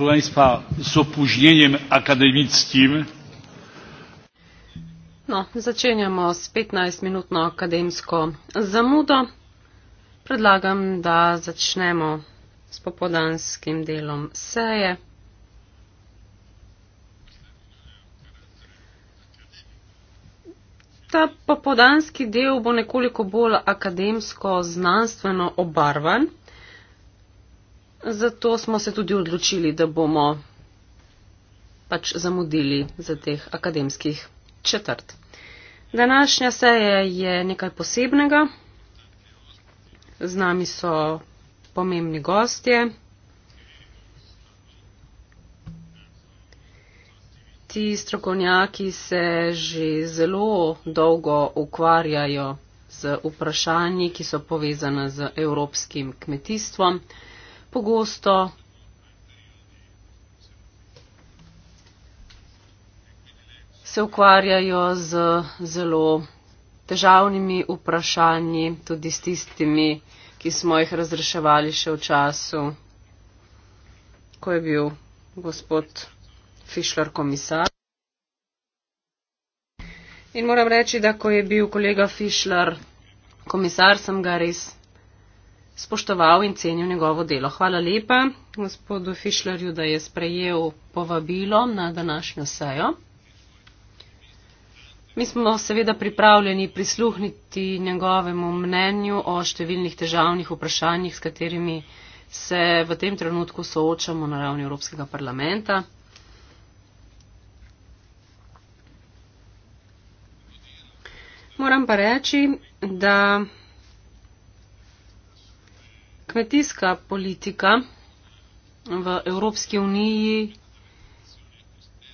proszę państwa z opóźnieniem akademickim No, zaczynamy z 15 minut na akademicką zamudę. Predlagam, da začnemo s popodanskim delom seje. Ta popodanski del bo nekoliko bolj akademsko-znanstveno obarvan. Zato smo se tudi odločili, da bomo pač zamudili za teh akademskih četrt. Današnja seja je nekaj posebnega. Z nami so pomembni gostje. Ti strokovnjaki se že zelo dolgo ukvarjajo z vprašanji, ki so povezane z evropskim kmetijstvom pogosto se ukvarjajo z zelo težavnimi vprašanji, tudi s tistimi, ki smo jih razreševali še v času, ko je bil gospod Fišler komisar. In moram reči, da ko je bil kolega Fišler komisar, sem ga res spoštoval in cenil njegovo delo. Hvala lepa gospodu Fišlerju, da je sprejel povabilo na današnjo sejo. Mi smo seveda pripravljeni prisluhniti njegovemu mnenju o številnih težavnih vprašanjih, s katerimi se v tem trenutku soočamo na ravni Evropskega parlamenta. Moram pa reči, da kmetijska politika v Evropski uniji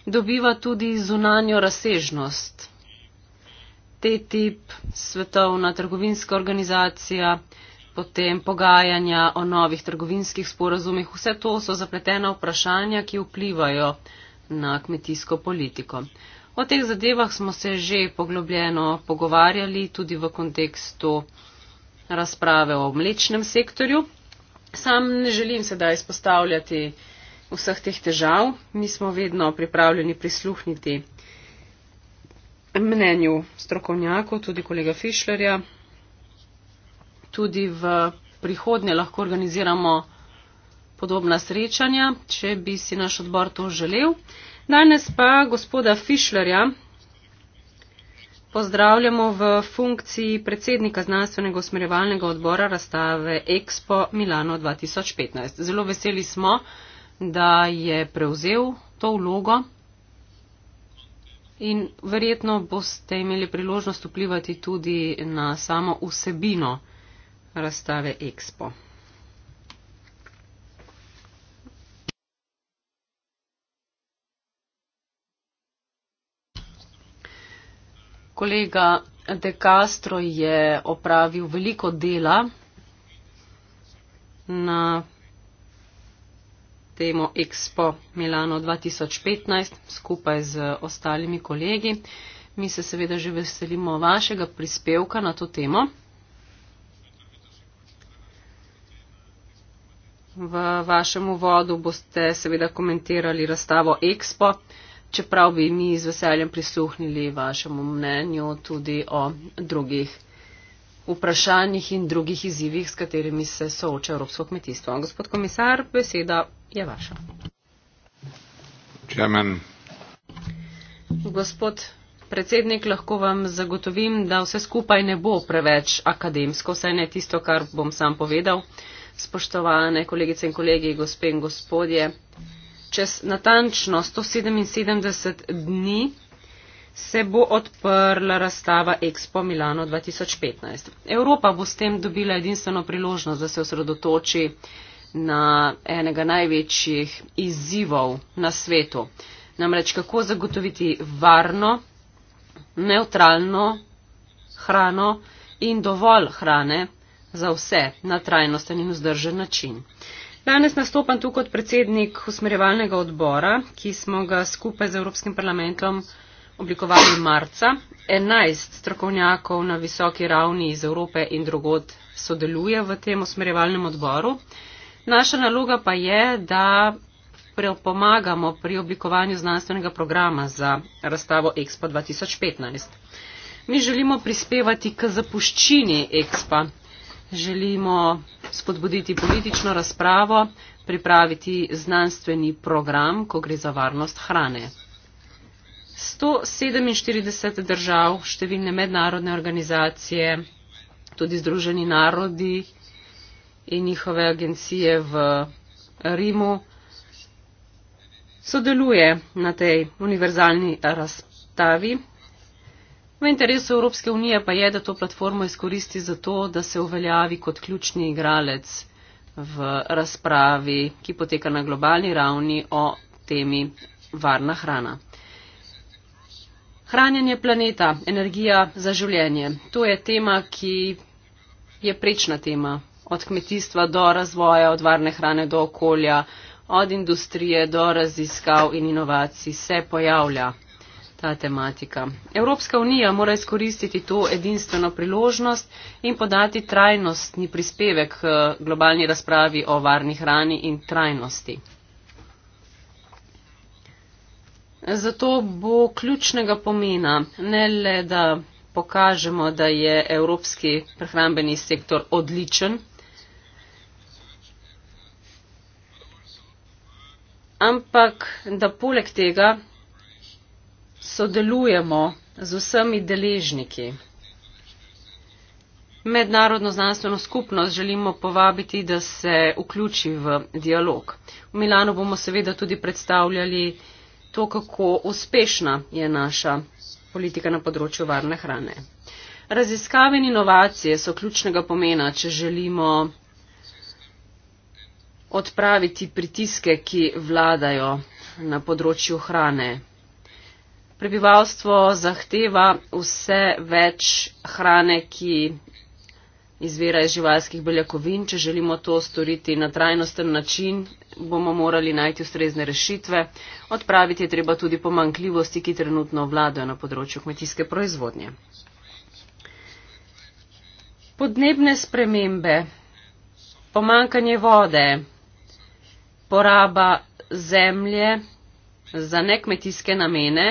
dobiva tudi zunanjo razsežnost. TTIP, svetovna trgovinska organizacija, potem pogajanja o novih trgovinskih sporazumih, vse to so zapletena vprašanja, ki vplivajo na kmetijsko politiko. O teh zadevah smo se že poglobljeno pogovarjali tudi v kontekstu razprave o mlečnem sektorju. Sam ne želim sedaj izpostavljati vseh teh težav. Mi smo vedno pripravljeni prisluhniti mnenju strokovnjakov, tudi kolega Fišlerja. Tudi v prihodnje lahko organiziramo podobna srečanja, če bi si naš odbor to želel. Danes pa gospoda Fišlerja Pozdravljamo v funkciji predsednika znanstvenega usmerjevalnega odbora razstave Expo Milano 2015. Zelo veseli smo, da je prevzel to vlogo in verjetno boste imeli priložnost vplivati tudi na samo vsebino razstave Expo. Kolega De Castro je opravil veliko dela na temo Expo Milano 2015 skupaj z ostalimi kolegi. Mi se seveda že veselimo vašega prispevka na to temo. V vašem uvodu boste seveda komentirali razstavo Expo čeprav bi mi z veseljem prisluhnili vašemu mnenju tudi o drugih vprašanjih in drugih izzivih, s katerimi se sooča Evropsko kmetijstvo. Gospod komisar, beseda je vaša. Čemen. Gospod predsednik, lahko vam zagotovim, da vse skupaj ne bo preveč akademsko, vse ne tisto, kar bom sam povedal. Spoštovane kolegice in kolegi, gospe in gospodje, čez natančno 177 dni se bo odprla razstava Expo Milano 2015. Evropa bo s tem dobila edinstveno priložnost, da se osredotoči na enega največjih izzivov na svetu. Namreč kako zagotoviti varno, neutralno hrano in dovolj hrane za vse na trajnosten in vzdržen način. Danes nastopam tu kot predsednik usmerjevalnega odbora, ki smo ga skupaj z Evropskim parlamentom oblikovali v marca. 11 strokovnjakov na visoki ravni iz Evrope in drugod sodeluje v tem usmerjevalnem odboru. Naša naloga pa je, da pomagamo pri oblikovanju znanstvenega programa za razstavo Expo 2015. Mi želimo prispevati k zapuščini Expo želimo spodbuditi politično razpravo, pripraviti znanstveni program, ko gre za varnost hrane. 147 držav, številne mednarodne organizacije, tudi Združeni narodi in njihove agencije v Rimu sodeluje na tej univerzalni razpravi. V interesu Evropske unije pa je, da to platformo izkoristi za to, da se uveljavi kot ključni igralec v razpravi, ki poteka na globalni ravni o temi varna hrana. Hranjenje planeta, energija za življenje. To je tema, ki je prečna tema. Od kmetijstva do razvoja, od varne hrane do okolja, od industrije do raziskav in inovacij se pojavlja ta tematika. Evropska unija mora izkoristiti to edinstveno priložnost in podati trajnostni prispevek k eh, globalni razpravi o varni hrani in trajnosti. Zato bo ključnega pomena ne le, da pokažemo, da je evropski prehrambeni sektor odličen, ampak da poleg tega sodelujemo z vsemi deležniki. Mednarodno znanstveno skupnost želimo povabiti, da se vključi v dialog. V Milano bomo seveda tudi predstavljali to, kako uspešna je naša politika na področju varne hrane. Raziskave in inovacije so ključnega pomena, če želimo odpraviti pritiske, ki vladajo na področju hrane. Prebivalstvo zahteva vse več hrane, ki izvira iz živalskih beljakovin. Če želimo to storiti na trajnosten način, bomo morali najti ustrezne rešitve. Odpraviti je treba tudi pomankljivosti, ki trenutno vladajo na področju kmetijske proizvodnje. Podnebne spremembe, pomankanje vode, poraba zemlje za nekmetijske namene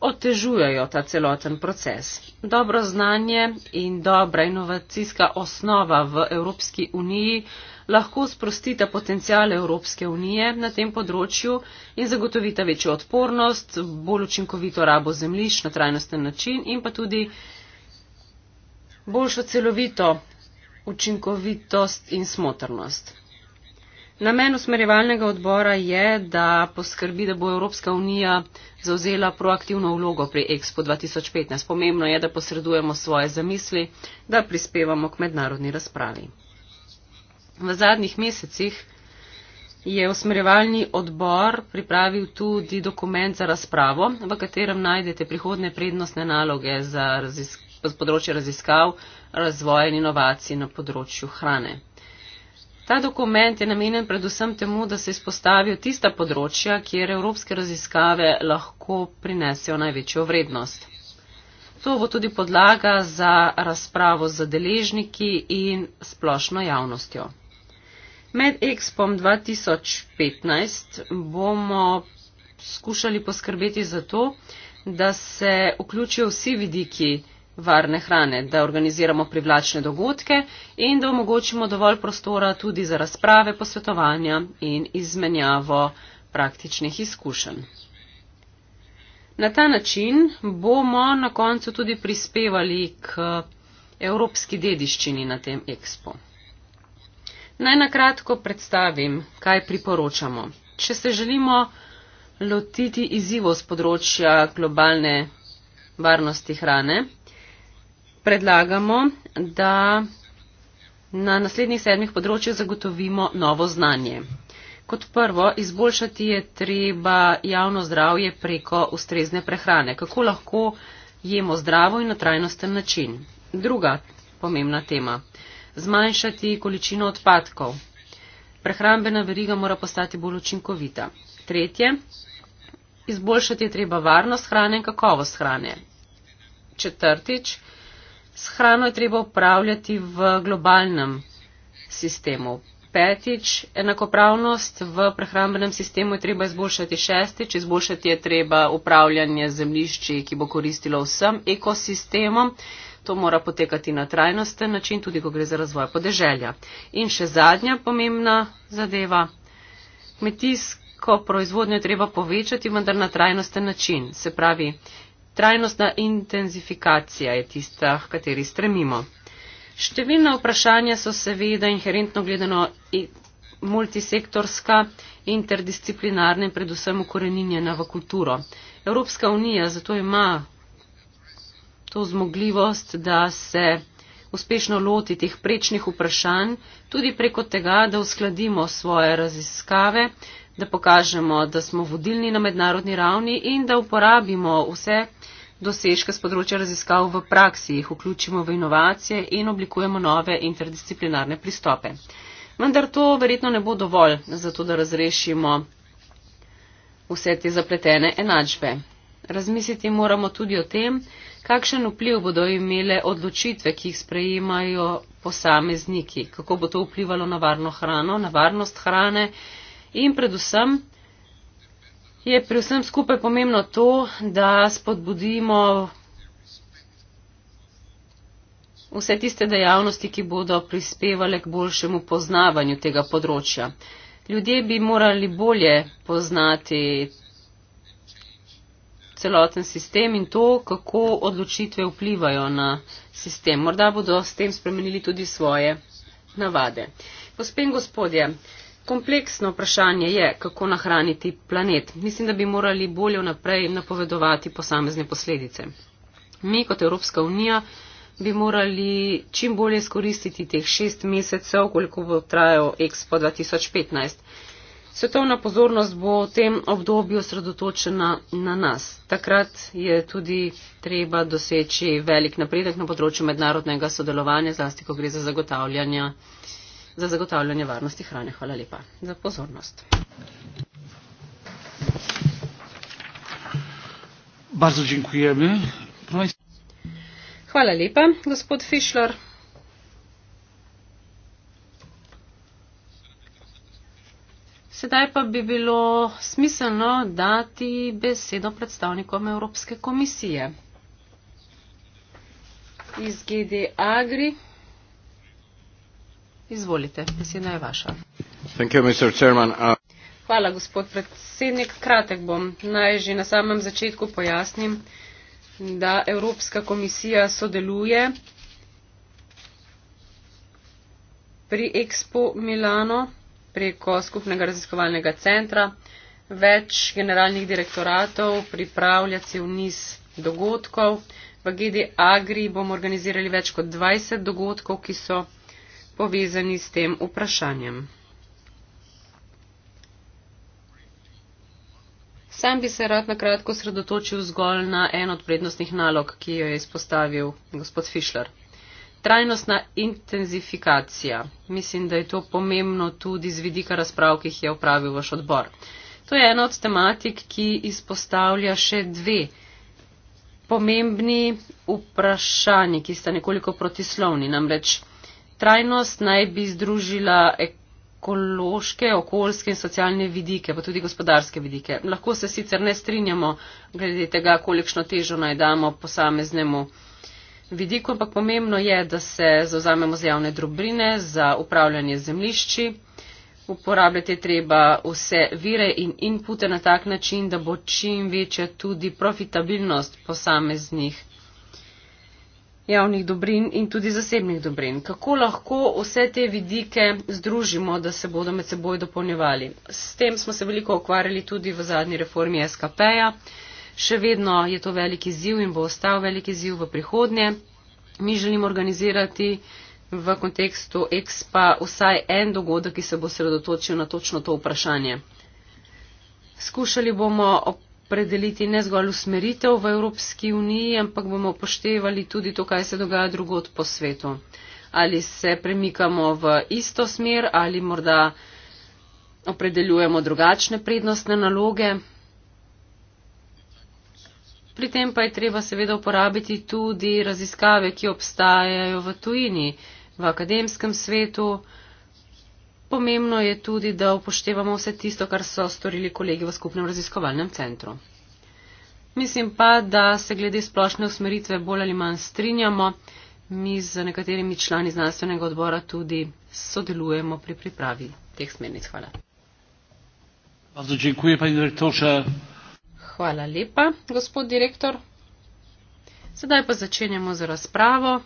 otežujejo ta celoten proces. Dobro znanje in dobra inovacijska osnova v Evropski uniji lahko sprostita potencijale Evropske unije na tem področju in zagotovita večjo odpornost, bolj učinkovito rabo zemljišč na trajnosten način in pa tudi boljšo celovito učinkovitost in smotrnost. Namen usmerjevalnega odbora je, da poskrbi, da bo Evropska unija zauzela proaktivno vlogo pri Expo 2015. Pomembno je, da posredujemo svoje zamisli, da prispevamo k mednarodni razpravi. V zadnjih mesecih je usmerjevalni odbor pripravil tudi dokument za razpravo, v katerem najdete prihodne prednostne naloge za raziskav področje raziskav, razvoja in inovacij na področju hrane. Ta dokument je namenjen predvsem temu, da se izpostavijo tista področja, kjer evropske raziskave lahko prinesejo največjo vrednost. To bo tudi podlaga za razpravo z deležniki in splošno javnostjo. Med Expom 2015 bomo skušali poskrbeti za to, da se vključijo vsi vidiki, varne hrane, da organiziramo privlačne dogodke in da omogočimo dovolj prostora tudi za razprave, posvetovanja in izmenjavo praktičnih izkušenj. Na ta način bomo na koncu tudi prispevali k evropski dediščini na tem ekspo. Naj na kratko predstavim, kaj priporočamo. Če se želimo lotiti izzivov z področja globalne varnosti hrane, predlagamo, da na naslednjih sedmih področjih zagotovimo novo znanje. Kot prvo, izboljšati je treba javno zdravje preko ustrezne prehrane. Kako lahko jemo zdravo in na trajnosten način? Druga pomembna tema. Zmanjšati količino odpadkov. Prehrambena veriga mora postati bolj učinkovita. Tretje. Izboljšati je treba varnost hrane in kakovost hrane. Četrtič. S hrano je treba upravljati v globalnem sistemu. Petič, enakopravnost v prehrambenem sistemu je treba izboljšati. Šestič, izboljšati je treba upravljanje zemlišči, ki bo koristilo vsem ekosistemom. To mora potekati na trajnosten način, tudi ko gre za razvoj podeželja. In še zadnja pomembna zadeva. Kmetijsko proizvodnjo je treba povečati, vendar na trajnosten način. Se pravi, trajnostna intenzifikacija je tista, h kateri stremimo. Številna vprašanja so seveda inherentno gledano multisektorska, interdisciplinarna in predvsem ukoreninjena v kulturo. Evropska unija zato ima to zmogljivost, da se uspešno loti teh prečnih vprašanj, tudi preko tega, da uskladimo svoje raziskave, da pokažemo, da smo vodilni na mednarodni ravni in da uporabimo vse dosežke z področja raziskav v praksi, jih vključimo v inovacije in oblikujemo nove interdisciplinarne pristope. Vendar to verjetno ne bo dovolj, zato da razrešimo vse te zapletene enačbe. Razmisliti moramo tudi o tem, kakšen vpliv bodo imele odločitve, ki jih sprejemajo posamezniki, kako bo to vplivalo na varno hrano, na varnost hrane in predvsem, je pri vsem skupaj pomembno to, da spodbudimo vse tiste dejavnosti, ki bodo prispevale k boljšemu poznavanju tega področja. Ljudje bi morali bolje poznati celoten sistem in to, kako odločitve vplivajo na sistem. Morda bodo s tem spremenili tudi svoje navade. Gospen gospodje, kompleksno vprašanje je, kako nahraniti planet. Mislim, da bi morali bolje vnaprej napovedovati posamezne posledice. Mi kot Evropska unija bi morali čim bolje skoristiti teh šest mesecev, koliko bo trajal Expo 2015. Svetovna pozornost bo v tem obdobju sredotočena na nas. Takrat je tudi treba doseči velik napredek na področju mednarodnega sodelovanja, zlasti ko gre za zagotavljanje uh, za zagotavljanje varnosti hrane. Hvala lepa za pozornost. Bardzo dziękujemy. Hvala lepa, gospod Fischler. Sedaj pa bi bilo smiselno dati besedo predstavnikom Evropske komisije. Iz GD Agri Izvolite, besena je vaša. You, uh... Hvala, gospod predsednik. Kratek bom. Naj že na samem začetku pojasnim, da Evropska komisija sodeluje pri Expo Milano preko skupnega raziskovalnega centra. Več generalnih direktoratov pripravlja cel niz dogodkov. V GD Agri bomo organizirali več kot 20 dogodkov, ki so povezani s tem vprašanjem. Sam bi se rad na kratko sredotočil zgolj na en od prednostnih nalog, ki jo je izpostavil gospod Fischler. Trajnostna intenzifikacija. Mislim, da je to pomembno tudi z vidika razprav, ki jih je upravil vaš odbor. To je ena od tematik, ki izpostavlja še dve pomembni vprašanji, ki sta nekoliko protislovni. Namreč trajnost naj bi združila ekološke, okoljske in socialne vidike, pa tudi gospodarske vidike. Lahko se sicer ne strinjamo glede tega, kolikšno težo naj damo posameznemu vidiku, ampak pomembno je, da se zauzamemo za javne drobrine, za upravljanje zemlišči. Uporabljati je treba vse vire in inpute na tak način, da bo čim večja tudi profitabilnost posameznih javnih dobrin in tudi zasebnih dobrin. Kako lahko vse te vidike združimo, da se bodo med seboj dopolnjevali? S tem smo se veliko ukvarjali tudi v zadnji reformi SKP-ja. Še vedno je to veliki ziv in bo ostal veliki ziv v prihodnje. Mi želimo organizirati v kontekstu EXPA vsaj en dogodek, ki se bo sredotočil na točno to vprašanje. Skušali bomo predeliti ne zgolj usmeritev v Evropski uniji, ampak bomo poštevali tudi to, kaj se dogaja drugot po svetu. Ali se premikamo v isto smer ali morda opredeljujemo drugačne prednostne naloge. Pri tem pa je treba seveda uporabiti tudi raziskave, ki obstajajo v tujini, v akademskem svetu, Pomembno je tudi, da upoštevamo vse tisto, kar so storili kolegi v skupnem raziskovalnem centru. Mislim pa, da se glede splošne usmeritve bolj ali manj strinjamo. Mi z nekaterimi člani znanstvenega odbora tudi sodelujemo pri pripravi teh smernic. Hvala. Hvala lepa, gospod direktor. Sedaj pa začenjamo z razpravo.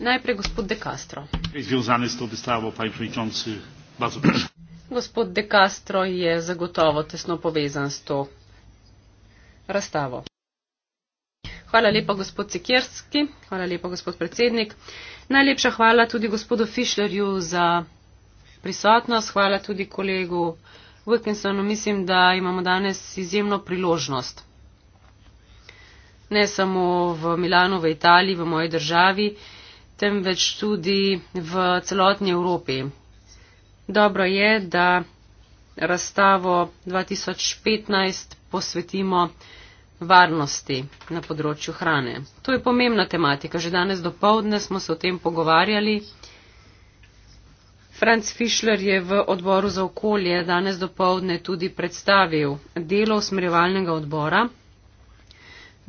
Najprej gospod De Castro. Izvijem z to obistavo, pa je pričomci bazo prišli. Gospod De Castro je zagotovo tesno povezan s to razstavo. Hvala lepa, gospod Cikerski, hvala lepa, gospod predsednik. Najlepša hvala tudi gospodu Fischlerju za prisotnost, hvala tudi kolegu Wilkinsonu. Mislim, da imamo danes izjemno priložnost. Ne samo v Milano, v Italiji, v moji državi temveč tudi v celotni Evropi. Dobro je, da razstavo 2015 posvetimo varnosti na področju hrane. To je pomembna tematika. Že danes do povdne smo se o tem pogovarjali. Franz Fischler je v odboru za okolje danes do povdne tudi predstavil delo usmerjevalnega odbora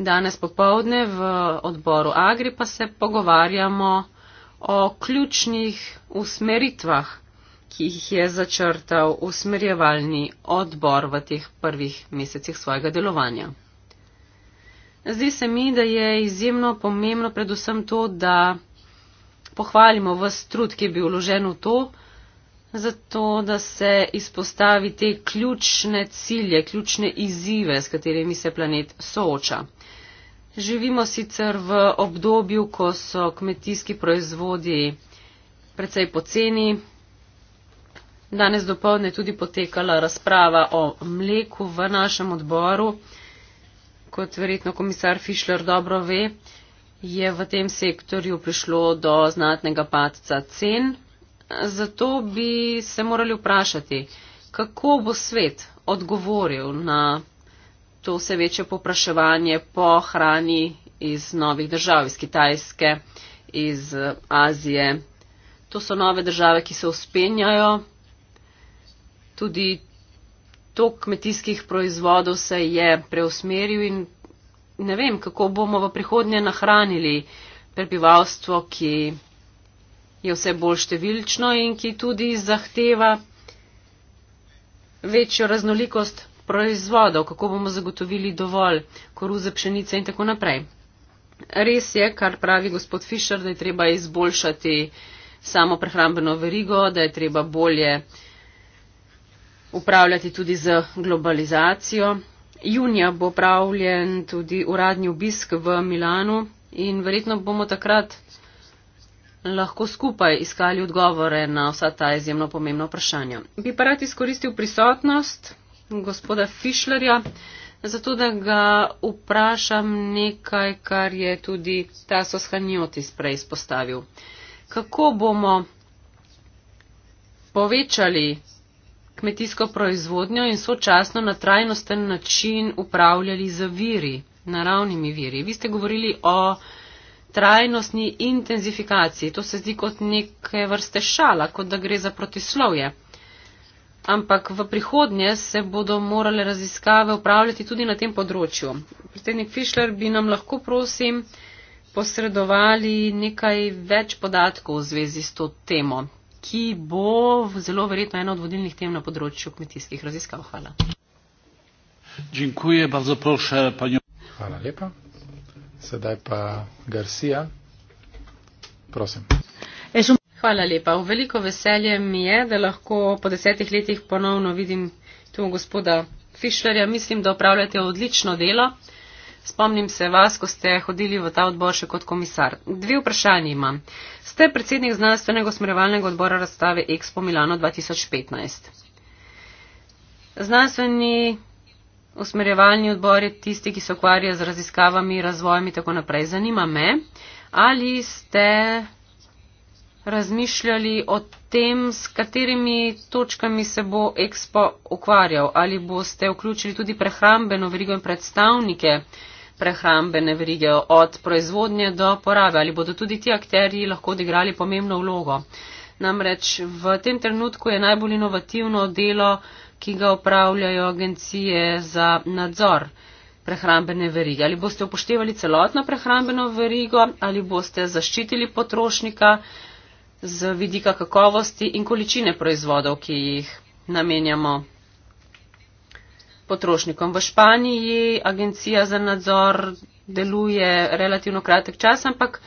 Danes popovdne v odboru Agri pa se pogovarjamo o ključnih usmeritvah, ki jih je začrtal usmerjevalni odbor v teh prvih mesecih svojega delovanja. Zdi se mi, da je izjemno pomembno predvsem to, da pohvalimo vse trud, ki je bil vložen v to, Zato, da se izpostavi te ključne cilje, ključne izzive, s katerimi se planet sooča. Živimo sicer v obdobju, ko so kmetijski proizvodi precej poceni. Danes dopolne je tudi potekala razprava o mleku v našem odboru. Kot verjetno komisar Fischler dobro ve, je v tem sektorju prišlo do znatnega padca cen Zato bi se morali vprašati, kako bo svet odgovoril na to vse večje popraševanje po hrani iz novih držav, iz Kitajske, iz eh, Azije. To so nove države, ki se uspenjajo. Tudi tok kmetijskih proizvodov se je preusmeril in ne vem, kako bomo v prihodnje nahranili prebivalstvo, ki je vse bolj številčno in ki tudi zahteva večjo raznolikost proizvodov, kako bomo zagotovili dovolj koruze, pšenice in tako naprej. Res je, kar pravi gospod Fischer, da je treba izboljšati samo prehrambeno verigo, da je treba bolje upravljati tudi z globalizacijo. Junija bo upravljen tudi uradni obisk v Milanu in verjetno bomo takrat lahko skupaj iskali odgovore na vsa ta izjemno pomembna vprašanja. Bi pa rad izkoristil prisotnost gospoda Fišlerja, zato da ga vprašam nekaj, kar je tudi ta soshanjotis prej izpostavil. Kako bomo povečali kmetijsko proizvodnjo in sočasno na trajnosten način upravljali z viri, naravnimi viri? Vi ste govorili o trajnostni intenzifikaciji. To se zdi kot neke vrste šala, kot da gre za protislovje. Ampak v prihodnje se bodo morale raziskave upravljati tudi na tem področju. Predsednik Fischler bi nam lahko, prosim, posredovali nekaj več podatkov v zvezi s to temo, ki bo zelo verjetno ena od vodilnih tem na področju kmetijskih raziskav. Hvala. Dziękuję bardzo, proszę panią. Hvala lepa. Sedaj pa Garcia. Prosim. Hvala lepa. V veliko veselje mi je, da lahko po desetih letih ponovno vidim tu gospoda Fišlerja. Mislim, da upravljate odlično delo. Spomnim se vas, ko ste hodili v ta odbor še kot komisar. Dve vprašanje imam. Ste predsednik znanstvenega usmerjevalnega odbora razstave Expo Milano 2015. Znanstveni usmerjevalni odbori, tisti, ki se ukvarjajo z raziskavami, razvojem in tako naprej. Zanima me, ali ste razmišljali o tem, s katerimi točkami se bo Expo ukvarjal, ali boste vključili tudi prehrambeno verigo in predstavnike prehrambene verige od proizvodnje do porabe, ali bodo tudi ti akteri lahko odigrali pomembno vlogo. Namreč v tem trenutku je najbolj inovativno delo ki ga upravljajo agencije za nadzor prehrambene verige. Ali boste upoštevali celotno prehrambeno verigo, ali boste zaščitili potrošnika z vidika kakovosti in količine proizvodov, ki jih namenjamo potrošnikom. V Španiji agencija za nadzor deluje relativno kratek čas, ampak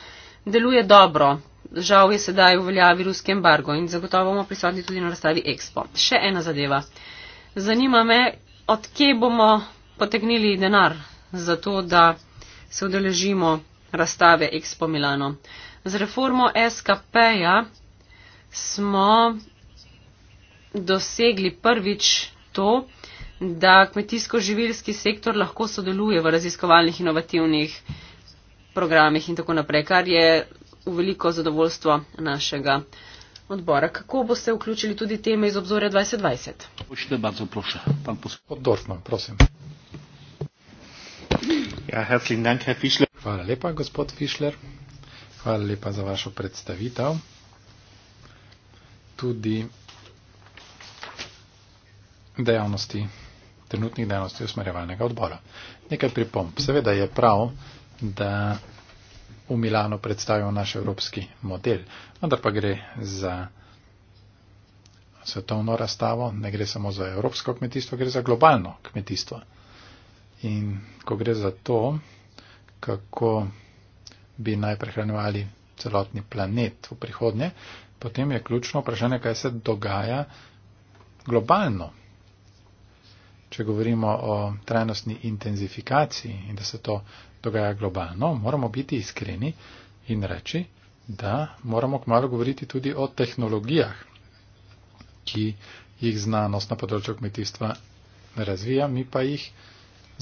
deluje dobro. Žal je sedaj uveljavi ruski embargo in zagotovo bomo prisotni tudi na razstavi Expo. Še ena zadeva. Zanima me, odkje bomo potegnili denar za to, da se udeležimo razstave Expo Milano. Z reformo SKP-ja smo dosegli prvič to, da kmetijsko-živilski sektor lahko sodeluje v raziskovalnih inovativnih programih in tako naprej, kar je v veliko zadovoljstvo našega odbora. Kako boste vključili tudi teme iz obzorja 2020? Ja, Hvala lepa, gospod Fischler. Hvala lepa za vašo predstavitev. Tudi dejavnosti, trenutnih dejavnosti usmerjevalnega odbora. Nekaj pripomb. Seveda je prav, da v Milano predstavil naš evropski model. Vendar pa gre za svetovno razstavo, ne gre samo za evropsko kmetijstvo, gre za globalno kmetijstvo. In ko gre za to, kako bi naj prehranjevali celotni planet v prihodnje, potem je ključno vprašanje, kaj se dogaja globalno če govorimo o trajnostni intenzifikaciji in da se to dogaja globalno, moramo biti iskreni in reči, da moramo kmalo govoriti tudi o tehnologijah, ki jih znanost na področju kmetijstva razvija, mi pa jih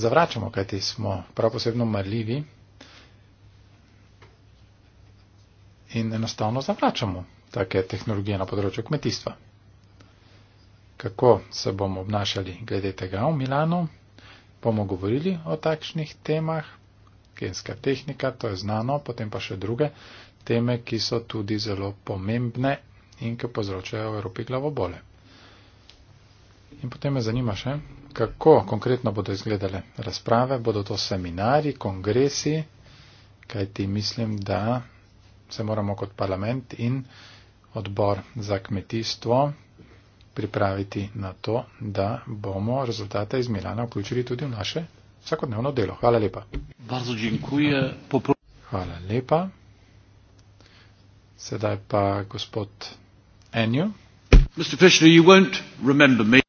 zavračamo, kajti smo prav posebno marljivi in enostavno zavračamo take tehnologije na področju kmetijstva kako se bomo obnašali glede tega v Milano. Bomo govorili o takšnih temah, genska tehnika, to je znano, potem pa še druge teme, ki so tudi zelo pomembne in ki povzročajo v Evropi glavobole. In potem me zanima še, kako konkretno bodo izgledale razprave, bodo to seminari, kongresi, kaj ti mislim, da se moramo kot parlament in odbor za kmetijstvo pripraviti na to, da bomo rezultate iz Milana vključili tudi v naše vsakodnevno delo. Hvala lepa. Hvala lepa. Sedaj pa gospod Enjo.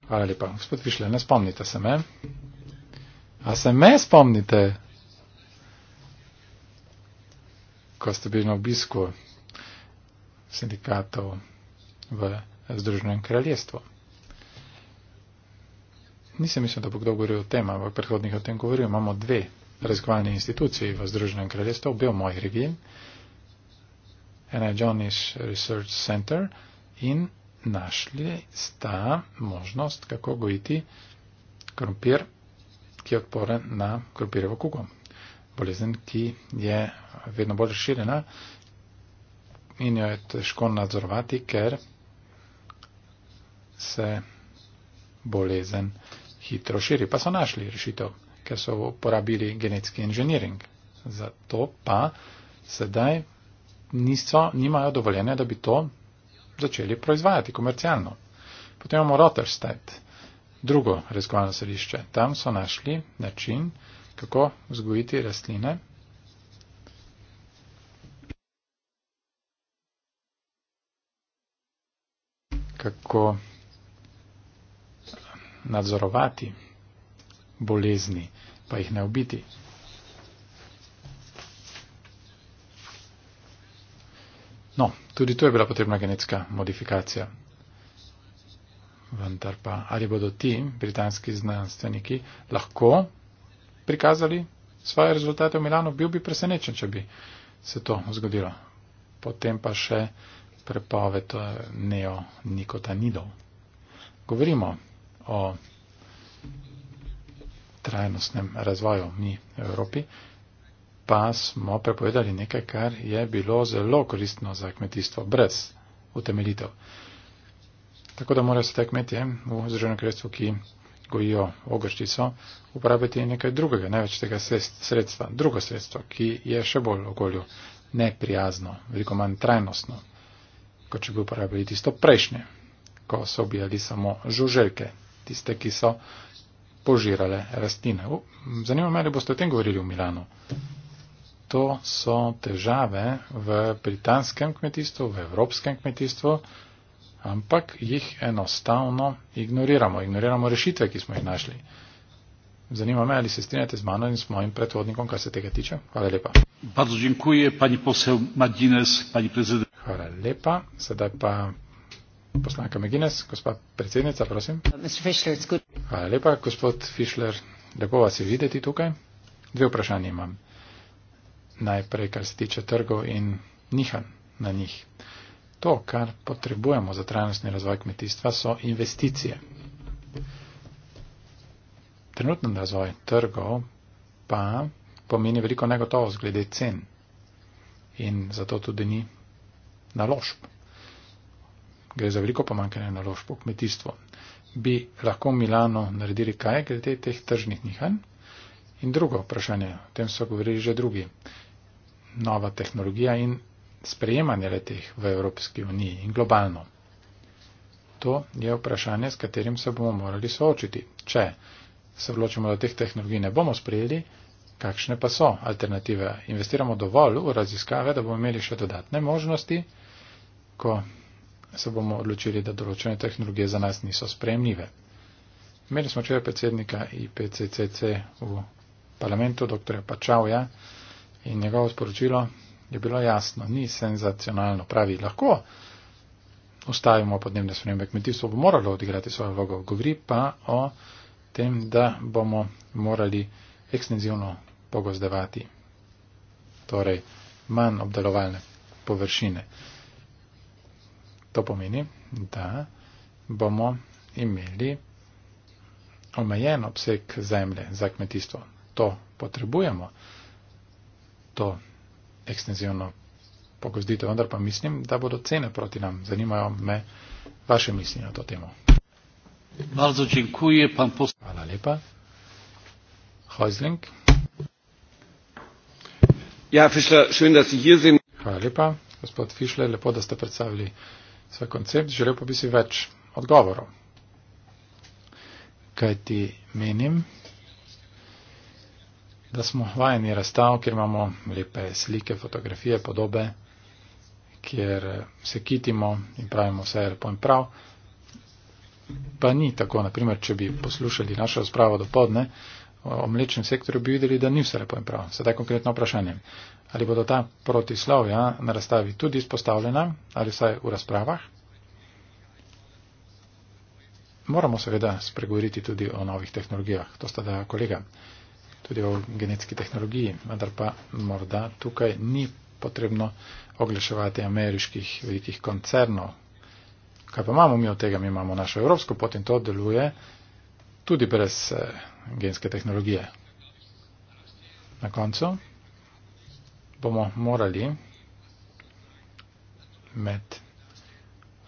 Hvala lepa. Gospod Fišle, ne spomnite se me. A se me spomnite, ko ste bili na obisku sindikatov v Združenem kraljestvu. Nisem mislil, da bo kdo govoril o tem, ampak predhodnih o tem govoril. Imamo dve raziskovalni instituciji v Združenem kraljestvu, obe v moji regiji. Ena je Johnny's Research Center in našli sta možnost, kako gojiti krompir, ki je odporen na krompirjevo kugo. Bolezen, ki je vedno bolj širjena in jo je težko nadzorovati, ker se bolezen hitro širi. Pa so našli rešitev, ker so uporabili genetski inženiring. Zato pa sedaj niso, nimajo dovoljenja, da bi to začeli proizvajati komercialno. Potem imamo Rotterstedt, drugo raziskovalno središče. Tam so našli način, kako vzgojiti rastline. Kako nadzorovati bolezni, pa jih ne ubiti. No, tudi to je bila potrebna genetska modifikacija. Vendar pa, ali bodo ti britanski znanstveniki lahko prikazali svoje rezultate v Milano, bil bi presenečen, če bi se to zgodilo. Potem pa še prepoved neonikotanidov. Govorimo o trajnostnem razvoju mi v Evropi, pa smo prepovedali nekaj, kar je bilo zelo koristno za kmetijstvo, brez utemeljitev. Tako da morajo se te kmetije v Združenem kraljestvu, ki gojijo ogrščico, uporabiti nekaj drugega, največ tega sredstva, drugo sredstvo, ki je še bolj okolju neprijazno, veliko manj trajnostno, kot če bi uporabili tisto prejšnje, ko so ubijali samo žuželke tiste, ki so požirale rastline. Zanima me, ali boste o tem govorili v Milano. To so težave v britanskem kmetijstvu, v evropskem kmetijstvu, ampak jih enostavno ignoriramo. Ignoriramo rešitve, ki smo jih našli. Zanima me, ali se strinjate z mano in s mojim predhodnikom, kar se tega tiče. Hvala lepa. Hvala lepa. Sedaj pa poslanka Meginas, gospa predsednica, prosim. Fischler, Hvala lepa, gospod Fišler, lepo vas je videti tukaj. Dve vprašanje imam. Najprej, kar se tiče trgov in nihan na njih. To, kar potrebujemo za trajnostni razvoj kmetijstva, so investicije. Trenutni razvoj trgov pa pomeni veliko negotovost glede cen in zato tudi ni naložb gre za veliko pomankanje naložb v kmetijstvo. Bi lahko Milano naredili kaj glede teh tržnih nihanj? In drugo vprašanje, o tem so govorili že drugi, nova tehnologija in sprejemanje letih v Evropski uniji in globalno. To je vprašanje, s katerim se bomo morali soočiti. Če se vločimo, da teh tehnologij ne bomo sprejeli, kakšne pa so alternative? Investiramo dovolj v raziskave, da bomo imeli še dodatne možnosti, ko se bomo odločili, da določene tehnologije za nas niso spremljive. Imeli smo čuje predsednika IPCCC v parlamentu, dr. Pačavja, in njegovo sporočilo je bilo jasno, ni senzacionalno, pravi lahko. Ustavimo podnebne spremembe, kmetijstvo bo moralo odigrati svojo vlogo. Govori pa o tem, da bomo morali ekstenzivno pogozdevati, torej manj obdelovalne površine. To pomeni, da bomo imeli omejen obseg zemlje za kmetijstvo. To potrebujemo, to ekstenzivno pogozdite, vendar pa mislim, da bodo cene proti nam. Zanimajo me vaše misli na to temo. Bardzo dziękuję, pan poseł. Hvala lepa. Heusling. Ja, Fischler, schön, dass Sie hier sind. Hvala lepa, gospod Fischler, lepo, da ste predstavili svoj koncept, želel pa bi si več odgovorov. Kaj ti menim, da smo vajeni razstav, kjer imamo lepe slike, fotografije, podobe, kjer eh, se kitimo in pravimo vse je lepo in prav. Pa ni tako, naprimer, če bi poslušali našo razpravo do podne, o mlečnem sektorju, bi videli, da ni vse lepo in prav. Sedaj konkretno vprašanje. Ali bodo ta protislovja na razstavi tudi izpostavljena ali vsaj v razpravah? Moramo seveda spregovoriti tudi o novih tehnologijah. To sta dva kolega. Tudi o genetski tehnologiji. Vendar pa morda tukaj ni potrebno oglaševati ameriških velikih koncernov. Kaj pa imamo mi od tega? Mi imamo našo evropsko pot in to deluje tudi brez eh, genske tehnologije. Na koncu bomo morali med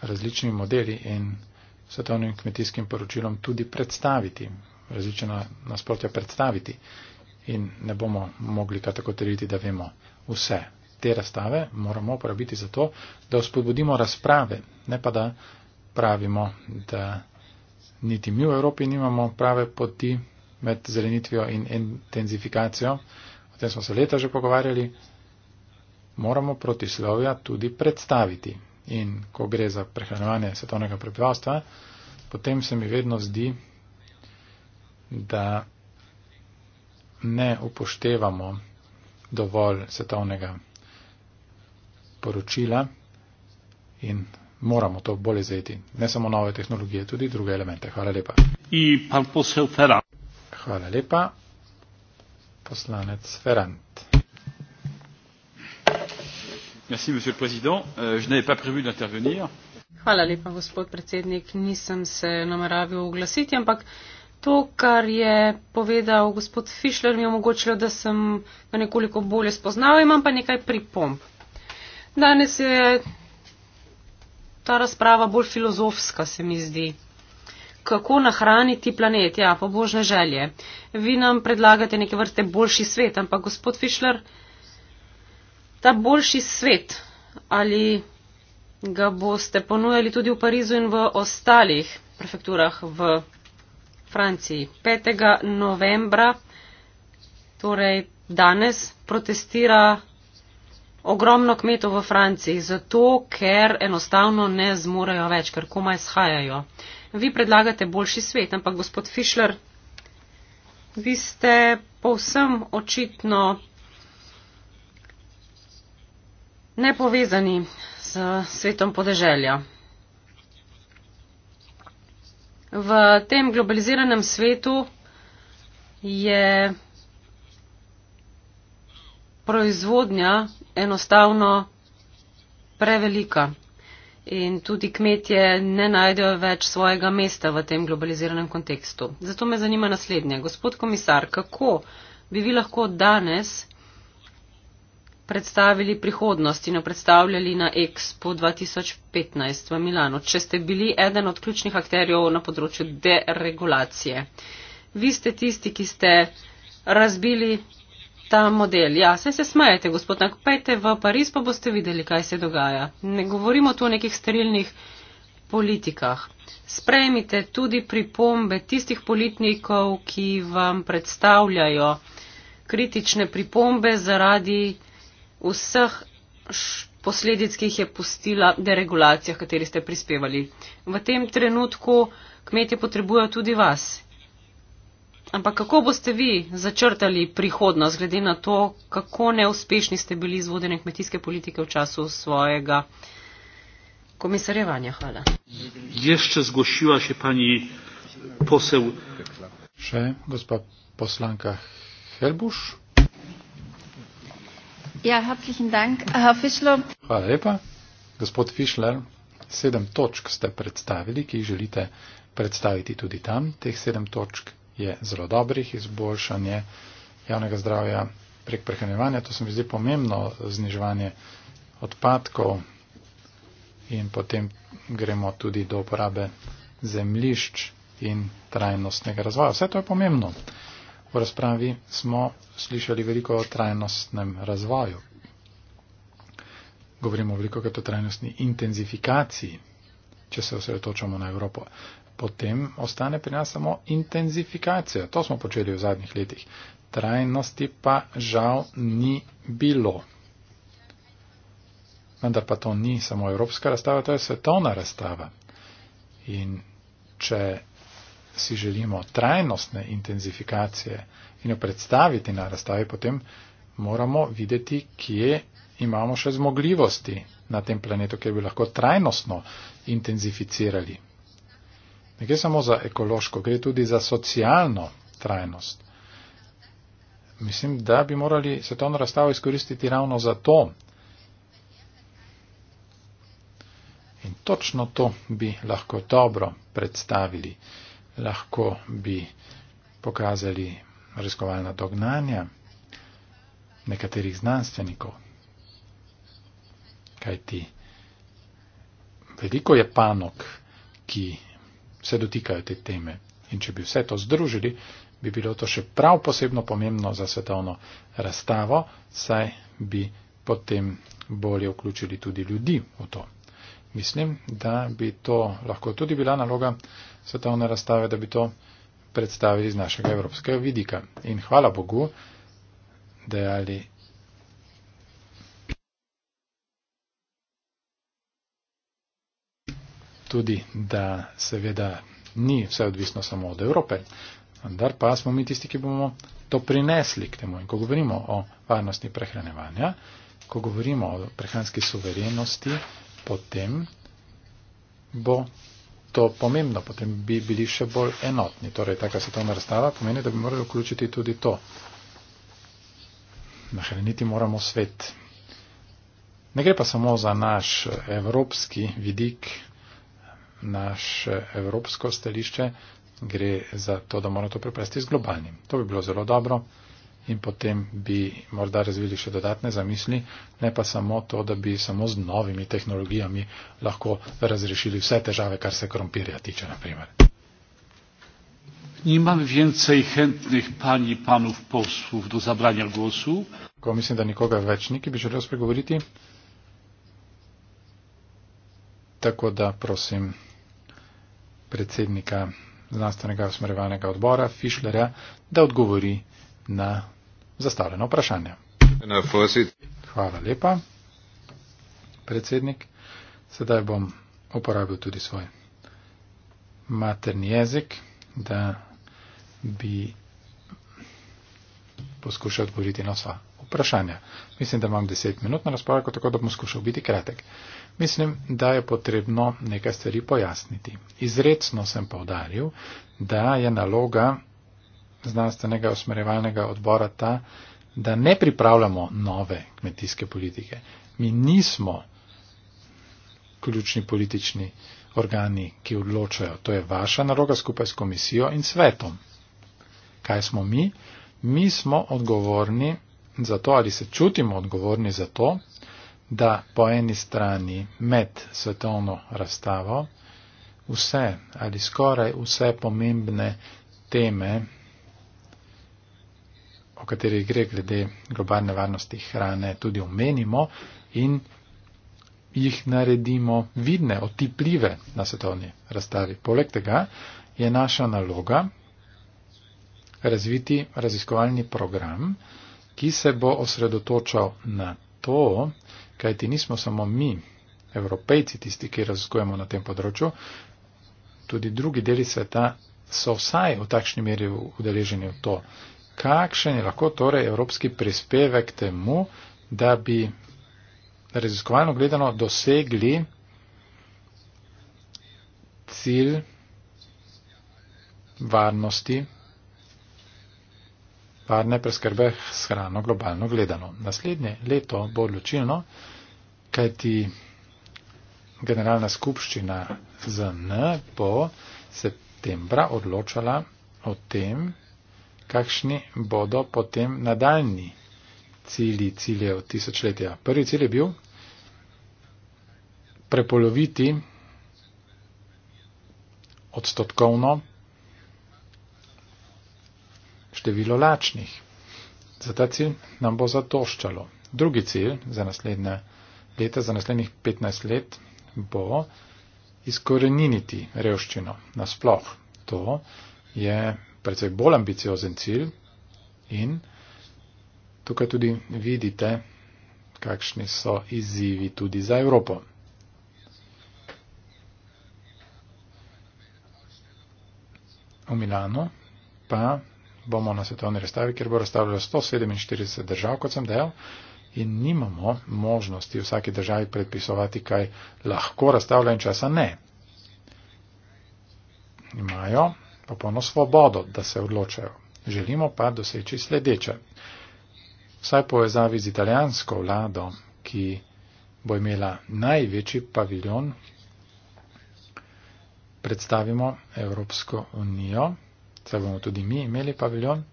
različnimi modeli in svetovnim kmetijskim poročilom tudi predstaviti, različna nasprotja predstaviti in ne bomo mogli kar tako trditi, da vemo vse. Te razstave moramo uporabiti za to, da spodbudimo razprave, ne pa da pravimo, da niti mi v Evropi nimamo prave poti med zelenitvijo in intenzifikacijo. O tem smo se leta že pogovarjali. Moramo protislovja tudi predstaviti. In ko gre za prehranovanje svetovnega prebivalstva, potem se mi vedno zdi, da ne upoštevamo dovolj svetovnega poročila in moramo to bolje zajeti. Ne samo nove tehnologije, tudi druge elemente. Hvala lepa. Hvala lepa. Poslanec Ferrand. Merci, monsieur le président. Euh, je n'avais pas prévu d'intervenir. Hvala lepa, gospod predsednik. Nisem se nameravil oglasiti, ampak to, kar je povedal gospod Fischler, mi je omogočilo, da sem ga nekoliko bolje spoznal. Imam pa nekaj pripomb. Danes je ta razprava bolj filozofska, se mi zdi. Kako nahraniti planet, ja, pa božne želje. Vi nam predlagate neke vrste boljši svet, ampak gospod Fischler, ta boljši svet, ali ga boste ponujali tudi v Parizu in v ostalih prefekturah v Franciji. 5. novembra, torej danes, protestira ogromno kmetov v Franciji, zato ker enostavno ne zmorejo več, ker komaj shajajo. Vi predlagate boljši svet, ampak gospod Fischler, vi ste povsem očitno nepovezani s svetom podeželja. V tem globaliziranem svetu je proizvodnja enostavno prevelika. In tudi kmetje ne najdejo več svojega mesta v tem globaliziranem kontekstu. Zato me zanima naslednje. Gospod komisar, kako bi vi lahko danes predstavili prihodnost in jo predstavljali na Expo 2015 v Milano, če ste bili eden od ključnih akterjev na področju deregulacije? Vi ste tisti, ki ste razbili ta model. Ja, se se smajete, gospod, ampak pejte v Pariz, pa boste videli, kaj se dogaja. Ne govorimo tu o nekih sterilnih politikah. Sprejmite tudi pripombe tistih politnikov, ki vam predstavljajo kritične pripombe zaradi vseh posledic, ki jih je pustila deregulacija, kateri ste prispevali. V tem trenutku kmetje potrebujejo tudi vas. Ampak kako boste vi začrtali prihodnost, glede na to, kako neuspešni ste bili z vodenjem kmetijske politike v času svojega komisarjevanja? Hvala. Ješče zgošila še pani posel. Še gospod poslanka Helbuš. Ja, herzlichen Dank, Herr Fischler. Hvala lepa. Gospod Fischler, sedem točk ste predstavili, ki jih želite predstaviti tudi tam, teh sedem točk je zelo dobrih, izboljšanje javnega zdravja prek prehranevanja, to se mi zdi pomembno, zniževanje odpadkov in potem gremo tudi do uporabe zemlišč in trajnostnega razvoja. Vse to je pomembno. V razpravi smo slišali veliko o trajnostnem razvoju. Govorimo veliko o trajnostni intenzifikaciji, če se osredotočamo na Evropo potem ostane pri nas samo intenzifikacija. To smo počeli v zadnjih letih. Trajnosti pa žal ni bilo. Vendar pa to ni samo evropska razstava, to je svetovna razstava. In če si želimo trajnostne intenzifikacije in jo predstaviti na razstavi, potem moramo videti, kje imamo še zmogljivosti na tem planetu, kjer bi lahko trajnostno intenzificirali. Ne gre samo za ekološko, gre tudi za socialno trajnost. Mislim, da bi morali svetovno razstavo izkoristiti ravno za to. In točno to bi lahko dobro predstavili. Lahko bi pokazali raziskovalna dognanja nekaterih znanstvenikov. Kajti veliko je panok, ki se dotikajo te teme. In če bi vse to združili, bi bilo to še prav posebno pomembno za svetovno razstavo, saj bi potem bolje vključili tudi ljudi v to. Mislim, da bi to lahko tudi bila naloga svetovne razstave, da bi to predstavili z našega evropskega vidika. In hvala Bogu, da je ali tudi, da seveda ni vse odvisno samo od Evrope, vendar pa smo mi tisti, ki bomo to prinesli k temu. In ko govorimo o varnosti prehranevanja, ko govorimo o prehranski suverenosti, potem bo to pomembno, potem bi bili še bolj enotni. Torej, taka svetovna razstava pomeni, da bi morali vključiti tudi to. Nahraniti moramo svet. Ne gre pa samo za naš evropski vidik naše evropsko stališče gre za to, da moramo to preprosti z globalnim. To bi bilo zelo dobro in potem bi morda razvili še dodatne zamisli, ne pa samo to, da bi samo z novimi tehnologijami lahko razrešili vse težave, kar se krompirja tiče, na primer. Nimam vjencej hentnih pani panov poslov do zabranja glasu. Ko mislim, da nikoga več ni, ki bi želel spregovoriti. Tako da prosim predsednika znanstvenega usmerjevalnega odbora Fišlera, da odgovori na zastavljeno vprašanje. Hvala lepa, predsednik. Sedaj bom uporabil tudi svoj materni jezik, da bi poskušal odgovoriti na sva vprašanja. Mislim, da imam deset minut na razpolago, tako da bom skušal biti kratek. Uh, Mislim, da je potrebno nekaj stvari pojasniti. Izredno sem povdaril, da je naloga znanstvenega usmerjevalnega odbora ta, da ne pripravljamo nove kmetijske politike. Mi nismo ključni politični organi, ki odločajo. To je vaša naloga skupaj s komisijo in svetom. Kaj smo mi? Mi smo odgovorni za to, ali se čutimo odgovorni za to, da po eni strani med svetovno razstavo vse ali skoraj vse pomembne teme, o katerih gre glede globalne varnosti hrane, tudi omenimo in jih naredimo vidne, otipljive na svetovni razstavi. Poleg tega je naša naloga razviti raziskovalni program, ki se bo osredotočal na to, kajti nismo samo mi, evropejci, tisti, ki raziskujemo na tem področju, tudi drugi deli sveta so vsaj v takšni meri udeleženi v to. Kakšen je lahko torej evropski prispevek temu, da bi raziskovalno gledano dosegli cilj varnosti varne preskrbe s hrano globalno gledano. Naslednje leto bo odločilno, kajti generalna skupščina ZN bo septembra odločala o tem, kakšni bodo potem nadaljni cilji, cilje od tisočletja. Prvi cilj je bil prepoloviti odstotkovno število lačnih. Za ta cilj nam bo zadoščalo. Drugi cilj za naslednje leta, za naslednjih 15 let bo izkoreniniti revščino nasploh. To je predvsej bolj ambiciozen cilj in tukaj tudi vidite, kakšni so izzivi tudi za Evropo. V Milano pa bomo na svetovni razstavi, kjer bo razstavljalo 147 držav, kot sem dejal, in nimamo možnosti vsaki državi predpisovati, kaj lahko razstavlja in časa ne. Imajo popolno svobodo, da se odločajo. Želimo pa doseči sledeče. Vsaj povezavi z italijansko vlado, ki bo imela največji paviljon, predstavimo Evropsko unijo Zdaj bomo tudi mi imeli paviljon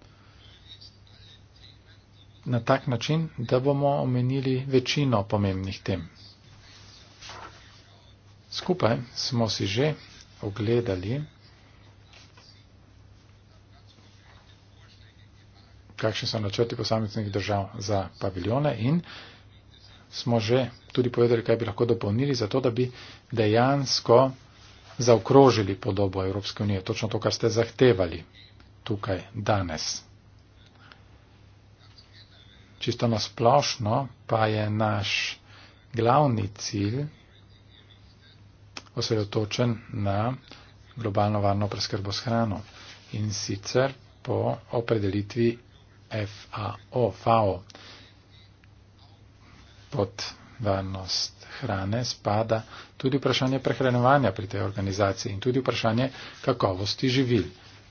na tak način, da bomo omenili večino pomembnih tem. Skupaj smo si že ogledali, kakšni so načrti posameznih držav za paviljone in smo že tudi povedali, kaj bi lahko dopolnili za to, da bi dejansko zaokrožili podobo Evropske unije, točno to, kar ste zahtevali tukaj danes. Čisto nasplošno pa je naš glavni cilj osredotočen na globalno varno preskrbo s hrano in sicer po opredelitvi FAO, FAO pod varnost hrane spada tudi vprašanje prehranevanja pri tej organizaciji in tudi vprašanje kakovosti živil.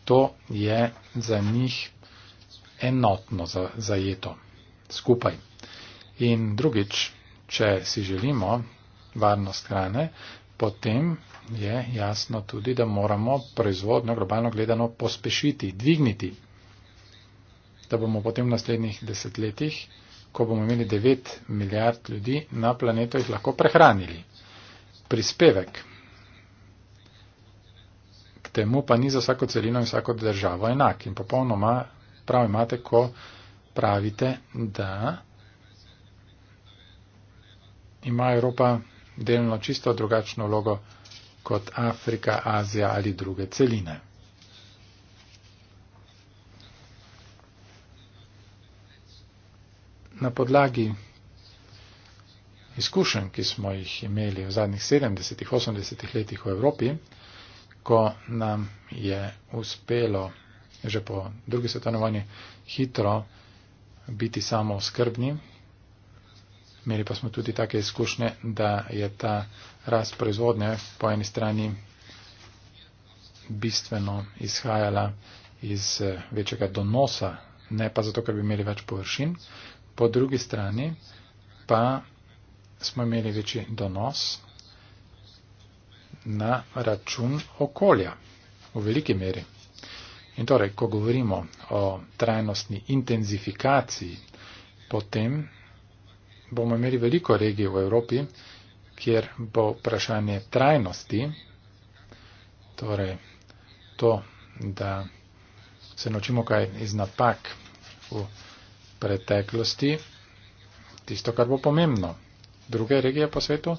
To je za njih enotno zajeto skupaj. In drugič, če si želimo varnost hrane, potem je jasno tudi, da moramo proizvodno globalno gledano pospešiti, dvigniti, da bomo potem v naslednjih desetletjih ko bomo imeli 9 milijard ljudi na planetu, jih lahko prehranili. Prispevek k temu pa ni za vsako celino in vsako državo enak. In popolnoma prav imate, ko pravite, da ima Evropa delno čisto drugačno vlogo kot Afrika, Azija ali druge celine. na podlagi izkušenj, ki smo jih imeli v zadnjih 70-80 letih v Evropi, ko nam je uspelo že po drugi svetovni vojni hitro biti samo skrbni. Imeli pa smo tudi take izkušnje, da je ta rast proizvodnje po eni strani bistveno izhajala iz eh, večjega donosa, ne pa zato, ker bi imeli več površin, Po drugi strani pa smo imeli večji donos na račun okolja v veliki meri. In torej, ko govorimo o trajnostni intenzifikaciji, potem bomo imeli veliko regij v Evropi, kjer bo vprašanje trajnosti, torej to, da se naučimo kaj iz napak v Evropi, preteklosti, tisto, kar bo pomembno. Druge regije po svetu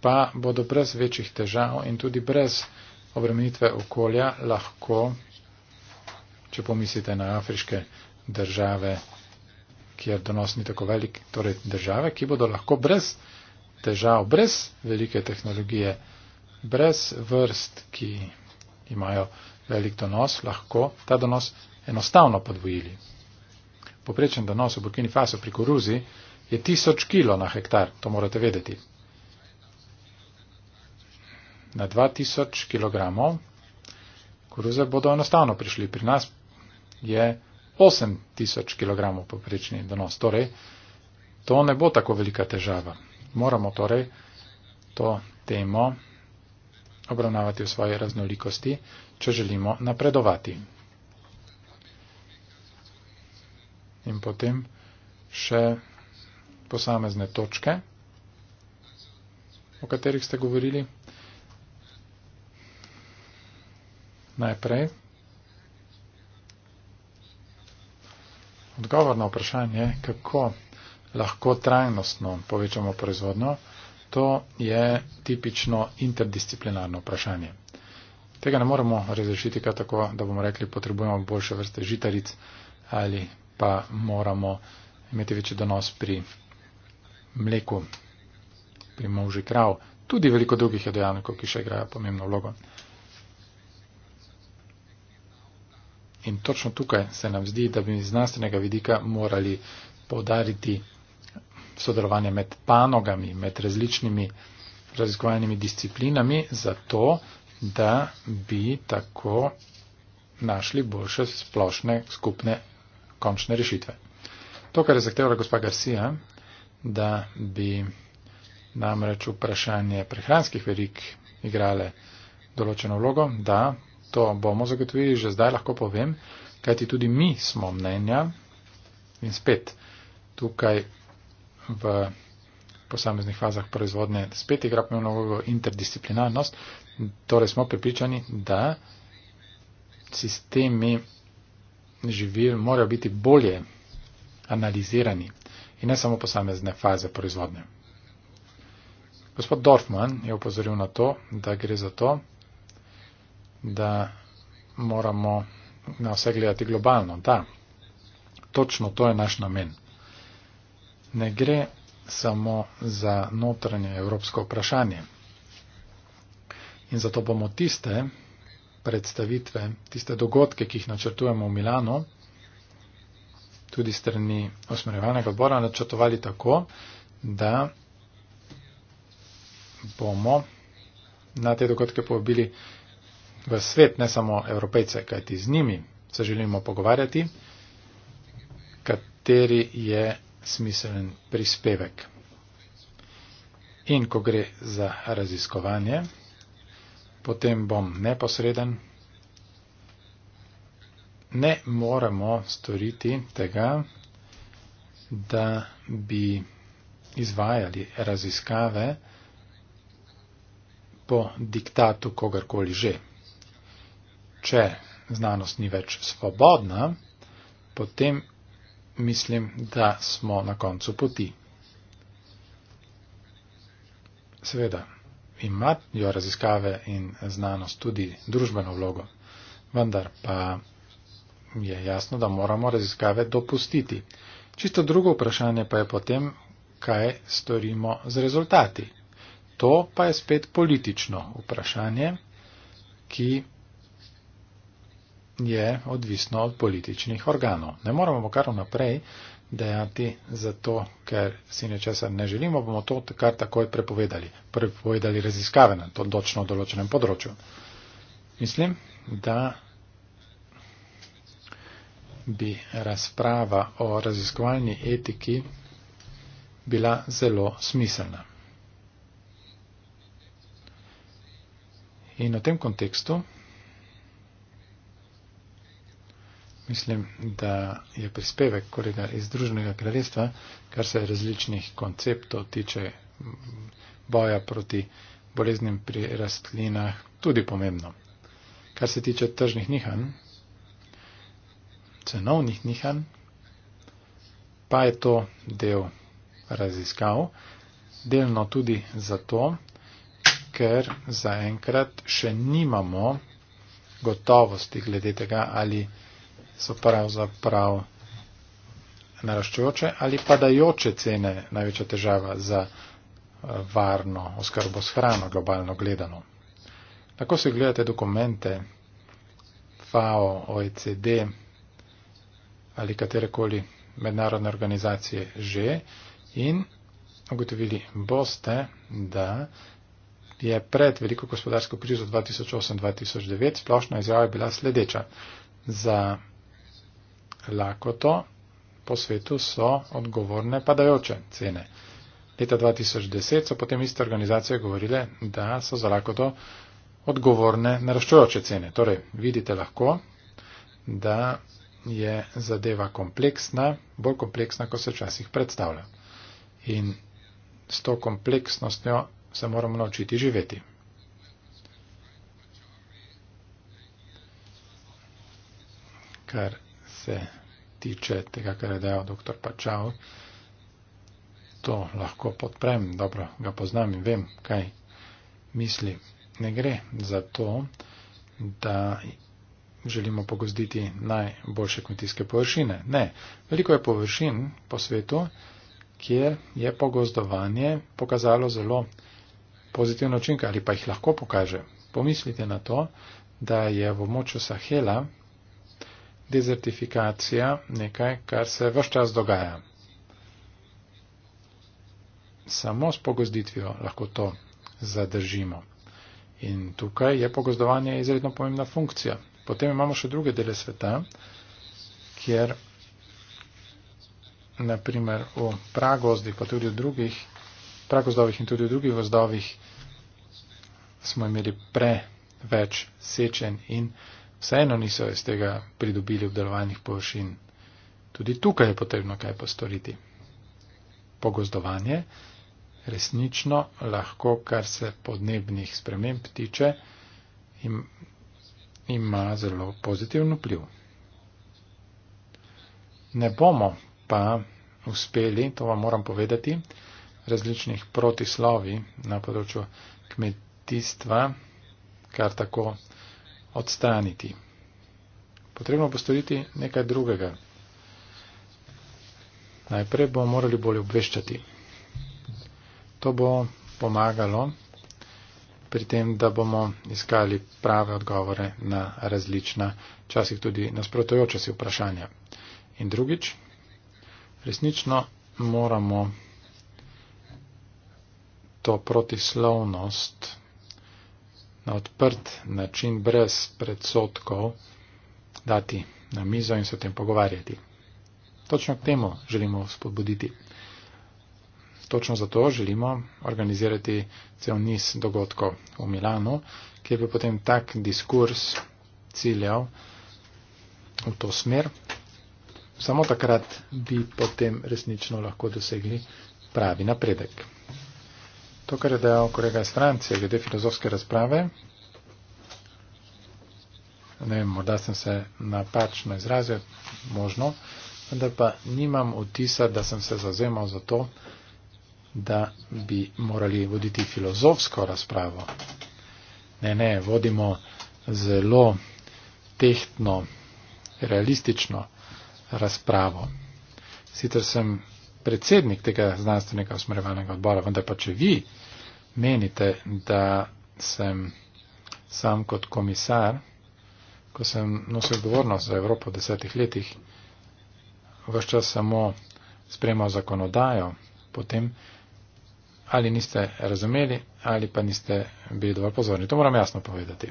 pa bodo brez večjih težav in tudi brez obremenitve okolja lahko, če pomislite na afriške države, kjer donos ni tako velik, torej države, ki bodo lahko brez težav, brez velike tehnologije, brez vrst, ki imajo velik donos, lahko ta donos enostavno podvojili. Poprečen donos v Burkini Faso pri koruzi je 1000 kg na hektar, to morate vedeti. Na 2000 kg koruze bodo enostavno prišli, pri nas je 8000 kg poprečni donos. Torej, to ne bo tako velika težava. Moramo torej to temo obravnavati v svoji raznolikosti, če želimo napredovati. in potem še posamezne točke, o katerih ste govorili. Najprej. Odgovor na vprašanje je, kako lahko trajnostno povečamo proizvodno, to je tipično interdisciplinarno vprašanje. Tega ne moremo razrešiti tako, da bomo rekli, potrebujemo boljše vrste žitaric ali pa moramo imeti večji donos pri mleku, pri moži krav, tudi veliko drugih dejavnikov, ki še igrajo pomembno vlogo. In točno tukaj se nam zdi, da bi iz znanstvenega vidika morali povdariti sodelovanje med panogami, med različnimi raziskovalnimi disciplinami, zato da bi tako našli boljše splošne skupne končne rešitve. To, kar je zahtevala gospa Garcia, da bi namreč vprašanje prehranskih verik igrale določeno vlogo, da to bomo zagotovili, že zdaj lahko povem, kajti tudi mi smo mnenja in spet tukaj v posameznih fazah proizvodnje spet igra pomembno vlogo interdisciplinarnost, torej smo pripričani, da sistemi živil morajo biti bolje analizirani in ne samo posamezne faze proizvodnje. Gospod Dorfman je upozoril na to, da gre za to, da moramo na vse gledati globalno. Da, točno to je naš namen. Ne gre samo za notranje evropsko vprašanje. In zato bomo tiste, predstavitve, tiste dogodke, ki jih načrtujemo v Milano, tudi strani osmerevalnega odbora, načrtovali tako, da bomo na te dogodke povabili v svet, ne samo evropejce, kajti z njimi se želimo pogovarjati, kateri je smiselen prispevek. In ko gre za raziskovanje, potem bom neposreden. Ne moremo storiti tega, da bi izvajali raziskave po diktatu kogarkoli že. Če znanost ni več svobodna, potem mislim, da smo na koncu poti. Seveda, imajo raziskave in znanost tudi družbeno vlogo. Vendar pa je jasno, da moramo raziskave dopustiti. Čisto drugo vprašanje pa je potem, kaj storimo z rezultati. To pa je spet politično vprašanje, ki je odvisno od političnih organov. Ne moramo kar naprej dejati zato, ker si nečesa ne želimo, bomo to kar takoj prepovedali. Prepovedali raziskave na to točno določenem področju. Mislim, da bi razprava o raziskovalni etiki bila zelo smiselna. In v tem kontekstu mislim, da je prispevek korega iz Združenega kraljestva, kar se različnih konceptov tiče boja proti boleznim pri rastlinah, tudi pomembno. Kar se tiče tržnih nihanj, cenovnih nihanj, pa je to del raziskav, delno tudi zato, ker zaenkrat še nimamo gotovosti glede tega, ali so pravzaprav naraščujoče ali padajoče cene največja težava za eh, varno oskrbo s hrano, globalno gledano. Tako se gledate dokumente FAO, OECD ali katerekoli mednarodne organizacije že in ugotovili boste, da je pred veliko gospodarsko krizo 2008-2009 splošna izjava bila sledeča. Za lakoto po svetu so odgovorne padajoče cene. Leta 2010 so potem iste organizacije govorile, da so za lakoto odgovorne naraščujoče cene. Torej, vidite lahko, da je zadeva kompleksna, bolj kompleksna, kot se včasih predstavlja. In s to kompleksnostjo se moramo naučiti živeti. Kar se tiče tega, kar je dejal dr. Pačal, to lahko podprem, dobro ga poznam in vem, kaj misli. Ne gre za to, da želimo pogozditi najboljše kmetijske površine. Ne, veliko je površin po svetu, kjer je pogozdovanje pokazalo zelo pozitivno učinek ali pa jih lahko pokaže. Pomislite na to, da je v območju Sahela dezertifikacija nekaj, kar se vse čas dogaja. Samo s pogozditvijo lahko to zadržimo. In tukaj je pogozdovanje izredno pomembna funkcija. Potem imamo še druge dele sveta, kjer naprimer v pragozdi, pa tudi v drugih pragozdovih in tudi v drugih gozdovih smo imeli preveč sečen in vseeno niso iz tega pridobili obdelovanih površin. Tudi tukaj je potrebno kaj postoriti. Pogozdovanje resnično lahko, kar se podnebnih sprememb tiče, im, ima zelo pozitiven vpliv. Ne bomo pa uspeli, to vam moram povedati, različnih protislovi na področju kmetijstva, kar tako odstaniti. Potrebno bo storiti nekaj drugega. Najprej bomo morali bolje obveščati. To bo pomagalo pri tem, da bomo iskali prave odgovore na različna, časih tudi nasprotujoča si vprašanja. In drugič, resnično moramo to protislovnost na odprt način, brez predsotkov, dati na mizo in se o tem pogovarjati. Točno k temu želimo spodbuditi. Točno zato želimo organizirati cel niz dogodkov v Milano, kjer bi potem tak diskurs ciljal v to smer. Samo takrat bi potem resnično lahko dosegli pravi napredek. To, kar je dejal kolega iz Francije, glede filozofske razprave, ne vem, morda sem se napačno izrazil, možno, vendar pa nimam vtisa, da sem se zazemal za to, da bi morali voditi filozofsko razpravo. Ne, ne, vodimo zelo tehtno, realistično razpravo. Sicer sem predsednik tega znanstvenega usmerjevanega odbora, vendar pa če vi menite, da sem sam kot komisar, ko sem nosil odgovornost za Evropo v desetih letih, vaš čas samo spremal zakonodajo, potem ali niste razumeli ali pa niste bili dovolj pozorni. To moram jasno povedati.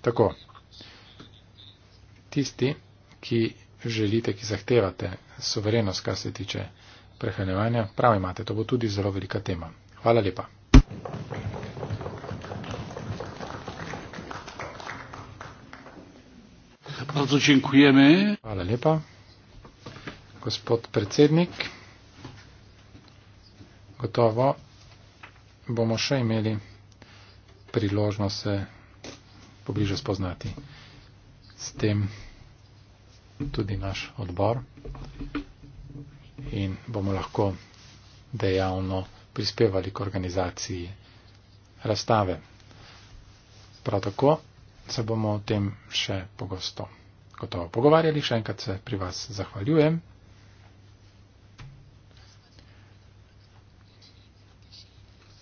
Tako, tisti, ki želite, ki zahtevate suverenost, kar se tiče prehranevanja. Prav imate, to bo tudi zelo velika tema. Hvala lepa. Bardzo dziękujemy. Hvala lepa. Gospod predsednik, gotovo bomo še imeli priložnost se pobliže spoznati s tem tudi naš odbor in bomo lahko dejavno prispevali k organizaciji razstave. Prav tako se bomo o tem še pogosto gotovo pogovarjali. Še enkrat se pri vas zahvaljujem.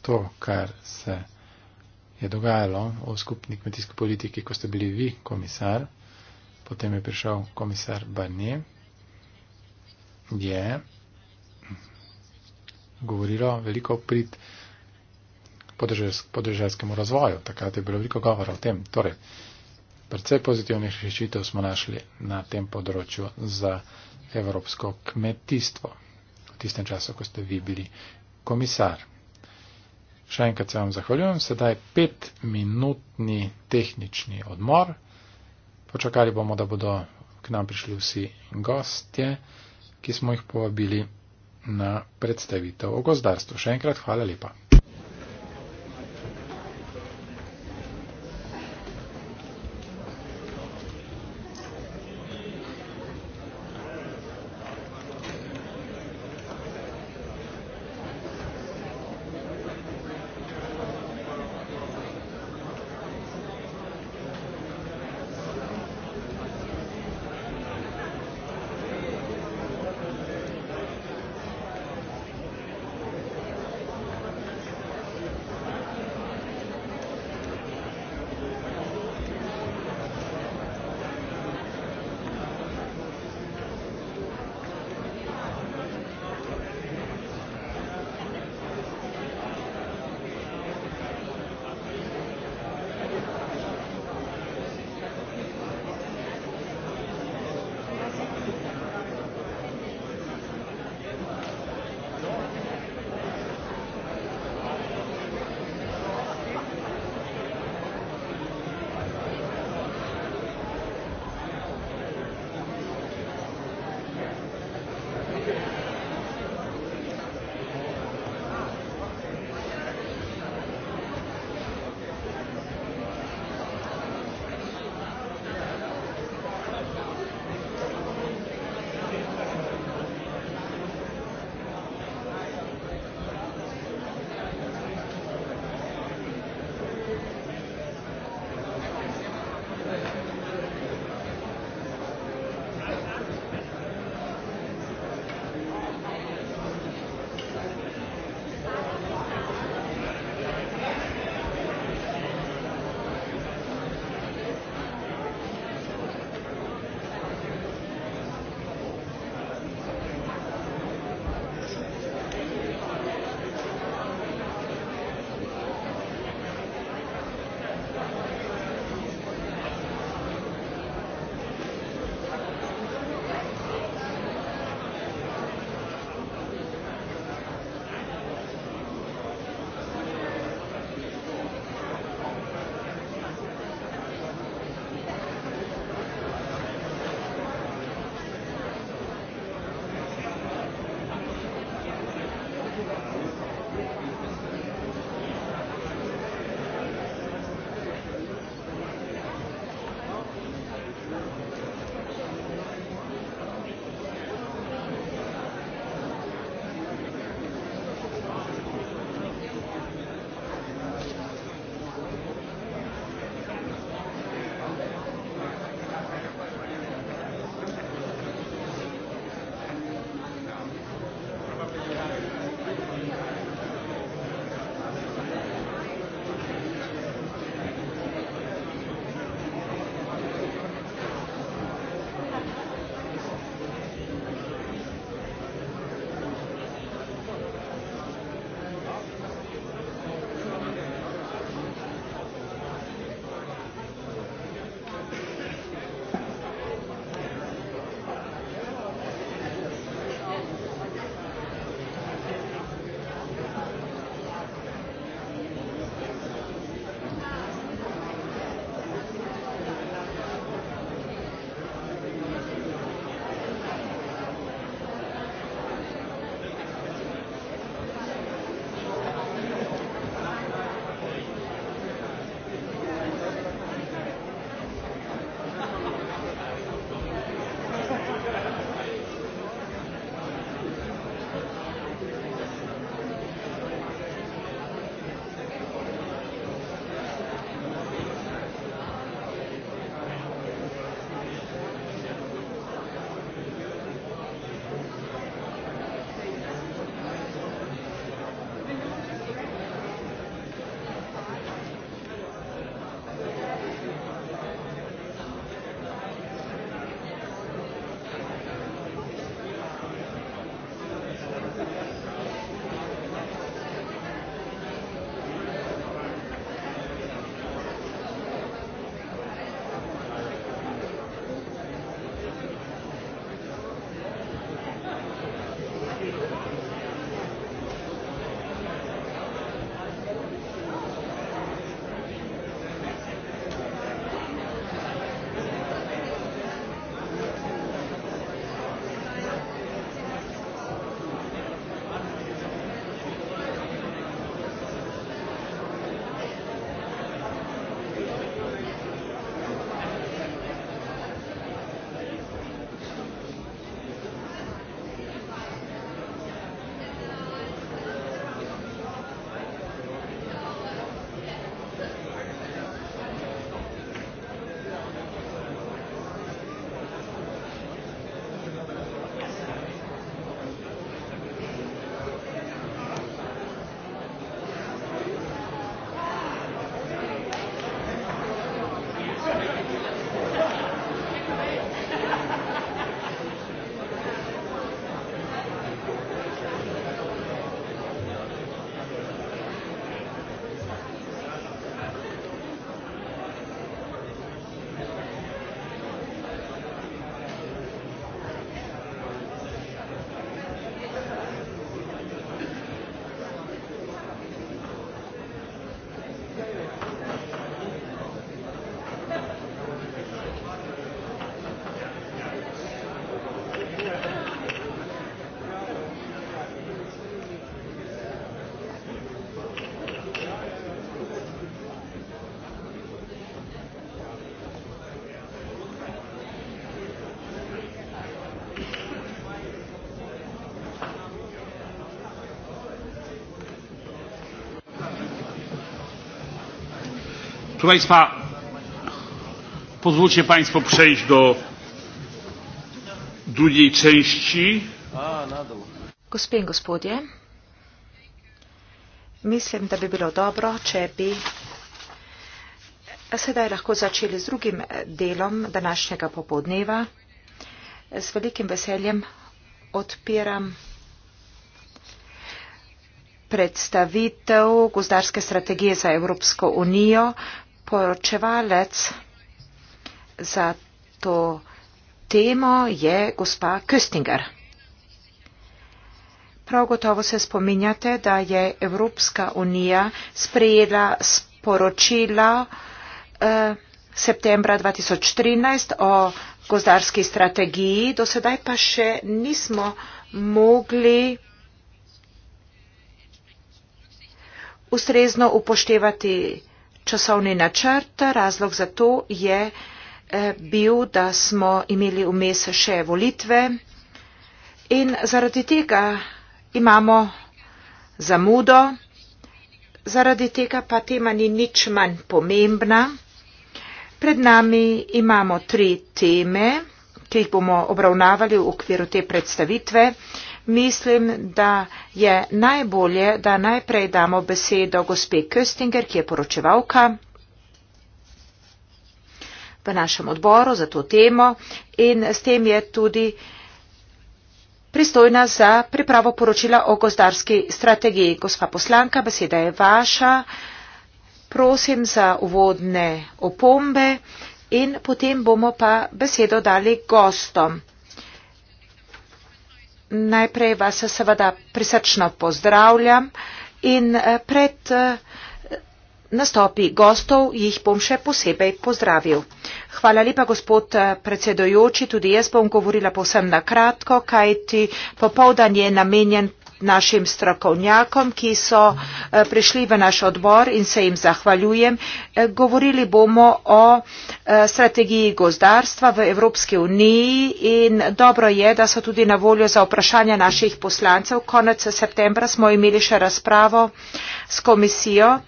To, kar se je dogajalo v skupni kmetijski politiki, ko ste bili vi komisar, potem je prišel komisar Barnier je govorilo veliko prid podeželskemu razvoju. Takrat je bilo veliko govora o tem. Torej, predvsej pozitivnih rešitev smo našli na tem področju za evropsko kmetijstvo v tistem času, ko ste vi bili komisar. Še enkrat se vam zahvaljujem. Sedaj pet minutni tehnični odmor. Počakali bomo, da bodo k nam prišli vsi gostje ki smo jih povabili na predstavitev o gozdarstvu. Še enkrat hvala lepa. Proszę Państwa, pozwólcie Państwo przejść do drugiej części. Gospodin gospodje, mislim, da bi bilo dobro, če bi sedaj lahko začeli z drugim delom današnjega popodneva. S velikim veseljem odpiram predstavitev gozdarske strategije za Evropsko unijo, poročevalec za to temo je gospa Köstinger. Prav gotovo se spominjate, da je Evropska unija sprejela sporočila eh, septembra 2013 o gozdarski strategiji, do sedaj pa še nismo mogli ustrezno upoštevati časovni načrt. Razlog za to je eh, bil, da smo imeli vmes še volitve in zaradi tega imamo zamudo, zaradi tega pa tema ni nič manj pomembna. Pred nami imamo tri teme, ki jih bomo obravnavali v okviru te predstavitve. Mislim, da je najbolje, da najprej damo besedo gospe Köstinger, ki je poročevalka v našem odboru za to temo in s tem je tudi pristojna za pripravo poročila o gozdarski strategiji. Gospa poslanka, beseda je vaša. Prosim za uvodne opombe in potem bomo pa besedo dali gostom. Najprej vas seveda prisrčno pozdravljam in eh, pred eh, nastopi gostov jih bom še posebej pozdravil. Hvala lepa, gospod eh, predsedojoči, tudi jaz bom govorila povsem na kratko, kajti popovdan je namenjen našim strokovnjakom, ki so eh, prišli v naš odbor in se jim zahvaljujem. Eh, govorili bomo o eh, strategiji gozdarstva v Evropski uniji in dobro je, da so tudi na voljo za vprašanja naših poslancev. Konec septembra smo imeli še razpravo s komisijo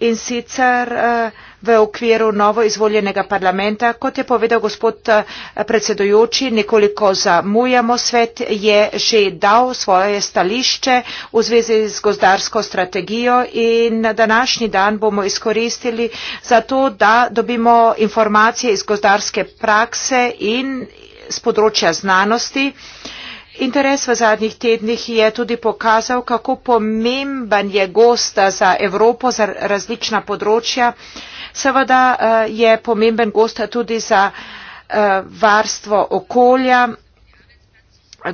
in sicer eh, v okviru novo izvoljenega parlamenta. Kot je povedal gospod eh, predsedujoči, nekoliko zamujamo, svet je že dal svoje stališče v zvezi z gozdarsko strategijo in današnji dan bomo izkoristili za to, da dobimo informacije iz gozdarske prakse in z področja znanosti. Uh, Interes v zadnjih tednih je tudi pokazal, kako pomemben je gost za Evropo, za različna področja. Seveda eh, je pomemben gost tudi za eh, varstvo okolja.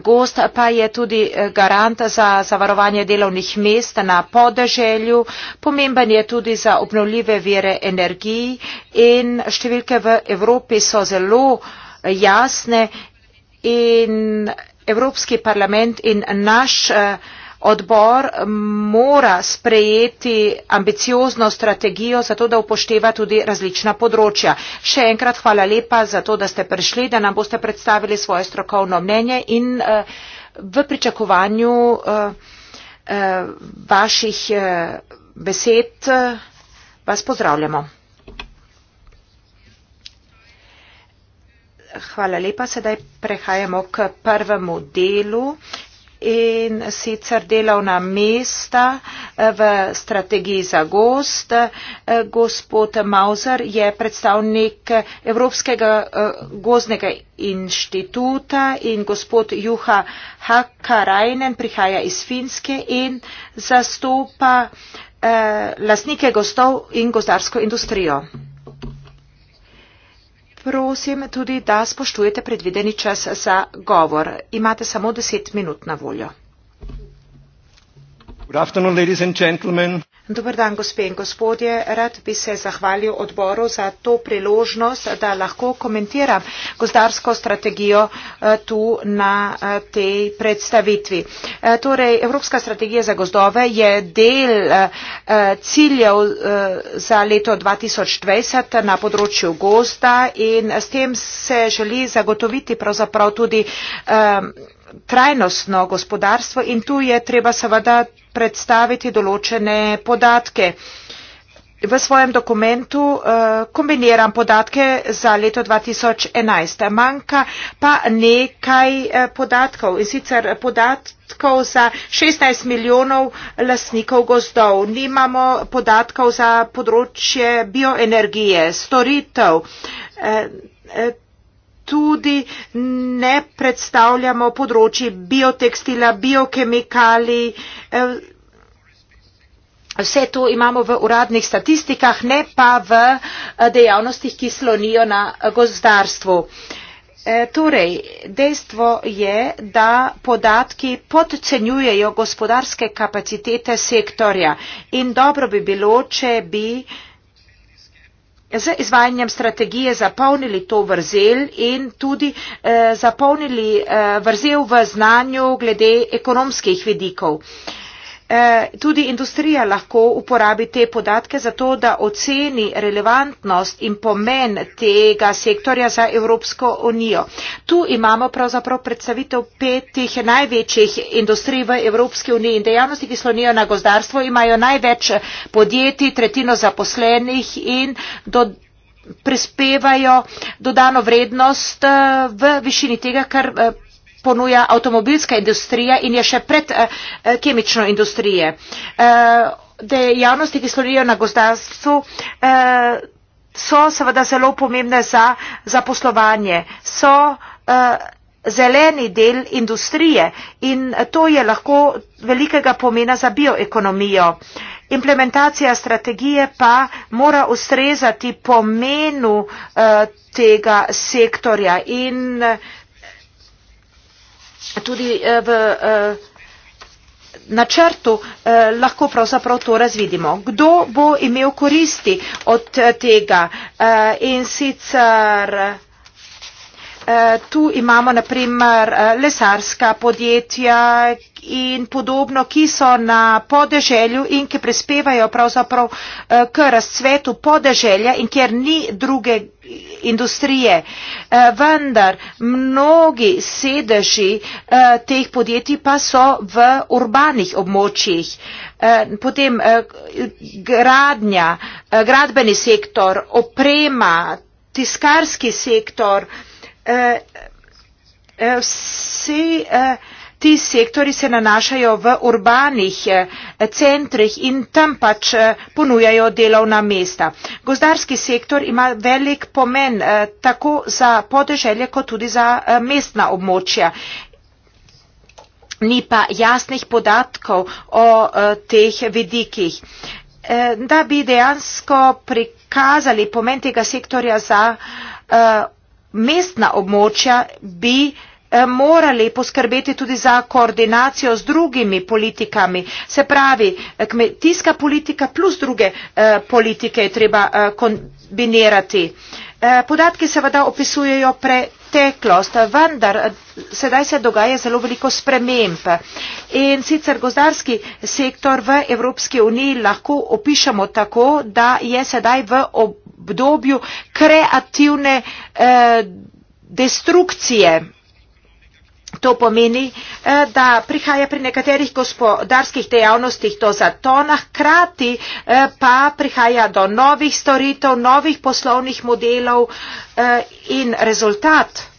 Gost pa je tudi eh, garant za zavarovanje delovnih mest na podeželju, pomemben je tudi za obnovljive vire energiji in številke v Evropi so zelo jasne in Evropski parlament in naš eh, odbor mora sprejeti ambiciozno strategijo, zato da upošteva tudi različna področja. Še enkrat hvala lepa za to, da ste prišli, da nam boste predstavili svoje strokovno mnenje in eh, v pričakovanju eh, vaših besed vas pozdravljamo. Hvala lepa. Sedaj prehajamo k prvemu delu in sicer delovna mesta eh, v strategiji za gost. Eh, gospod Mauser je predstavnik Evropskega eh, gozdnega inštituta in gospod Juha Hakarajnen prihaja iz Finske in zastopa lasnike gostov in gozdarsko industrijo prosim tudi, da spoštujete predvideni čas za govor. Imate samo deset minut na voljo. Good afternoon, ladies and gentlemen. Dobar dan, gospe in gospodje. Rad bi se zahvalil odboru za to priložnost, da lahko komentiram gozdarsko strategijo eh, tu na eh, tej predstavitvi. Eh, torej, Evropska strategija za gozdove je del ciljev za leto 2020 na področju gozda in s tem se želi zagotoviti pravzaprav tudi trajnostno gospodarstvo in tu je treba seveda predstaviti določene podatke. V svojem dokumentu eh, kombiniram podatke za leto 2011. Manjka pa nekaj eh, podatkov in sicer podatkov za 16 milijonov lasnikov gozdov. Nimamo podatkov za področje bioenergije, storitev. Eh, tudi ne predstavljamo področji biotekstila, biokemikali. Eh, vse to imamo v uradnih statistikah, ne pa v eh, dejavnostih, ki slonijo na gozdarstvu. Eh, torej, dejstvo je, da podatki podcenjujejo gospodarske kapacitete sektorja in dobro bi bilo, če bi z izvajanjem strategije zapolnili to vrzel in tudi eh, zapolnili eh, vrzel v znanju glede ekonomskih vidikov. Eh, Eh, tudi industrija lahko uporabi te podatke za to, da oceni relevantnost in pomen tega sektorja za Evropsko unijo. Tu imamo pravzaprav predstavitev petih največjih industrij v Evropski uniji in dejavnosti, ki slonijo na gozdarstvo, imajo največ podjetij, tretjino zaposlenih in do prispevajo dodano vrednost eh, v višini tega, kar eh, ponuja avtomobilska industrija in je še pred uh, kemično industrije. Uh, dejavnosti, ki slonijo na gozdarstvu, uh, so seveda zelo pomembne za zaposlovanje. So uh, zeleni del industrije in to je lahko velikega pomena za bioekonomijo. Implementacija strategije pa mora ustrezati pomenu uh, tega sektorja in uh, tudi eh, v eh, načrtu eh, lahko pravzaprav to razvidimo. Kdo bo imel koristi od tega in sicer Eh, tu imamo naprimer eh, lesarska podjetja in podobno, ki so na podeželju in ki prispevajo pravzaprav eh, k razcvetu podeželja in kjer ni druge industrije. Vendar mnogi sedeži teh podjetij pa so v urbanih območjih. Potem gradnja, gradbeni sektor, oprema, tiskarski sektor, Eh, eh, vsi eh, ti sektori se nanašajo v urbanih centrih in tam pač ponujajo delovna mesta. Gozdarski sektor ima velik pomen tako za podeželje kot tudi za mestna območja. Ni pa jasnih podatkov o teh vidikih. Da bi dejansko prikazali pomen tega sektorja za mestna območja bi eh, morali poskrbeti tudi za koordinacijo z drugimi politikami. Se pravi, eh, kmetijska politika plus druge eh, politike je treba kombinirati. Podatki seveda opisujejo preteklost, vendar sedaj se dogaja zelo veliko sprememb. In sicer gozdarski sektor v Evropski uniji lahko opišemo tako, da je sedaj v ob obdobju kreativne eh, destrukcije. To pomeni, eh, da prihaja pri nekaterih gospodarskih dejavnostih do zatona, hkrati eh, pa prihaja do novih storitev, novih poslovnih modelov eh, in rezultatov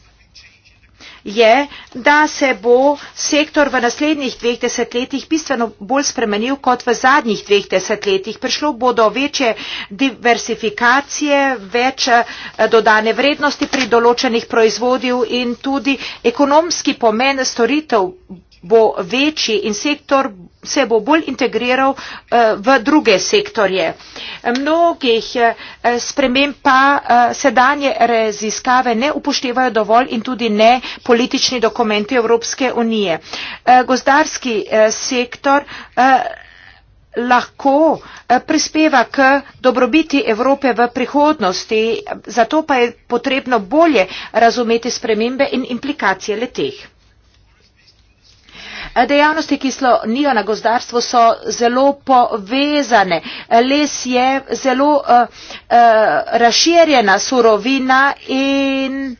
je, da se bo sektor v naslednjih dveh desetletjih bistveno bolj spremenil kot v zadnjih dveh desetletjih. Prišlo bo do večje diversifikacije, več eh, dodane vrednosti pri določenih proizvodih in tudi ekonomski pomen storitev bo večji in sektor se bo bolj integriral eh, v druge sektorje. Mnogih eh, sprememb pa eh, sedanje raziskave ne upoštevajo dovolj in tudi ne politični dokumenti Evropske unije. Gozdarski sektor lahko prispeva k dobrobiti Evrope v prihodnosti, zato pa je potrebno bolje razumeti spremembe in implikacije leteh dejavnosti ki slonijo na gozdarstvo so zelo povezane les je zelo uh, uh, razširjena surovina in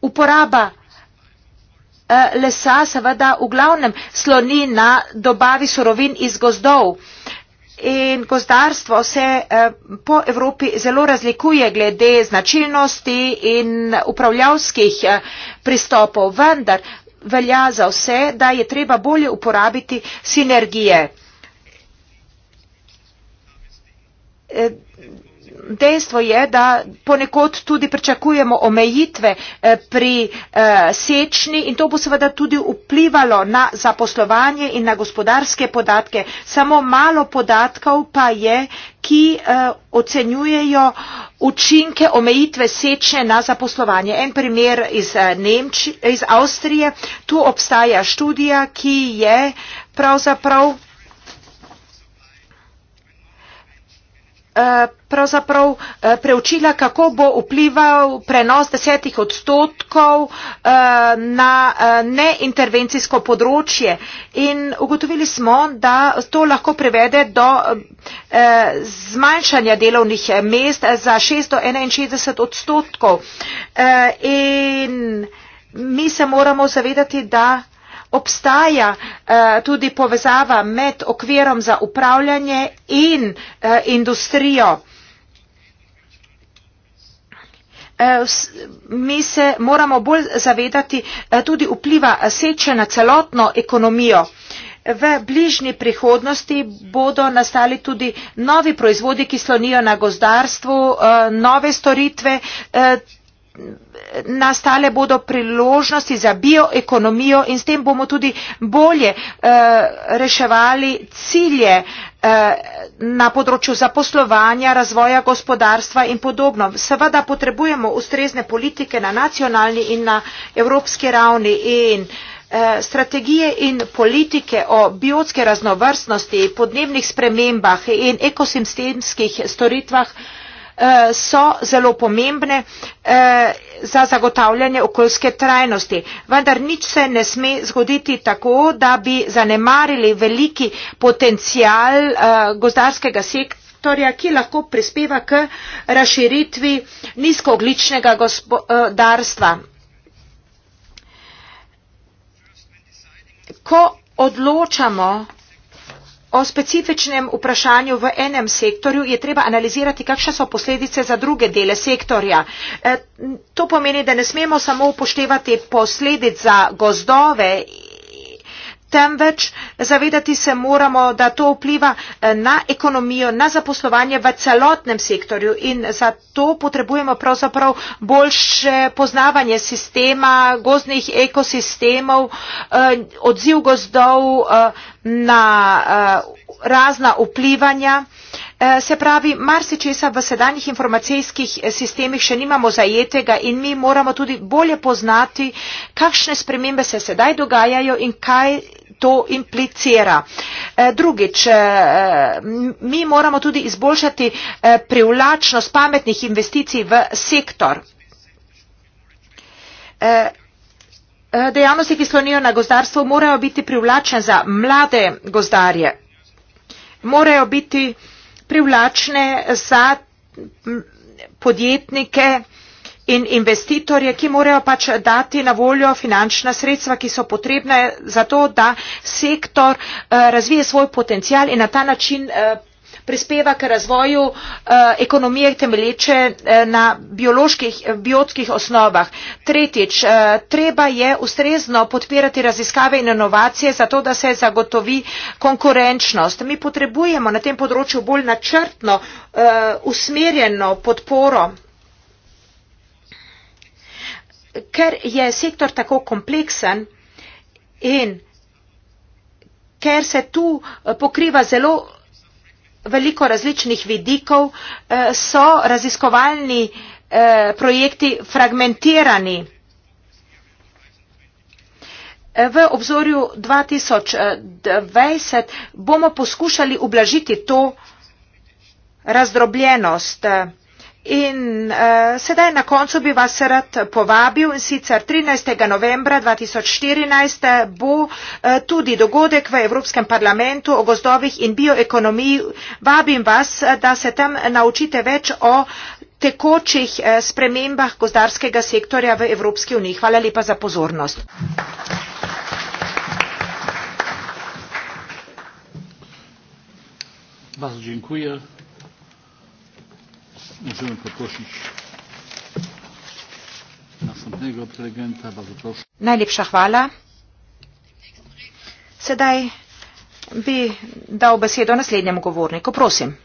uporaba uh, lesa seveda v glavnem sloni na dobavi surovin iz gozdov in gozdarstvo se po Evropi zelo razlikuje glede značilnosti in upravljavskih pristopov, vendar velja za vse, da je treba bolje uporabiti sinergije. Eh, dejstvo je, da ponekod tudi pričakujemo omejitve eh, pri eh, sečni in to bo seveda tudi vplivalo na zaposlovanje in na gospodarske podatke. Samo malo podatkov pa je, ki eh, ocenjujejo učinke omejitve sečne na zaposlovanje. En primer iz, Nemči, iz Avstrije, tu obstaja študija, ki je pravzaprav Eh, pravzaprav eh, preučila, kako bo vplival prenos desetih odstotkov eh, na neintervencijsko področje. In ugotovili smo, da to lahko prevede do zmanjšanja delovnih mest za 6 do 61 odstotkov. In mi se moramo zavedati, da obstaja eh, tudi povezava med okvirom za upravljanje in eh, industrijo. Eh, mi se moramo bolj zavedati tudi vpliva seče na celotno ekonomijo. V bližnji prihodnosti bodo nastali tudi novi proizvodi, ki slonijo na gozdarstvu, nove storitve, nastale bodo priložnosti za bioekonomijo in s tem bomo tudi bolje eh, reševali cilje eh, na področju zaposlovanja, razvoja gospodarstva in podobno. Seveda potrebujemo ustrezne politike na nacionalni in na evropski ravni in eh, strategije in politike o biotske raznovrstnosti, podnebnih spremembah in ekosistemskih storitvah Eh, so zelo pomembne eh, za zagotavljanje okoljske trajnosti. Vendar nič se ne sme zgoditi tako, da bi zanemarili veliki potencial eh, gozdarskega sektorja ki lahko prispeva k razširitvi nizkoogličnega gospodarstva. Ko odločamo o specifičnem vprašanju v enem sektorju, je treba analizirati, kakšne so posledice za druge dele sektorja. E, to pomeni, da ne smemo samo upoštevati posledic za gozdove temveč zavedati se moramo, da to vpliva eh, na ekonomijo, na zaposlovanje v celotnem sektorju in zato potrebujemo pravzaprav boljše poznavanje sistema, gozdnih ekosistemov, eh, odziv gozdov eh, na razna vplivanja. Se pravi, marsičesa v sedanjih informacijskih sistemih še nimamo zajetega in mi moramo tudi bolje poznati, kakšne spremembe se sedaj dogajajo in kaj to implicira. E, drugič, e, mi moramo tudi izboljšati e, privlačnost pametnih investicij v sektor. Dejavnosti, ki slonijo na gozdarstvo, morajo biti privlačne za mlade gozdarje. Morajo biti privlačne za podjetnike, in investitorje, ki morajo pač dati na voljo finančna sredstva, ki so potrebna za to, da sektor eh, razvije svoj potencial in na ta način eh, prispeva k razvoju eh, ekonomije temelječe na bioloških, biotskih osnovah. Tretjič, treba je ustrezno podpirati raziskave in inovacije za to, da se zagotovi konkurenčnost. Mi potrebujemo na tem področju bolj načrtno usmerjeno podporo ker je sektor tako kompleksen in ker se tu eh, pokriva zelo veliko različnih vidikov, eh, so raziskovalni eh, projekti fragmentirani. V obzorju 2020 bomo poskušali ublažiti to razdrobljenost. In uh, sedaj na koncu bi vas rad povabil in sicer 13. novembra 2014 bo uh, tudi dogodek v Evropskem parlamentu o gozdovih in bioekonomiji. Vabim vas, eh, da se tam naučite več o tekočih uh, spremembah gozdarskega sektorja v Evropski uniji. Hvala lepa za pozornost. Bardzo dziękuję. Możemy poprosić następnego prelegenta. Bardzo proszę. Najlepsza chwala. Sedaj bi dał besedo naslednjemu govorniku. Prosim.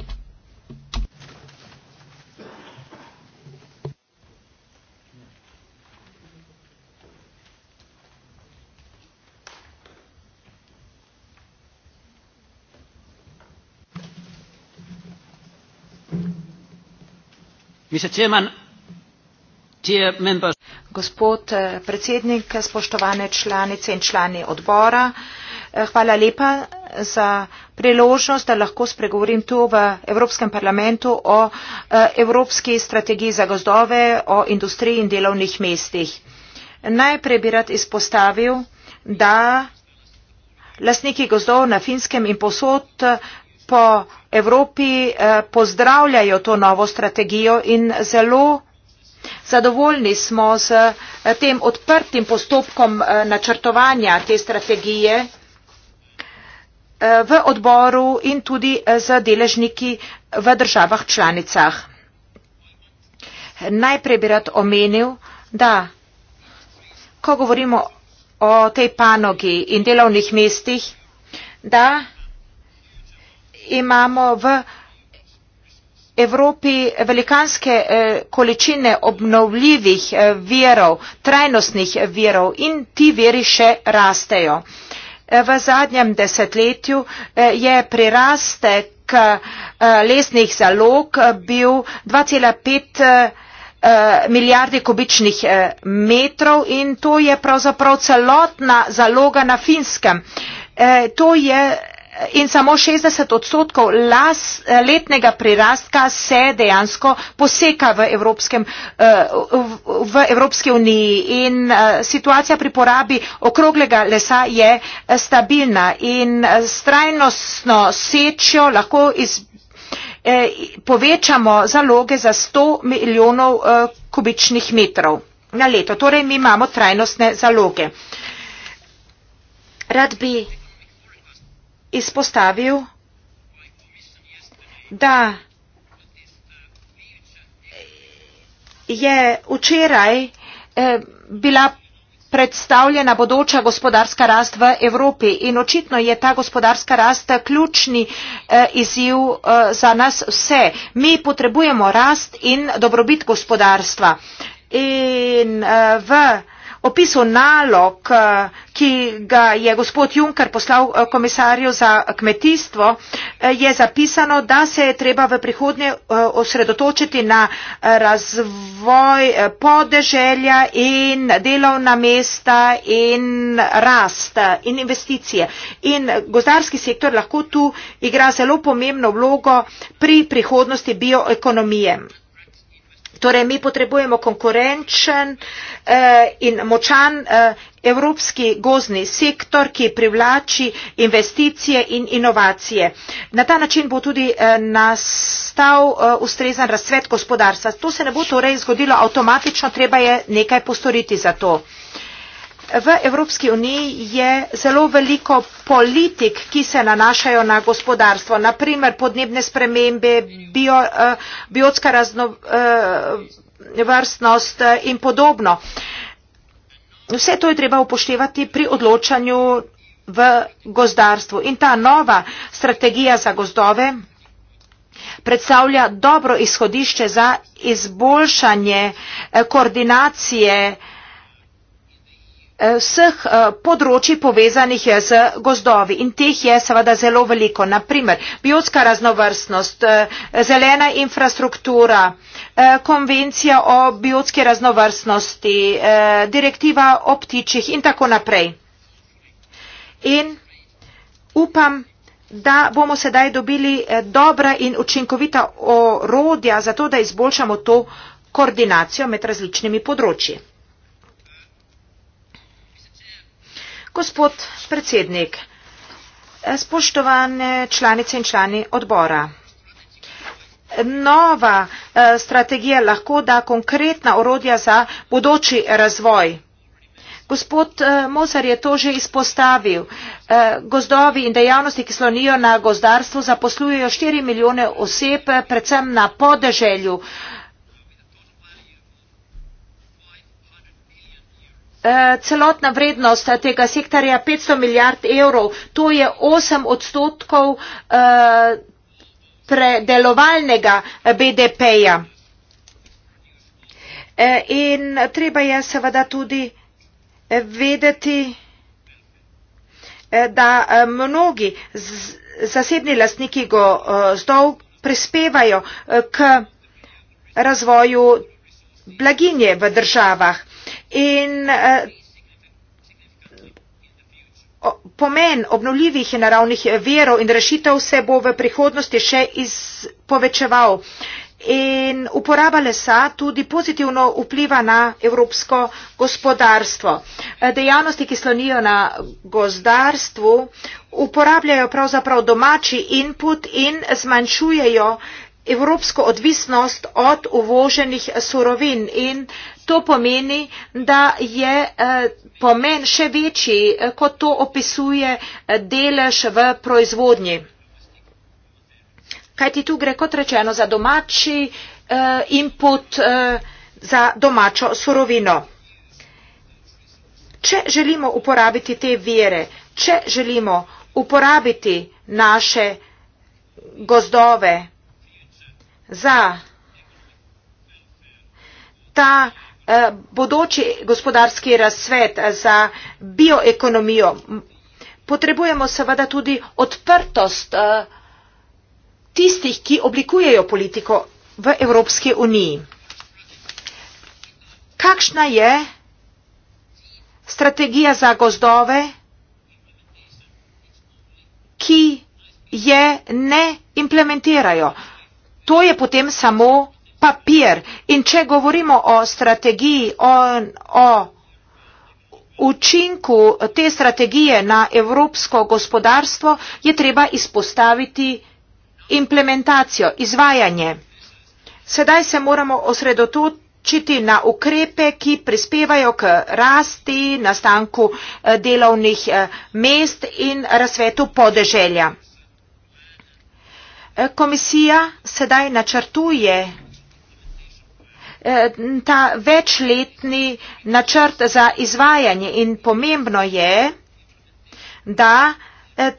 gospod eh, predsednik spoštovane članice in člani odbora eh, hvala lepa za priložnost da lahko spregovorim tu v evropskem parlamentu o eh, evropski strategiji za gozdove o industriji in delovnih mestih najprej bi rad izpostavil da lastniki gozdov na finskem in posod po Evropi eh, pozdravljajo to novo strategijo in zelo zadovoljni smo z eh, tem odprtim postopkom eh, načrtovanja te strategije v odboru in tudi z deležniki v državah članicah. Najprej bi rad omenil, da ko govorimo o tej panogi in delovnih mestih, da imamo v Evropi velikanske eh, količine obnovljivih eh, verov, trajnostnih verov in ti veri še rastejo. Eh, v zadnjem desetletju je prirastek lesnih zalog bil 2,5 milijardi kubičnih metrov in to je pravzaprav celotna zaloga na finskem. To je in samo 60 odstotkov las, letnega prirastka se dejansko poseka v, Evropskem, eh, v Evropski uniji in eh, situacija pri porabi okroglega lesa je eh, stabilna in strajnostno sečjo lahko iz, povečamo zaloge za 100 milijonov kubičnih metrov na leto. Torej mi imamo trajnostne zaloge. Rad bi izpostavil, da je včeraj eh, bila predstavljena bodoča gospodarska rast v Evropi in očitno je ta gospodarska rast ključni eh, izziv eh, za nas vse. Mi potrebujemo rast in dobrobit gospodarstva. In v opisu nalog, eh, ki ga je gospod Juncker poslal eh, komisarju za kmetijstvo, eh, je zapisano, da se je treba v prihodnje osredotočiti na razvoj podeželja in delovna mesta in rast in investicije. In gozdarski sektor lahko tu igra zelo pomembno vlogo pri prihodnosti bioekonomije. Torej, mi potrebujemo konkurenčen eh, in močan eh, evropski gozni sektor, ki privlači investicije in inovacije. Na ta način bo tudi eh, nastal eh, ustrezan razcvet gospodarstva. To se ne bo torej zgodilo avtomatično, treba je nekaj postoriti za to. V Evropski uniji je zelo veliko politik, ki se nanašajo na gospodarstvo, naprimer podnebne spremembe, bio, eh, biotska raznovrstnost eh, eh, in podobno. Vse to je treba upoštevati pri odločanju v gozdarstvu. In ta nova strategija za gozdove predstavlja dobro izhodišče za izboljšanje koordinacije eh, Eh, vseh eh, področji povezanih z gozdovi in teh je seveda zelo veliko. Naprimer, biotska raznovrstnost, eh, zelena infrastruktura, konvencija o biotski raznovrstnosti, direktiva o ptičih in tako naprej. In upam, da bomo sedaj dobili dobra in učinkovita orodja za to, da izboljšamo to koordinacijo med različnimi področji. Gospod predsednik, spoštovane članice in člani odbora, nova eh, strategija lahko da konkretna orodja za bodoči razvoj. Gospod eh, Mozar je to že izpostavil. Eh, gozdovi in dejavnosti, ki slonijo na gozdarstvu, zaposlujejo 4 milijone oseb, predvsem na podeželju. Eh, celotna vrednost eh, tega sektorja petsto milijard evrov to je osem odstotkov eh, predelovalnega bdp ja in treba je seveda tudi vedeti da mnogi zasebni lastniki gozdov prispevajo k razvoju blaginje v državah in eh, pomen obnovljivih in naravnih eh, verov in rešitev se bo v prihodnosti še povečeval. In uporaba lesa tudi pozitivno vpliva na evropsko gospodarstvo. Eh, dejavnosti, ki slonijo na gozdarstvu, uporabljajo pravzaprav domači input in zmanjšujejo evropsko odvisnost od uvoženih surovin in To pomeni, da je eh, pomen še večji, eh, kot to opisuje eh, delež v proizvodnji. Kaj ti tu gre, kot rečeno, za domači input, za domačo surovino. Če želimo uporabiti te vire, če želimo uporabiti naše gozdove za ta Eh, bodoči gospodarski razsvet, za bioekonomijo. Potrebujemo seveda tudi odprtost eh, tistih, ki oblikujejo politiko v Evropski uniji. Kakšna je strategija za gozdove, ki je ne implementirajo? To je potem samo papir in če govorimo o strategiji, o, o učinku te strategije na evropsko gospodarstvo, je treba izpostaviti implementacijo, izvajanje. Sedaj se moramo osredotočiti na ukrepe, ki prispevajo k rasti, nastanku eh, delovnih eh, mest in razvetu podeželja. Eh, komisija sedaj načrtuje Eh, ta večletni načrt za izvajanje in pomembno je, da eh,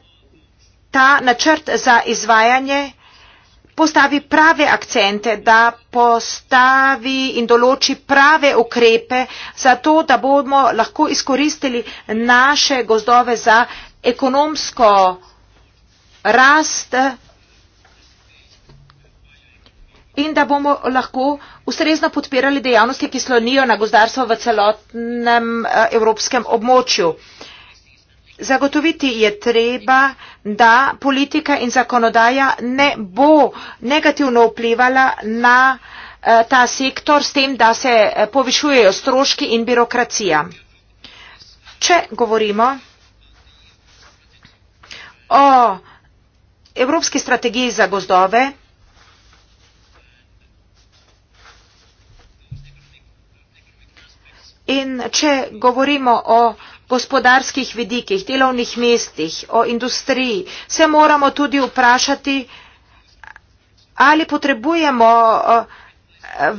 ta načrt za izvajanje postavi prave akcente, da postavi in določi prave ukrepe za to, da bomo lahko izkoristili naše gozdove za ekonomsko rast in da bomo lahko ustrezno podpirali dejavnosti, ki slonijo na gozdarstvo v celotnem eh, evropskem območju. Zagotoviti je treba, da politika in zakonodaja ne bo negativno vplivala na eh, ta sektor s tem, da se eh, povišujejo stroški in birokracija. Če govorimo o evropski strategiji za gozdove, In če govorimo o gospodarskih vidikih, delovnih mestih, o industriji, se moramo tudi vprašati, ali potrebujemo eh,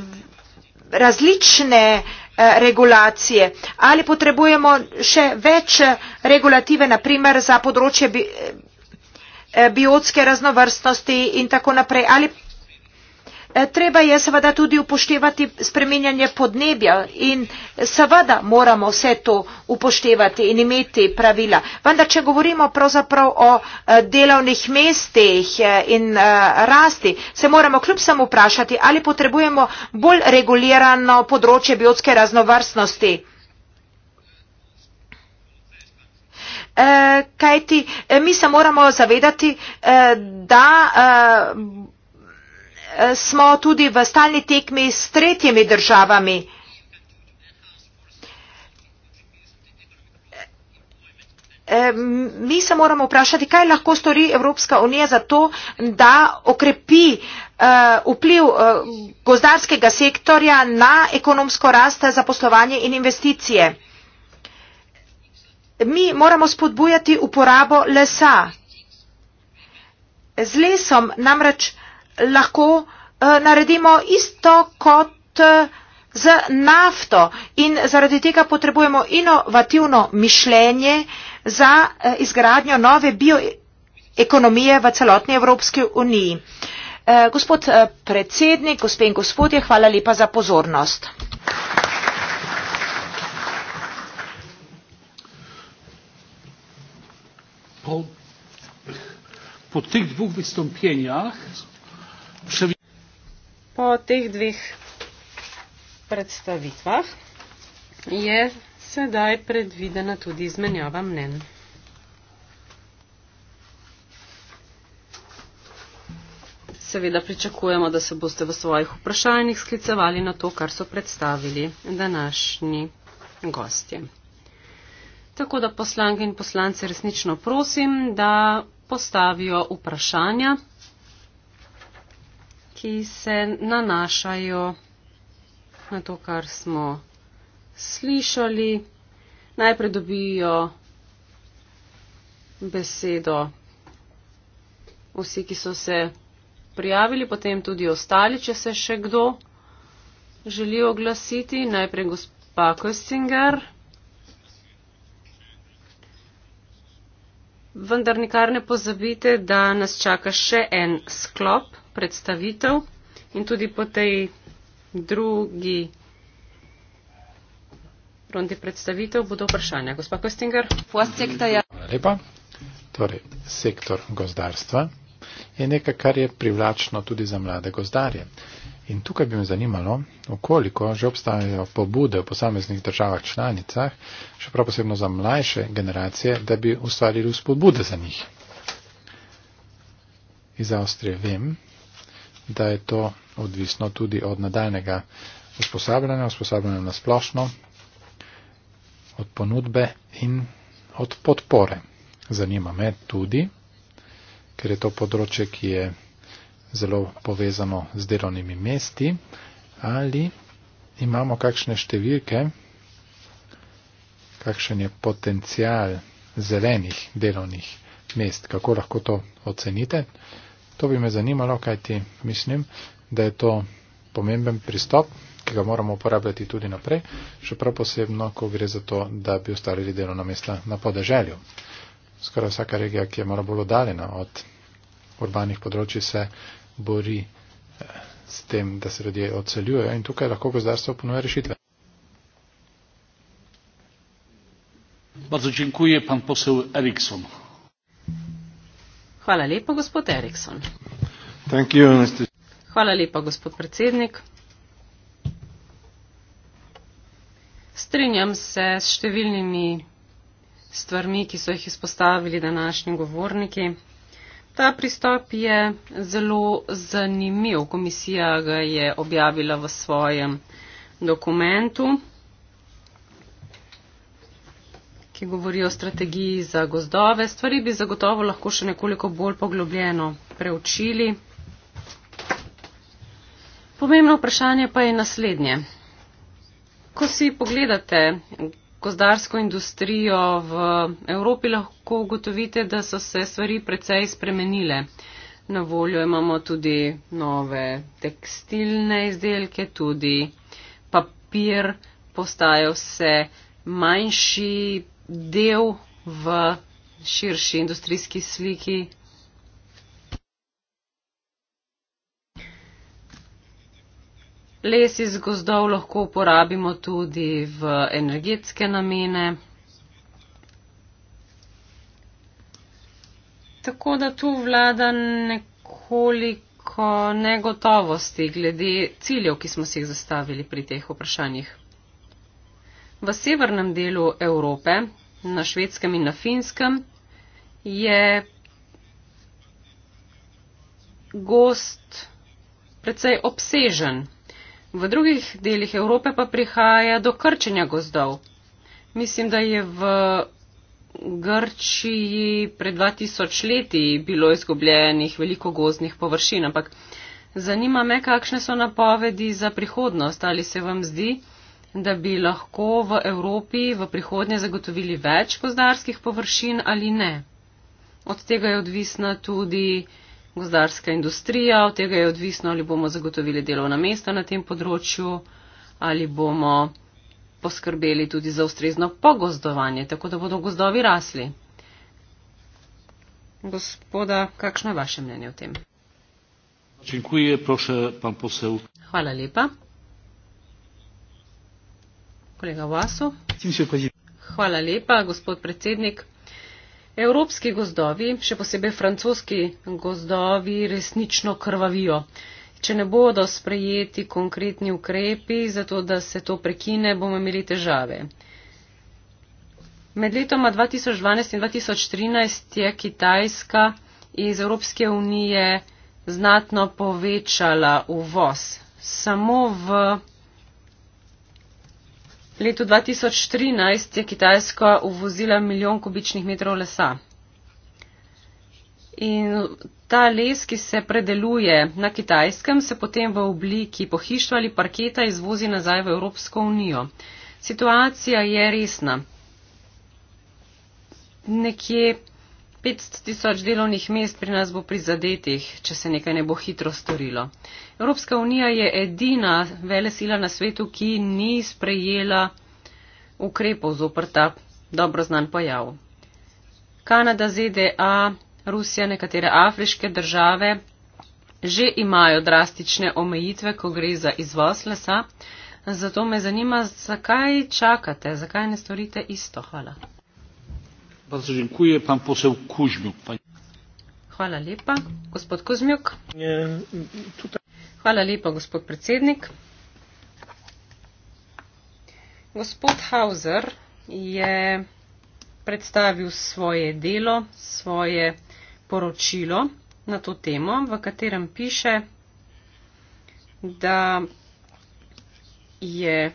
različne eh, regulacije, ali potrebujemo še več regulative, naprimer za področje eh, biotske raznovrstnosti in tako naprej, ali E, treba je seveda tudi upoštevati spreminjanje podnebja in seveda moramo vse to upoštevati in imeti pravila. Vendar, če govorimo pravzaprav o e, delovnih mestih e, in rasti, se moramo kljub samo vprašati, ali potrebujemo bolj regulirano področje biotske raznovrstnosti. Kajti, mi se moramo zavedati, da Eh, smo tudi v stalni tekmi s tretjimi državami. Eh, mi se moramo vprašati, kaj lahko stori Evropska unija za to, da okrepi eh, vpliv gozdarskega sektorja na ekonomsko rast za poslovanje in investicije. Mi moramo spodbujati uporabo lesa. Z lesom namreč lahko eh, naredimo isto kot eh, z nafto in zaradi tega potrebujemo inovativno mišljenje za eh, izgradnjo nove bioekonomije v celotni Evropski uniji. Gospod predsednik, gospe in gospodje, hvala lepa za pozornost. Po teh dvoh vstopenjah še vi. Po teh dveh predstavitvah je sedaj predvidena tudi izmenjava mnen. Seveda pričakujemo, da se boste v svojih vprašanjih sklicevali na to, kar so predstavili današnji gostje. Tako da poslanke in poslance resnično prosim, da postavijo vprašanja ki se nanašajo na to, kar smo slišali. Najprej dobijo besedo vsi, ki so se prijavili, potem tudi ostali, če se še kdo želi oglasiti. Najprej gospa Kostinger. Vendar nikar ne pozabite, da nas čaka še en sklop predstavitev in tudi po tej drugi rundi predstavitev bodo vprašanja. Gospa Kostinger, postsektor. Ja. Lepa. Torej, sektor gozdarstva je nekaj, kar je privlačno tudi za mlade gozdarje. In tukaj bi me zanimalo, okoliko že obstajajo pobude v posameznih državah članicah, še prav posebno za mlajše generacije, da bi ustvarili spodbude za njih. Iz Avstrije vem, da je to odvisno tudi od nadaljnega usposabljanja, usposabljanja na splošno, od ponudbe in od podpore. Zanima me tudi, ker je to področje, ki je zelo povezano z delovnimi mesti, ali imamo kakšne številke, kakšen je potencial zelenih delovnih mest, kako lahko to ocenite. To bi me zanimalo, kaj ti mislim, da je to pomemben pristop, ki ga moramo uporabljati tudi naprej, še prav posebno, ko gre za to, da bi ustvarili delovna mesta na podeželju. Skoraj vsaka regija, ki je malo bolj oddaljena od urbanih področji, se bori eh, s tem, da se ljudje odseljujejo in tukaj lahko gozdarstvo ponuje rešitve. Bardzo dziękuję pan poseł Eriksson. Hvala lepa, gospod Erikson. Hvala lepa, gospod predsednik. Strinjam se s številnimi stvarmi, ki so jih izpostavili današnji govorniki. Ta pristop je zelo zanimiv. Komisija ga je objavila v svojem dokumentu ki govori o strategiji za gozdove. Stvari bi zagotovo lahko še nekoliko bolj poglobljeno preučili. Pomembno vprašanje pa je naslednje. Ko si pogledate gozdarsko industrijo v Evropi, lahko ugotovite, da so se stvari precej spremenile. Na voljo imamo tudi nove tekstilne izdelke, tudi papir postaja vse manjši, del v širši industrijski sliki. Les iz gozdov lahko uporabimo tudi v energetske namene. Tako da tu vlada nekoliko negotovosti glede ciljev, ki smo si jih zastavili pri teh vprašanjih. V severnem delu Evrope, na švedskem in na finskem, je gost precej obsežen. V drugih delih Evrope pa prihaja do krčenja gozdov. Mislim, da je v Grčiji pred 2000 leti bilo izgubljenih veliko gozdnih površin, ampak zanima me, kakšne so napovedi za prihodnost. Ali se vam zdi, da bi lahko v Evropi v prihodnje zagotovili več gozdarskih površin ali ne. Od tega je odvisna tudi gozdarska industrija, od tega je odvisno, ali bomo zagotovili delovna mesta na tem področju, ali bomo poskrbeli tudi za ustrezno pogozdovanje, tako da bodo gozdovi rasli. Gospoda, kakšno je vaše mnenje o tem? Dziękuję, proszę pan poseł. Hvala lepa. Kolega Vaso. Hvala lepa, gospod predsednik. Evropski gozdovi, še posebej francoski gozdovi, resnično krvavijo. Če ne bodo sprejeti konkretni ukrepi za to, da se to prekine, bomo imeli težave. Med letoma 2012 in 2013 je Kitajska iz Evropske unije znatno povečala uvoz. Samo v Leto 2013 je Kitajska uvozila milijon kubičnih metrov lesa. In ta les, ki se predeluje na Kitajskem, se potem v obliki pohištva ali parketa izvozi nazaj v Evropsko unijo. Situacija je resna. Nekje 500 tisoč delovnih mest pri nas bo prizadetih, če se nekaj ne bo hitro storilo. Evropska unija je edina vele sila na svetu, ki ni sprejela ukrepov z oprta dobro znan pojav. Kanada, ZDA, Rusija, nekatere afriške države že imajo drastične omejitve, ko gre za izvoz lesa. Zato me zanima, zakaj čakate, zakaj ne storite isto? Hvala. Gospod Hauser je predstavil svoje delo, svoje poročilo na to temo, v katerem piše, da je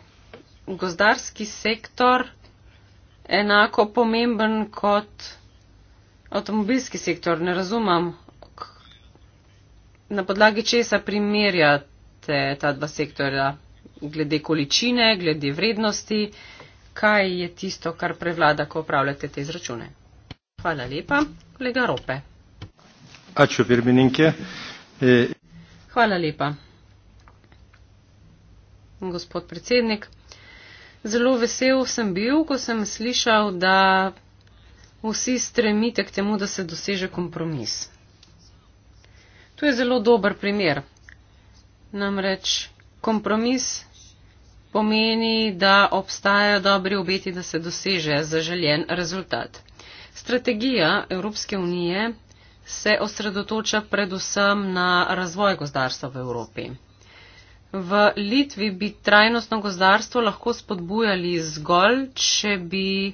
gozdarski sektor enako pomemben kot avtomobilski sektor. Ne razumem, na podlagi česa primerjate ta dva sektorja, glede količine, glede vrednosti, kaj je tisto, kar prevlada, ko upravljate te izračune. Hvala lepa, kolega Rope. Ačiū, pirmininkė. E, Hvala lepa, gospod predsednik. Zelo vesel sem bil, ko sem slišal, da vsi stremite k temu, da se doseže kompromis. To je zelo dober primer. Namreč kompromis pomeni, da obstajajo dobri obeti, da se doseže zaželjen rezultat. Strategija Evropske unije se osredotoča predvsem na razvoj gozdarstva v Evropi. V Litvi bi trajnostno gozdarstvo lahko spodbujali zgolj, če bi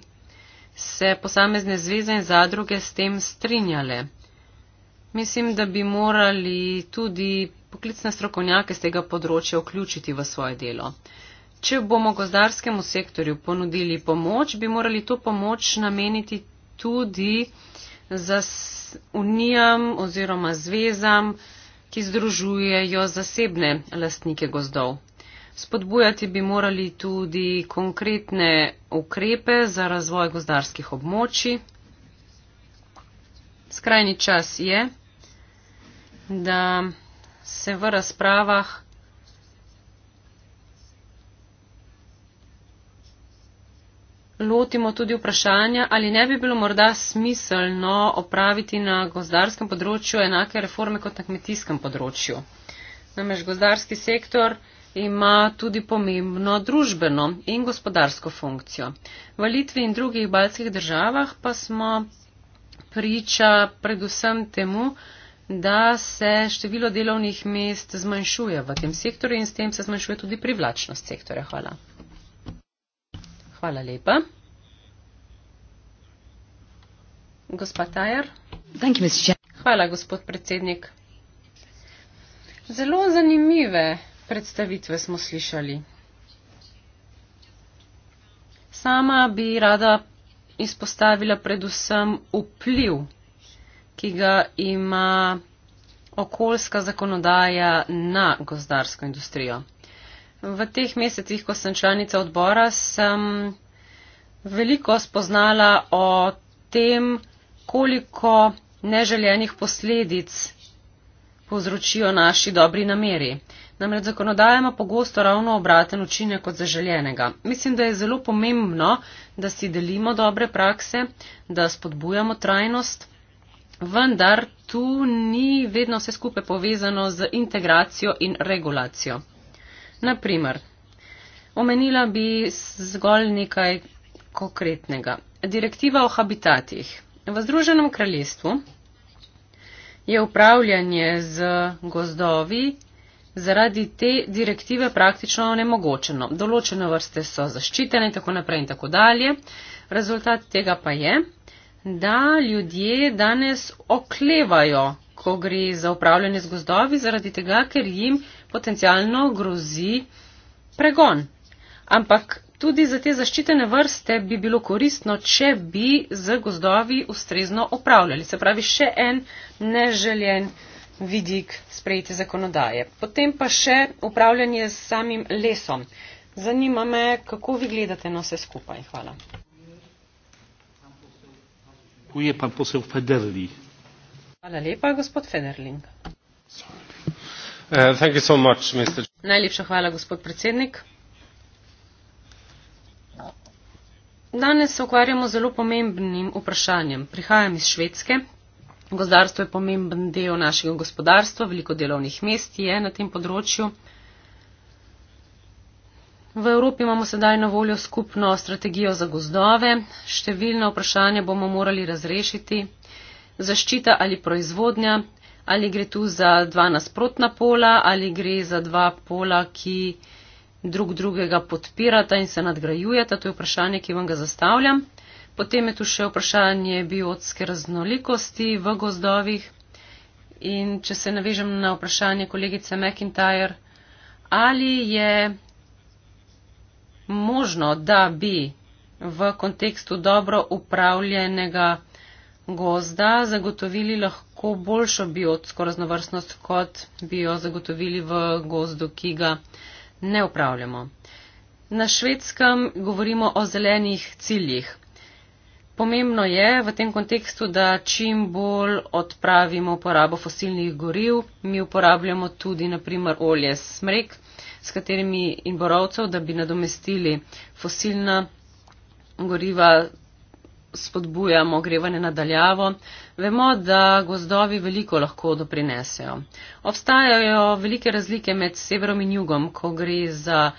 se posamezne zveze in zadruge s tem strinjale. Mislim, da bi morali tudi poklicne strokovnjake z tega področja vključiti v svoje delo. Če bomo gozdarskemu sektorju ponudili pomoč, bi morali to pomoč nameniti tudi za unijam oziroma zvezam, ki združujejo zasebne lastnike gozdov. Spodbujati bi morali tudi konkretne ukrepe za razvoj gozdarskih območij. Skrajni čas je, da se v razpravah lotimo tudi vprašanja, ali ne bi bilo morda smiselno opraviti na gozdarskem področju enake reforme kot na kmetijskem področju. Namreč gozdarski sektor ima tudi pomembno družbeno in gospodarsko funkcijo. V Litvi in drugih baltskih državah pa smo priča predvsem temu, da se število delovnih mest zmanjšuje v tem sektorju in s tem se zmanjšuje tudi privlačnost sektorja. Hvala. Hvala lepa. Gospa Tajer. Hvala, gospod predsednik. Zelo zanimive predstavitve smo slišali. Sama bi rada izpostavila predvsem vpliv, ki ga ima okoljska zakonodaja na gozdarsko industrijo. V teh mesecih, ko sem članica odbora, sem veliko spoznala o tem, koliko neželjenih posledic povzročijo naši dobri nameri. Namreč zakonodaja ima pogosto ravno obraten učinek kot zaželjenega. Mislim, da je zelo pomembno, da si delimo dobre prakse, da spodbujamo trajnost, vendar tu ni vedno vse skupaj povezano z integracijo in regulacijo. Naprimer, omenila bi zgolj nekaj konkretnega. Direktiva o habitatih. V Združenem kraljestvu je upravljanje z gozdovi zaradi te direktive praktično onemogočeno. Določene vrste so zaščitene in tako naprej in tako dalje. Rezultat tega pa je, da ljudje danes oklevajo, ko gre za upravljanje z gozdovi, zaradi tega, ker jim potencialno grozi pregon. Ampak tudi za te zaščitene vrste bi bilo koristno, če bi z gozdovi ustrezno upravljali. Se pravi, še en neželjen vidik sprejeti zakonodaje. Potem pa še upravljanje s samim lesom. Zanima me, kako vi gledate na vse skupaj. Hvala. Hvala lepa, gospod Federling. Sorry. Uh, Najlepša hvala, gospod predsednik. Danes se ukvarjamo z zelo pomembnim vprašanjem. Prihajam iz Švedske. Gozdarstvo je pomemben del našega gospodarstva, veliko delovnih mest je na tem področju. V Evropi imamo sedaj na voljo skupno strategijo za gozdove. Številna vprašanja bomo morali razrešiti. Zaščita ali proizvodnja, ali gre tu za dva nasprotna pola, ali gre za dva pola, ki drug drugega podpirata in se nadgrajujeta, to je vprašanje, ki vam ga zastavljam. Potem je tu še vprašanje biotske raznolikosti v gozdovih. In če se navežem na vprašanje kolegice McIntyre, ali je možno, da bi v kontekstu dobro upravljenega gozda zagotovili lahko boljšo biotsko raznovrstnost, kot bi jo zagotovili v gozdu, ki ga ne upravljamo. Na švedskem govorimo o zelenih ciljih. Pomembno je v tem kontekstu, da čim bolj odpravimo uporabo fosilnih goriv. Mi uporabljamo tudi naprimer olje smrek, s katerimi in borovcev, da bi nadomestili fosilna goriva spodbujamo ogrevanje nadaljavo, vemo, da gozdovi veliko lahko doprinesejo. Obstajajo velike razlike med severom in jugom, ko gre za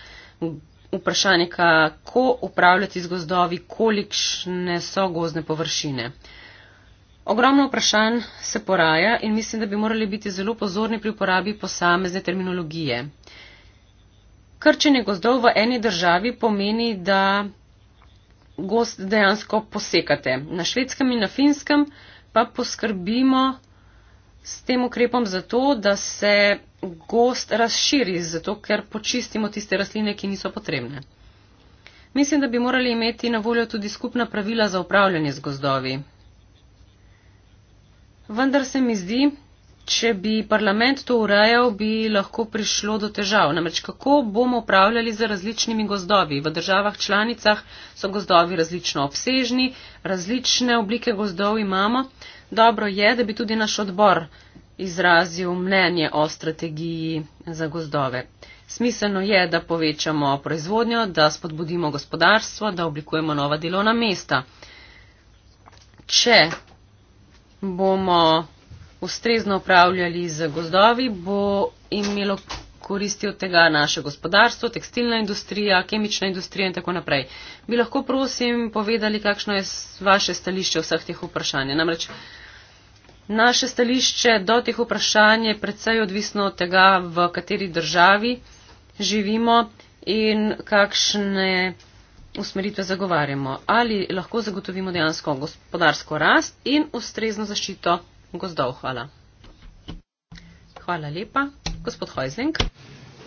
vprašanje, kako upravljati z gozdovi, kolikšne so gozdne površine. Ogromno vprašanj se poraja in mislim, da bi morali biti zelo pozorni pri uporabi posamezne terminologije. Krčenje gozdov v eni državi pomeni, da gost dejansko posekate. Na švedskem in na finskem pa poskrbimo s tem ukrepom za to, da se gost razširi, zato ker počistimo tiste rastline, ki niso potrebne. Mislim, da bi morali imeti na voljo tudi skupna pravila za upravljanje z gozdovi. Vendar se mi zdi, če bi parlament to urejal, bi lahko prišlo do težav. Namreč kako bomo upravljali z različnimi gozdovi? V državah članicah so gozdovi različno obsežni, različne oblike gozdov imamo. Dobro je, da bi tudi naš odbor izrazil mnenje o strategiji za gozdove. Smiselno je, da povečamo proizvodnjo, da spodbudimo gospodarstvo, da oblikujemo nova delovna mesta. Če bomo ustrezno upravljali z gozdovi, bo imelo koristi od tega naše gospodarstvo, tekstilna industrija, kemična industrija in tako naprej. Bi lahko prosim povedali, kakšno je vaše stališče vseh teh vprašanj? Namreč naše stališče do teh vprašanj je predvsej odvisno od tega, v kateri državi živimo in kakšne usmeritve zagovarjamo. Ali lahko zagotovimo dejansko gospodarsko rast in ustrezno zaščito gozdov. Hvala. Hvala lepa. Gospod Hojzenk.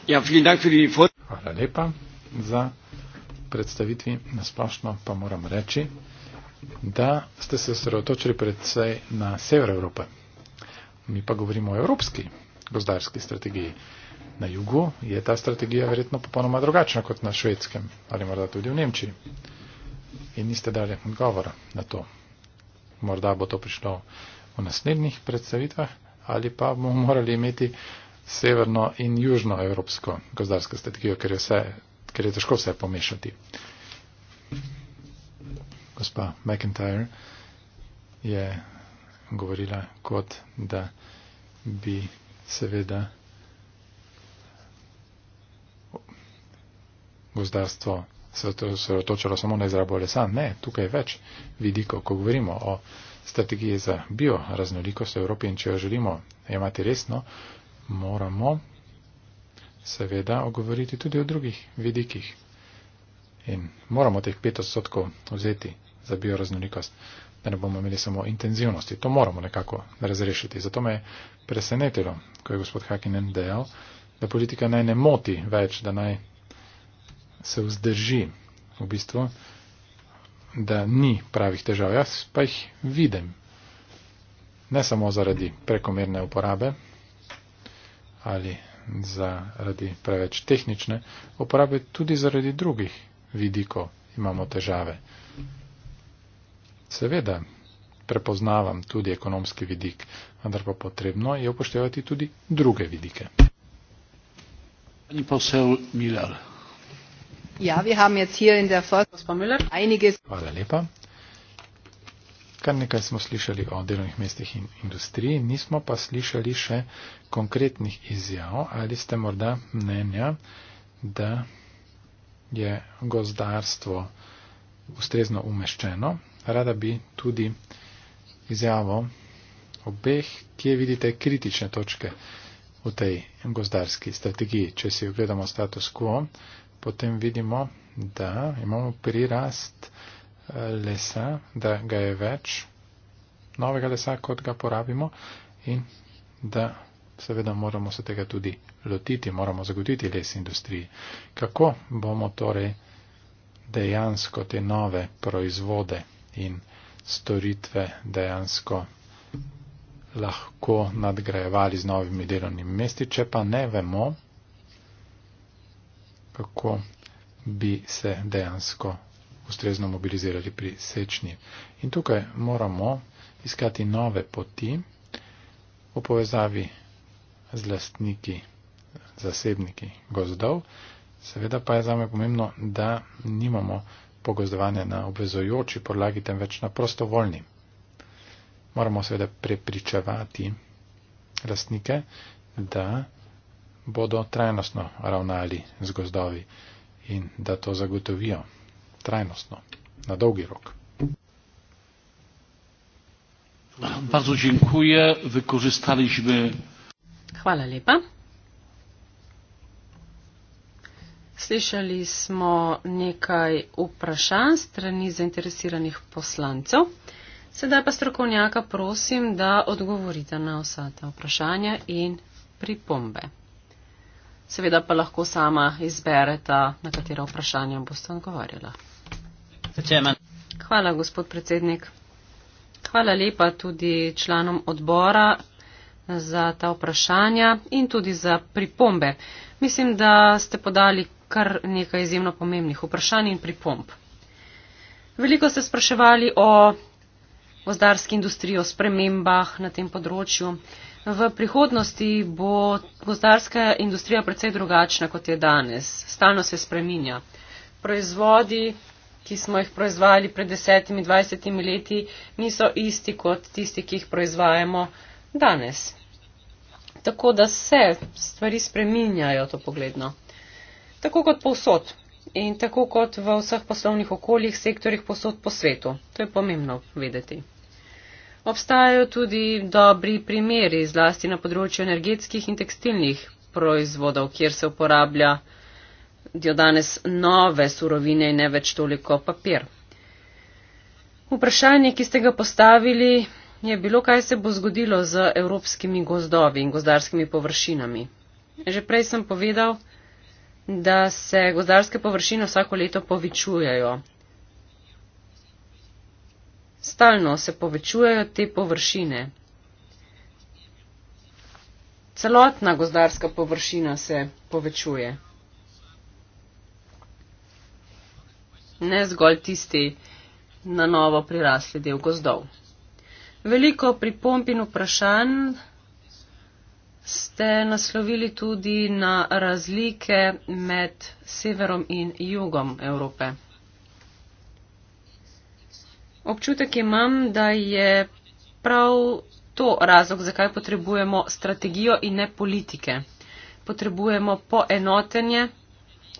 Ja, Hvala lepa za predstavitvi. Nasplošno pa moram reči, da ste se osredotočili predvsej na sever Evrope. Mi pa govorimo o evropski gozdarski strategiji. Na jugu je ta strategija verjetno popolnoma drugačna kot na švedskem ali morda tudi v Nemčiji. In niste dali odgovora na to. Morda bo to prišlo v naslednjih predstavitvah ali pa bomo morali imeti severno in južno evropsko gozdarsko strategijo, ker je, vse, ker je težko vse pomešati. Gospa McIntyre je govorila kot, da bi seveda gozdarstvo se otočalo samo na izrabo lesa. Ne, tukaj je več vidikov, ko govorimo o strategije za bioraznolikost v Evropi in če jo želimo imati resno, moramo seveda ogovoriti tudi o drugih vidikih. In moramo teh 5 odstotkov vzeti za bioraznolikost, da ne bomo imeli samo intenzivnosti. To moramo nekako razrešiti. Zato me je presenetilo, ko je gospod Hakinen dejal, da politika naj ne moti več, da naj se vzdrži v bistvu da ni pravih težav. Jaz pa jih vidim. Ne samo zaradi prekomerne uporabe ali zaradi preveč tehnične uporabe, tudi zaradi drugih vidikov imamo težave. Seveda prepoznavam tudi ekonomski vidik, vendar pa potrebno je upoštevati tudi druge vidike. Ni pa vse umiljalo. Ja, wir haben jetzt hier in der Vorsorgsformel einiges. Hvala lepa. Kar nekaj smo slišali o delovnih mestih in industriji, nismo pa slišali še konkretnih izjav ali ste morda mnenja, da je gozdarstvo ustrezno umeščeno. Rada bi tudi izjavo obeh, kje vidite kritične točke v tej gozdarski strategiji. Če si ogledamo status quo, potem vidimo, da imamo prirast eh, lesa, da ga je več novega lesa, kot ga porabimo in da seveda moramo se tega tudi lotiti, moramo zagotiti les industriji. Kako bomo torej dejansko te nove proizvode in storitve dejansko lahko nadgrajevali z novimi delovnimi mesti, če pa ne vemo, kako bi se dejansko ustrezno mobilizirali pri sečni. In tukaj moramo iskati nove poti v povezavi z lastniki, zasebniki gozdov. Seveda pa je zame pomembno, da nimamo pogozdovanja na obvezojoči podlagi, temveč na prostovoljni. Moramo seveda prepričevati lastnike, da bodo trajnostno ravnali z gozdovi in da to zagotovijo trajnostno, na dolgi rok. Bardzo dziękuję. Wykorzystaliśmy. Hvala lepa. Slišali smo nekaj vprašanj strani zainteresiranih poslancev. Sedaj pa strokovnjaka prosim, da odgovorite na vsa ta vprašanja in pripombe seveda pa lahko sama izbereta, na katero vprašanje boste odgovarjala. Hvala, gospod predsednik. Hvala lepa tudi članom odbora za ta vprašanja in tudi za pripombe. Mislim, da ste podali kar nekaj izjemno pomembnih vprašanj in pripomb. Veliko ste spraševali o gozdarski industriji, o spremembah na tem področju. V prihodnosti bo gozdarska industrija precej drugačna, kot je danes. Stalno se spreminja. Proizvodi, ki smo jih proizvajali pred desetimi, dvajsetimi leti, niso isti kot tisti, ki jih proizvajamo danes. Tako da se stvari spreminjajo to pogledno. Tako kot povsod in tako kot v vseh poslovnih okoljih, sektorjih posod po svetu. To je pomembno vedeti. Obstajajo tudi dobri primeri, zlasti na področju energetskih in tekstilnih proizvodov, kjer se uporablja jo danes nove surovine in ne več toliko papir. Vprašanje, ki ste ga postavili, je bilo, kaj se bo zgodilo z evropskimi gozdovi in gozdarskimi površinami. Že prej sem povedal, da se gozdarske površine vsako leto povečujejo stalno se povečujejo te površine. Celotna gozdarska površina se povečuje. Ne zgolj tisti na novo prirasli del gozdov. Veliko pripomp in vprašanj ste naslovili tudi na razlike med severom in jugom Evrope občutek imam, da je prav to razlog, zakaj potrebujemo strategijo in ne politike. Potrebujemo poenotenje,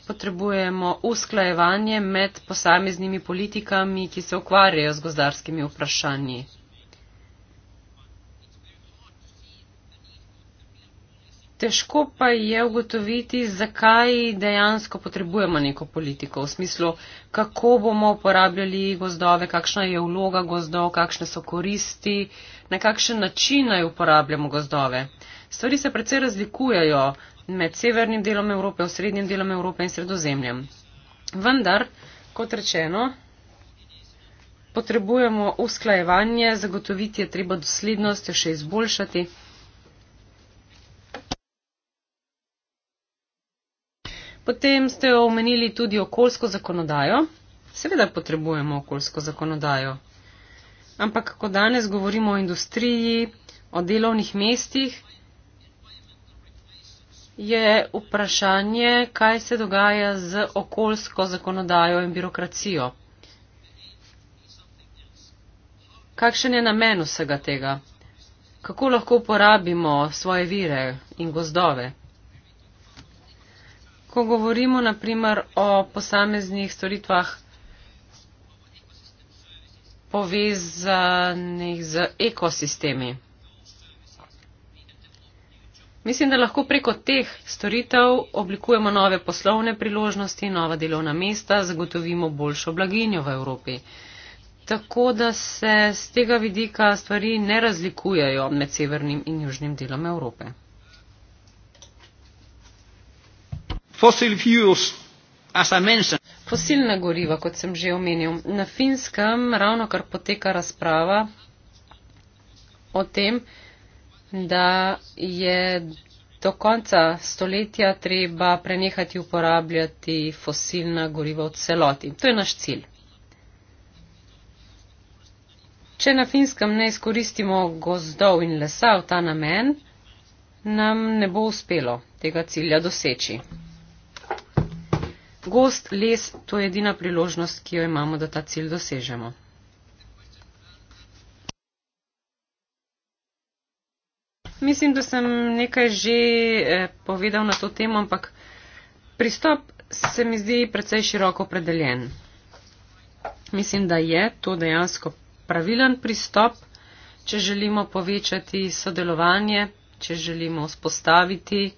potrebujemo usklajevanje med posameznimi politikami, ki se ukvarjajo z gozdarskimi vprašanji. Težko pa je ugotoviti, zakaj dejansko potrebujemo neko politiko, v smislu, kako bomo uporabljali gozdove, kakšna je vloga gozdov, kakšne so koristi, na kakšen način naj uporabljamo gozdove. Stvari se precej razlikujejo med severnim delom Evrope, osrednjim delom Evrope in sredozemljem. Vendar, kot rečeno, potrebujemo usklajevanje, zagotoviti je treba doslednost, jo še izboljšati. Potem ste omenili tudi okoljsko zakonodajo. Seveda potrebujemo okoljsko zakonodajo. Ampak ko danes govorimo o industriji, o delovnih mestih, je vprašanje, kaj se dogaja z okoljsko zakonodajo in birokracijo. Kakšen je namen vsega tega? Kako lahko uporabimo svoje vire in gozdove? ko govorimo naprimer o posameznih storitvah povezanih z ekosistemi. Mislim, da lahko preko teh storitev oblikujemo nove poslovne priložnosti, nova delovna mesta, zagotovimo boljšo blaginjo v Evropi. Tako da se z tega vidika stvari ne razlikujejo med severnim in južnim delom Evrope. Fosilna goriva, kot sem že omenil. Na finskem ravno kar poteka razprava o tem, da je do konca stoletja treba prenehati uporabljati fosilna goriva v celoti. To je naš cilj. Če na finskem ne izkoristimo gozdov in lesa v ta namen, nam ne bo uspelo tega cilja doseči. Gost les, to je edina priložnost, ki jo imamo, da ta cilj dosežemo. Mislim, da sem nekaj že eh, povedal na to temo, ampak pristop se mi zdi precej široko opredeljen. Mislim, da je to dejansko pravilen pristop, če želimo povečati sodelovanje, če želimo spostaviti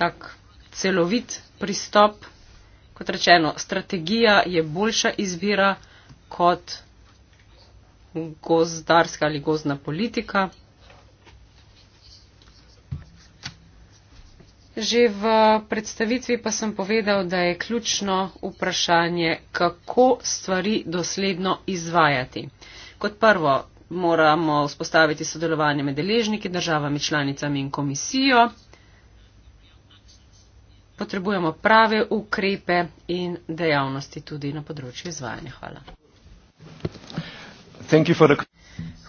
tak celovit pristop. Kot rečeno, strategija je boljša izbira kot gozdarska ali gozdna politika. Že v predstavitvi pa sem povedal, da je ključno vprašanje, kako stvari dosledno izvajati. Kot prvo moramo vzpostaviti sodelovanje med deležniki, državami, članicami in komisijo potrebujemo prave ukrepe in dejavnosti tudi na področju izvajanja. Hvala.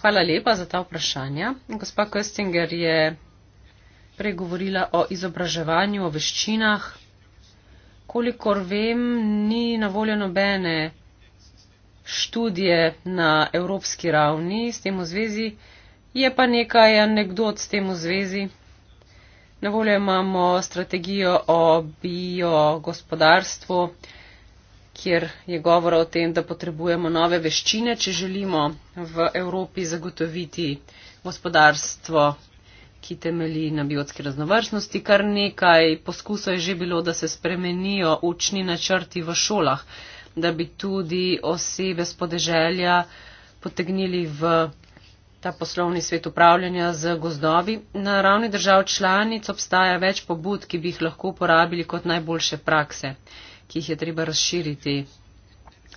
Hvala lepa za ta vprašanja. Gospa Köstinger je pregovorila o izobraževanju, o veščinah. Kolikor vem, ni na voljo nobene študije na evropski ravni s tem v zvezi, je pa nekaj anegdot s tem v zvezi. Na voljo imamo strategijo o biogospodarstvu, kjer je govora o tem, da potrebujemo nove veščine, če želimo v Evropi zagotoviti gospodarstvo, ki temeli na biotski raznovrstnosti. Kar nekaj poskusov je že bilo, da se spremenijo učni načrti v šolah, da bi tudi osebe z podeželja potegnili v ta poslovni svet upravljanja z gozdovi. Na ravni držav članic obstaja več pobud, ki bi jih lahko uporabili kot najboljše prakse, ki jih je treba razširiti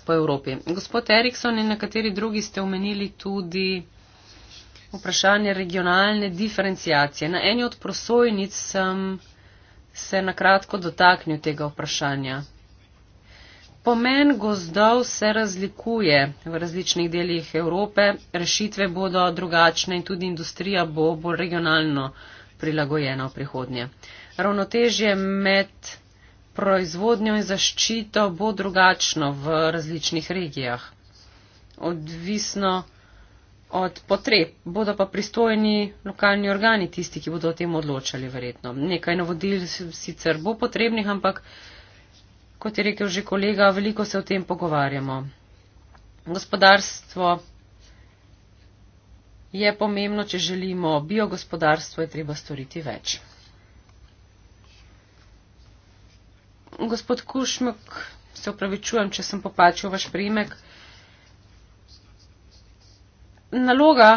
po Evropi. Gospod Erikson in nekateri drugi ste omenili tudi vprašanje regionalne diferencijacije. Na eni od prosojnic sem se nakratko dotaknil tega vprašanja. Pomen gozdov se razlikuje v različnih delih Evrope, rešitve bodo drugačne in tudi industrija bo bolj regionalno prilagojena v prihodnje. Ravnotežje med proizvodnjo in zaščito bo drugačno v različnih regijah. Odvisno od potreb bodo pa pristojni lokalni organi tisti, ki bodo o tem odločali verjetno. Nekaj navodil sicer bo potrebnih, ampak kot je rekel že kolega, veliko se o tem pogovarjamo. Gospodarstvo je pomembno, če želimo biogospodarstvo, je treba storiti več. Gospod Kušmek, se upravičujem, če sem popačil vaš primek. Naloga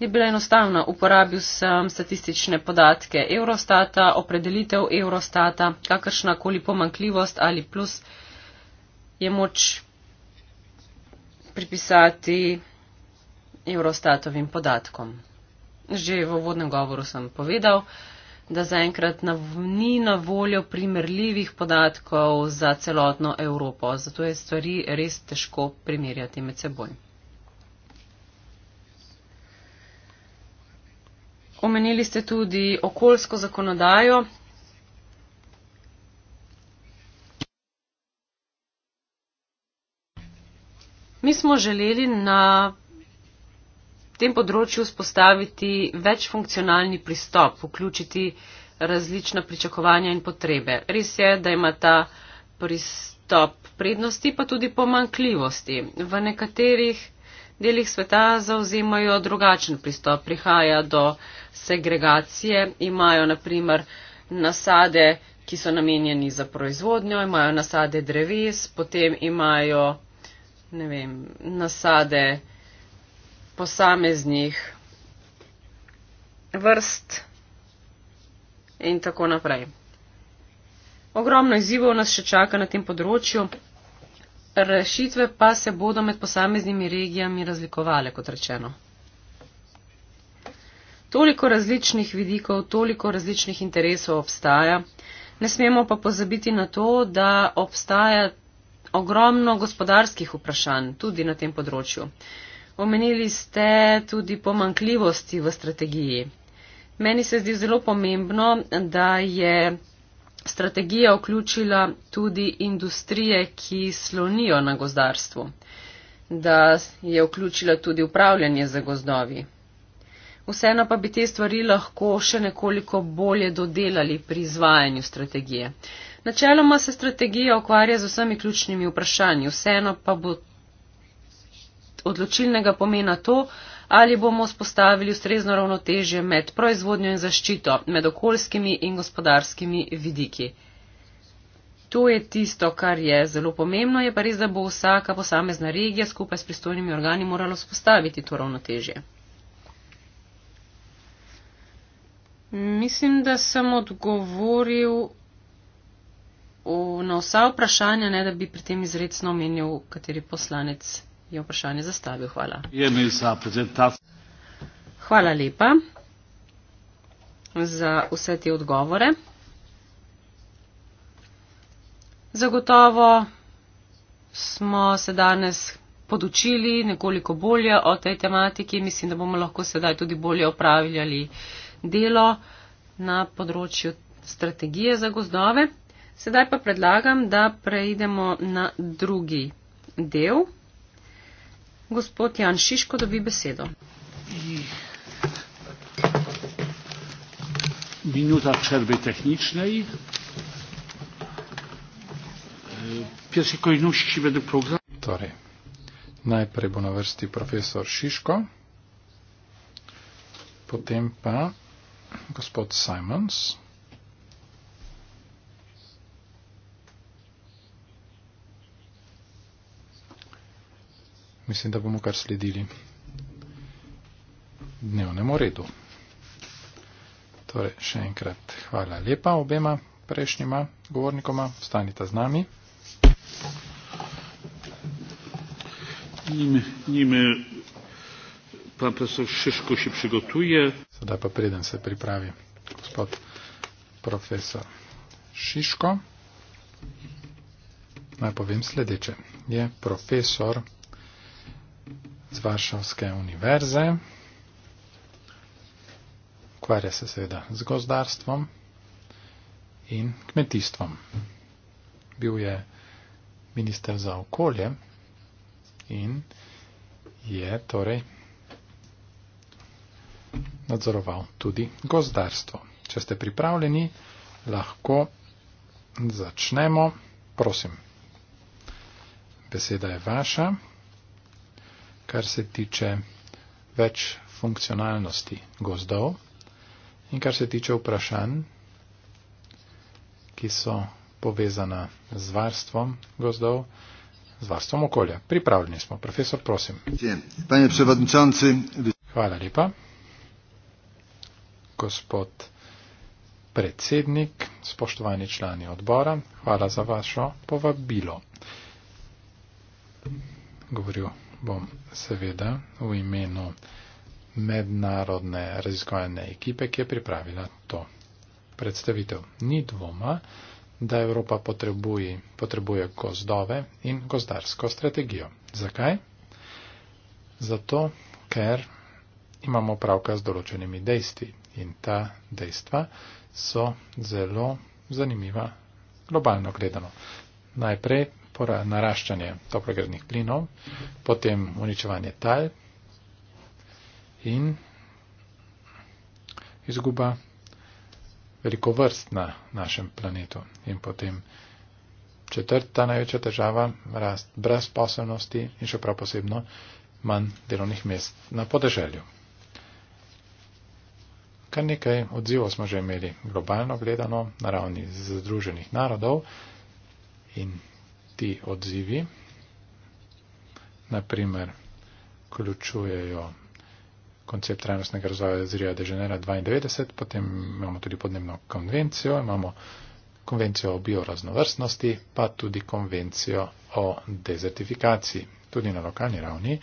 je bila enostavna. Uporabil sem statistične podatke Eurostata, opredelitev Eurostata, kakršna koli pomankljivost ali plus je moč pripisati Eurostatovim podatkom. Že v vodnem govoru sem povedal, da zaenkrat ni na voljo primerljivih podatkov za celotno Evropo, zato je stvari res težko primerjati med seboj. Omenili ste tudi okoljsko zakonodajo. Mi smo želeli na tem področju spostaviti večfunkcionalni pristop, vključiti različna pričakovanja in potrebe. Res je, da ima ta pristop prednosti, pa tudi pomankljivosti. V nekaterih delih sveta zauzemajo drugačen pristop, prihaja do segregacije, imajo naprimer nasade, ki so namenjeni za proizvodnjo, imajo nasade dreves, potem imajo ne vem, nasade posameznih vrst in tako naprej. Ogromno izzivov nas še čaka na tem področju. Rešitve pa se bodo med posameznimi regijami razlikovale, kot rečeno. Toliko različnih vidikov, toliko različnih interesov obstaja, ne smemo pa pozabiti na to, da obstaja ogromno gospodarskih vprašanj tudi na tem področju. Omenili ste tudi pomankljivosti v strategiji. Meni se zdi zelo pomembno, da je strategija vključila tudi industrije, ki slonijo na gozdarstvu, da je vključila tudi upravljanje za gozdovi. Vseeno pa bi te stvari lahko še nekoliko bolje dodelali pri izvajanju strategije. Načeloma se strategija ukvarja z vsemi ključnimi vprašanji, vseeno pa bo odločilnega pomena to, ali bomo spostavili ustrezno ravnotežje med proizvodnjo in zaščito, med okoljskimi in gospodarskimi vidiki. To je tisto, kar je zelo pomembno, je pa res, da bo vsaka posamezna regija skupaj s pristojnimi organi morala spostaviti to ravnotežje. Mislim, da sem odgovoril na vsa vprašanja, ne da bi pri tem izredno omenil, kateri poslanec je vprašanje zastavil. Hvala. Hvala lepa za vse te odgovore. Zagotovo smo se danes podučili nekoliko bolje o tej tematiki. Mislim, da bomo lahko sedaj tudi bolje opravljali delo na področju strategije za gozdove. Sedaj pa predlagam, da preidemo na drugi del. Gospod Jan Šiško dobi besedo. Minuta črbe tehničnej. E, Pjesi kojnušči vedu program. Torej, najprej bo na vrsti profesor Šiško, potem pa gospod Simons. mislim, da bomo kar sledili dnevnemu redu. Torej, še enkrat hvala lepa obema prejšnjima govornikoma. Ostanite z nami. Nime, nime pa profesor Šeško še pregotuje. Sedaj pa preden se pripravi gospod profesor Šiško. Naj povem sledeče. Je profesor z Varšavske univerze. Ukvarja se seveda z gozdarstvom in kmetijstvom. Bil je minister za okolje in je torej nadzoroval tudi gozdarstvo. Če ste pripravljeni, lahko začnemo. Prosim, beseda je vaša kar se tiče več funkcionalnosti gozdov in kar se tiče vprašanj, ki so povezana z varstvom gozdov, z varstvom okolja. Pripravljeni smo. Profesor, prosim. Hvala lepa. Gospod predsednik, spoštovani člani odbora, hvala za vašo povabilo. Govoril bom seveda v imenu mednarodne raziskovalne ekipe, ki je pripravila to predstavitev. Ni dvoma, da Evropa potrebuje, potrebuje gozdove in gozdarsko strategijo. Zakaj? Zato, ker imamo pravka z določenimi dejstvi in ta dejstva so zelo zanimiva globalno gledano. Najprej napora, naraščanje toplogrednih plinov, potem uničevanje tal in izguba velikovrst na našem planetu. In potem četrta največja težava, rast brezposobnosti in še prav posebno manj delovnih mest na podeželju. Kar nekaj odzivov smo že imeli globalno gledano na ravni Združenih narodov in ti odzivi. Naprimer, vključujejo koncept trajnostnega razvoja Zrija de Genera 92, potem imamo tudi podnebno konvencijo, imamo konvencijo o bioraznovrstnosti, pa tudi konvencijo o dezertifikaciji. Tudi na lokalni ravni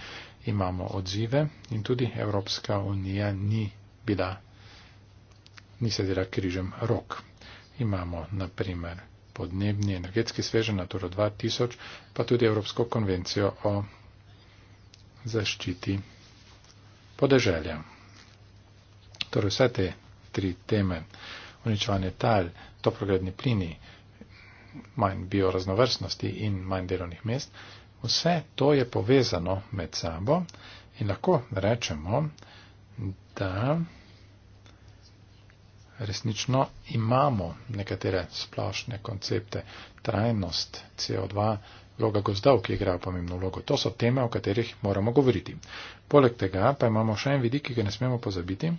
imamo odzive in tudi Evropska unija ni bila, ni sedela križem rok. Imamo, na primer, podnebni energetski sveže Natura 2000, pa tudi Evropsko konvencijo o zaščiti podeželja. Torej vse te tri teme, uničevanje tal, toprogredni plini, manj bioraznovrstnosti in manj delovnih mest, vse to je povezano med sabo in lahko rečemo, da resnično imamo nekatere splošne koncepte, trajnost CO2, vloga gozdov, ki igrajo pomembno vlogo. To so teme, o katerih moramo govoriti. Poleg tega pa imamo še en vidik, ki ga ne smemo pozabiti,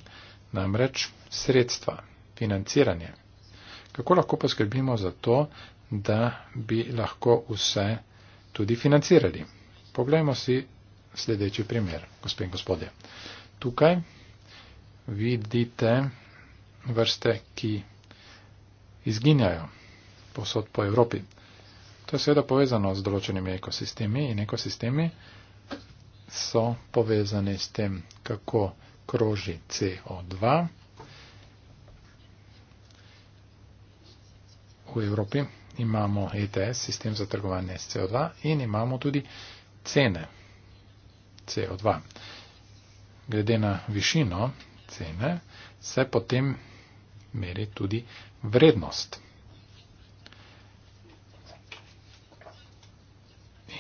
namreč sredstva, financiranje. Kako lahko poskrbimo za to, da bi lahko vse tudi financirali? Poglejmo si sledeči primer, gospod in gospodje. Tukaj vidite vrste, ki izginjajo posod po Evropi. To je seveda povezano z določenimi ekosistemi in ekosistemi so povezani s tem, kako kroži CO2 v Evropi. Imamo ETS, sistem za trgovanje s CO2 in imamo tudi cene CO2. Glede na višino cene se potem meri tudi vrednost.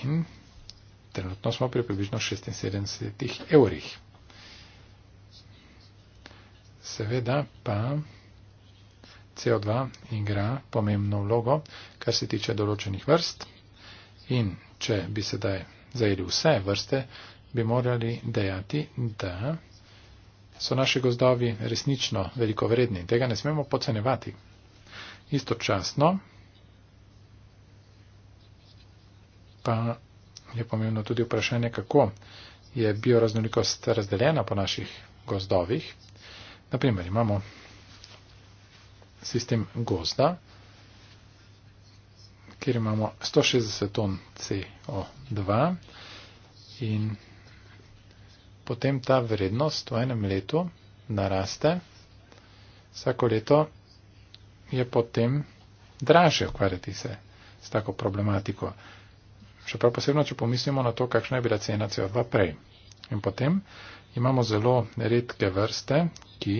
In trenutno smo pri približno 76 evrih. Seveda pa CO2 igra pomembno vlogo, kar se tiče določenih vrst. In če bi sedaj zajeli vse vrste, bi morali dejati, da so naši gozdovi resnično veliko vredni. Tega ne smemo pocenevati. Istočasno pa je pomembno tudi vprašanje, kako je bioraznolikost razdeljena po naših gozdovih. Naprimer, imamo sistem gozda, kjer imamo 160 ton CO2 in potem ta vrednost v enem letu naraste, vsako leto je potem draže ukvarjati se s tako problematiko. Še prav posebno, če pomislimo na to, kakšna je bila cena CO2 prej. In potem imamo zelo redke vrste, ki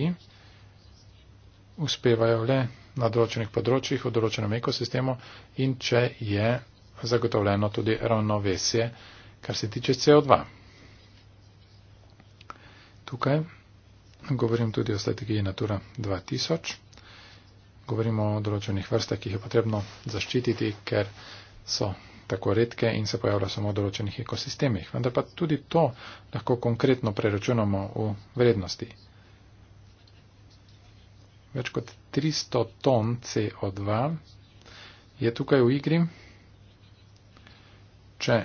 uspevajo le na določenih področjih, v določenem ekosistemu in če je zagotovljeno tudi ravnovesje, kar se tiče CO2 tukaj. Govorim tudi o strategiji Natura 2000. Govorimo o določenih vrstah, ki jih je potrebno zaščititi, ker so tako redke in se pojavljajo samo v določenih ekosistemih. Vendar pa tudi to lahko konkretno preračunamo v vrednosti. Več kot 300 ton CO2 je tukaj v igri. Če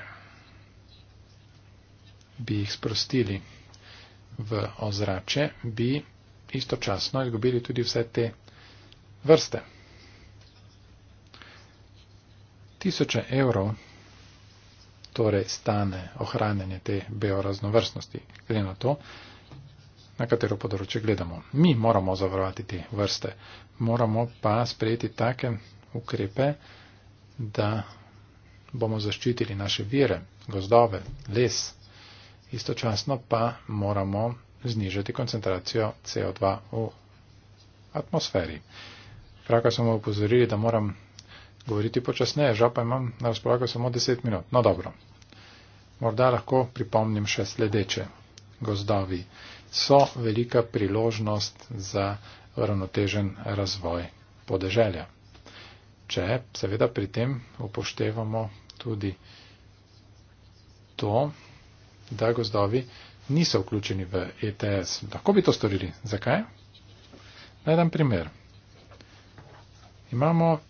bi jih sprostili v ozračje, bi istočasno izgubili tudi vse te vrste. Tisoče evrov torej stane ohranjanje te bioraznovrstnosti, glede na to, na katero področje gledamo. Mi moramo zavarovati te vrste, moramo pa sprejeti take ukrepe, da bomo zaščitili naše vire, gozdove, les, istočasno pa moramo znižati koncentracijo CO2 v atmosferi. Pravkar smo upozorili, da moram govoriti počasneje, žal pa imam na razpolago samo 10 minut. No dobro, morda lahko pripomnim še sledeče. Gozdovi so velika priložnost za ravnotežen razvoj podeželja. Če seveda pri tem upoštevamo tudi to, da gozdovi niso vključeni v ETS. Lahko bi to storili. Zakaj? Naj dam primer. Imamo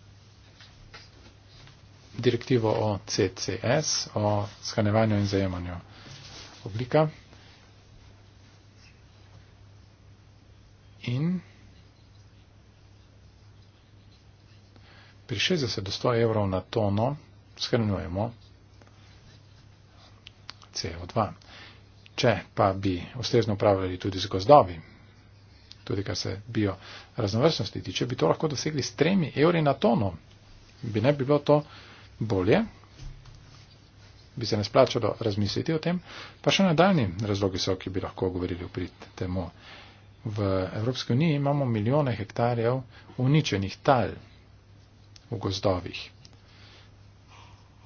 direktivo o CCS, o skanevanju in zajemanju oblika. In pri 60 do 100 evrov na tono skrnjujemo CO2. Če pa bi ustrezno upravljali tudi z gozdovi, tudi kar se bio raznovrstnosti tiče, bi to lahko dosegli s tremi evri na tono. Bi ne bi bilo to bolje? Bi se ne splačalo razmisliti o tem? Pa še nadaljni razlogi so, ki bi lahko govorili v prid temu. V Evropski uniji imamo milijone hektarjev uničenih tal v gozdovih.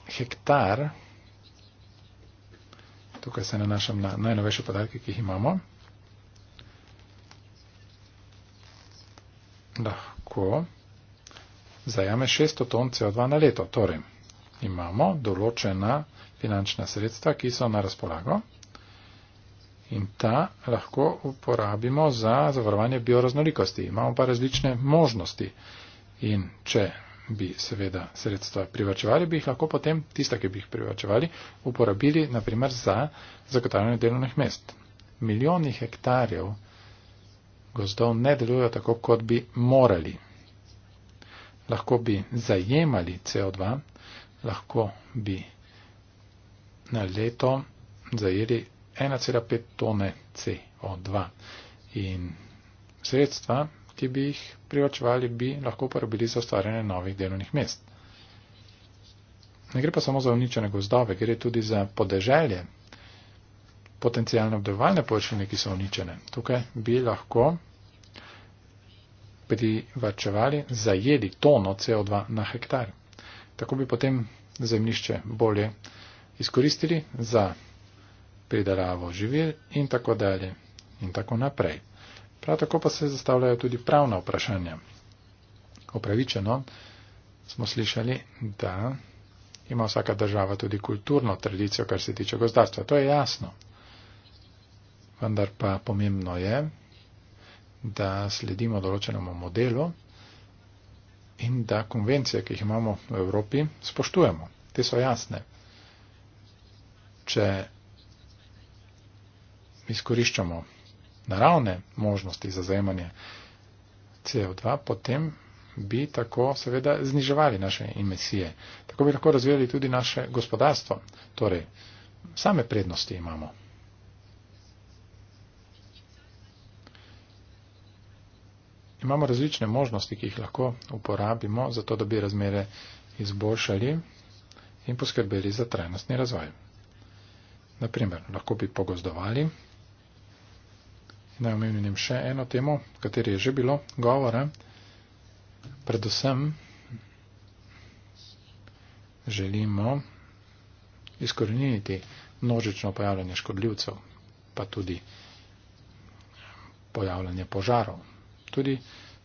Hektar Tukaj se nanašam na najnovejše podatke, ki jih imamo. Lahko zajame 600 ton CO2 na leto. Torej, imamo določena finančna sredstva, ki so na razpolago in ta lahko uporabimo za zavarovanje bioraznolikosti. Imamo pa različne možnosti. In če bi seveda sredstva privačevali, bi jih lahko potem, tista, ki bi jih privačevali, uporabili naprimer za zagotavljanje delovnih mest. Milijoni hektarjev gozdov ne delujejo tako, kot bi morali. Lahko bi zajemali CO2, lahko bi na leto zajeli 1,5 tone CO2 in sredstva ki bi jih privačevali, bi lahko uporabili za ustvarjanje novih delovnih mest. Ne gre pa samo za uničene gozdove, gre tudi za podeželje, potencijalne obdelovalne površine, ki so uničene. Tukaj bi lahko privačevali, zajeli tono CO2 na hektar. Tako bi potem zemljišče bolje izkoristili za pridelavo živil in tako dalje in tako naprej. Prav tako pa se zastavljajo tudi pravna vprašanja. Opravičeno smo slišali, da ima vsaka država tudi kulturno tradicijo, kar se tiče gozdarstva. To je jasno. Vendar pa pomembno je, da sledimo določenemu modelu in da konvencije, ki jih imamo v Evropi, spoštujemo. Te so jasne. Če izkoriščamo naravne možnosti za zajemanje CO2, potem bi tako seveda zniževali naše emisije. Tako bi lahko razvijali tudi naše gospodarstvo. Torej, same prednosti imamo. Imamo različne možnosti, ki jih lahko uporabimo, zato da bi razmere izboljšali in poskrbeli za trajnostni razvoj. Naprimer, lahko bi pogozdovali Naj omenim še eno temo, o kateri je že bilo govora. Predvsem želimo izkoreniti množično pojavljanje škodljivcev, pa tudi pojavljanje požarov. Tudi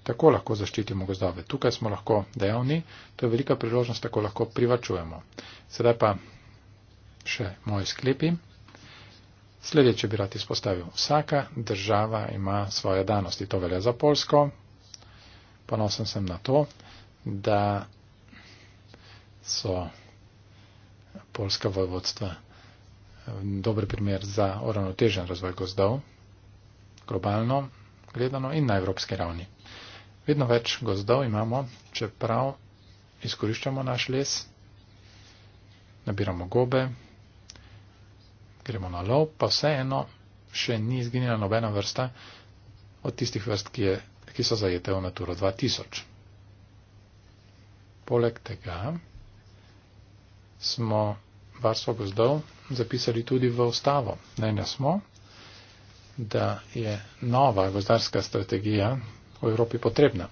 tako lahko zaščitimo gozdove. Tukaj smo lahko dejavni, to je velika priložnost, tako lahko privačujemo. Sedaj pa še moje sklepi. Sledeče bi rad izpostavil. Vsaka država ima svoje danosti. To velja za Polsko. Ponosen sem na to, da so polska vojvodstva eh, dober primer za uravnotežen razvoj gozdov, globalno gledano in na evropski ravni. Vedno več gozdov imamo, čeprav izkoriščamo naš les, nabiramo gobe, gremo na lov, pa vseeno še ni izginila nobena vrsta od tistih vrst, ki, je, ki so zajete v Naturo 2000. Poleg tega smo varstvo gozdov zapisali tudi v ustavo. Mnenja smo, da je nova gozdarska strategija v Evropi potrebna.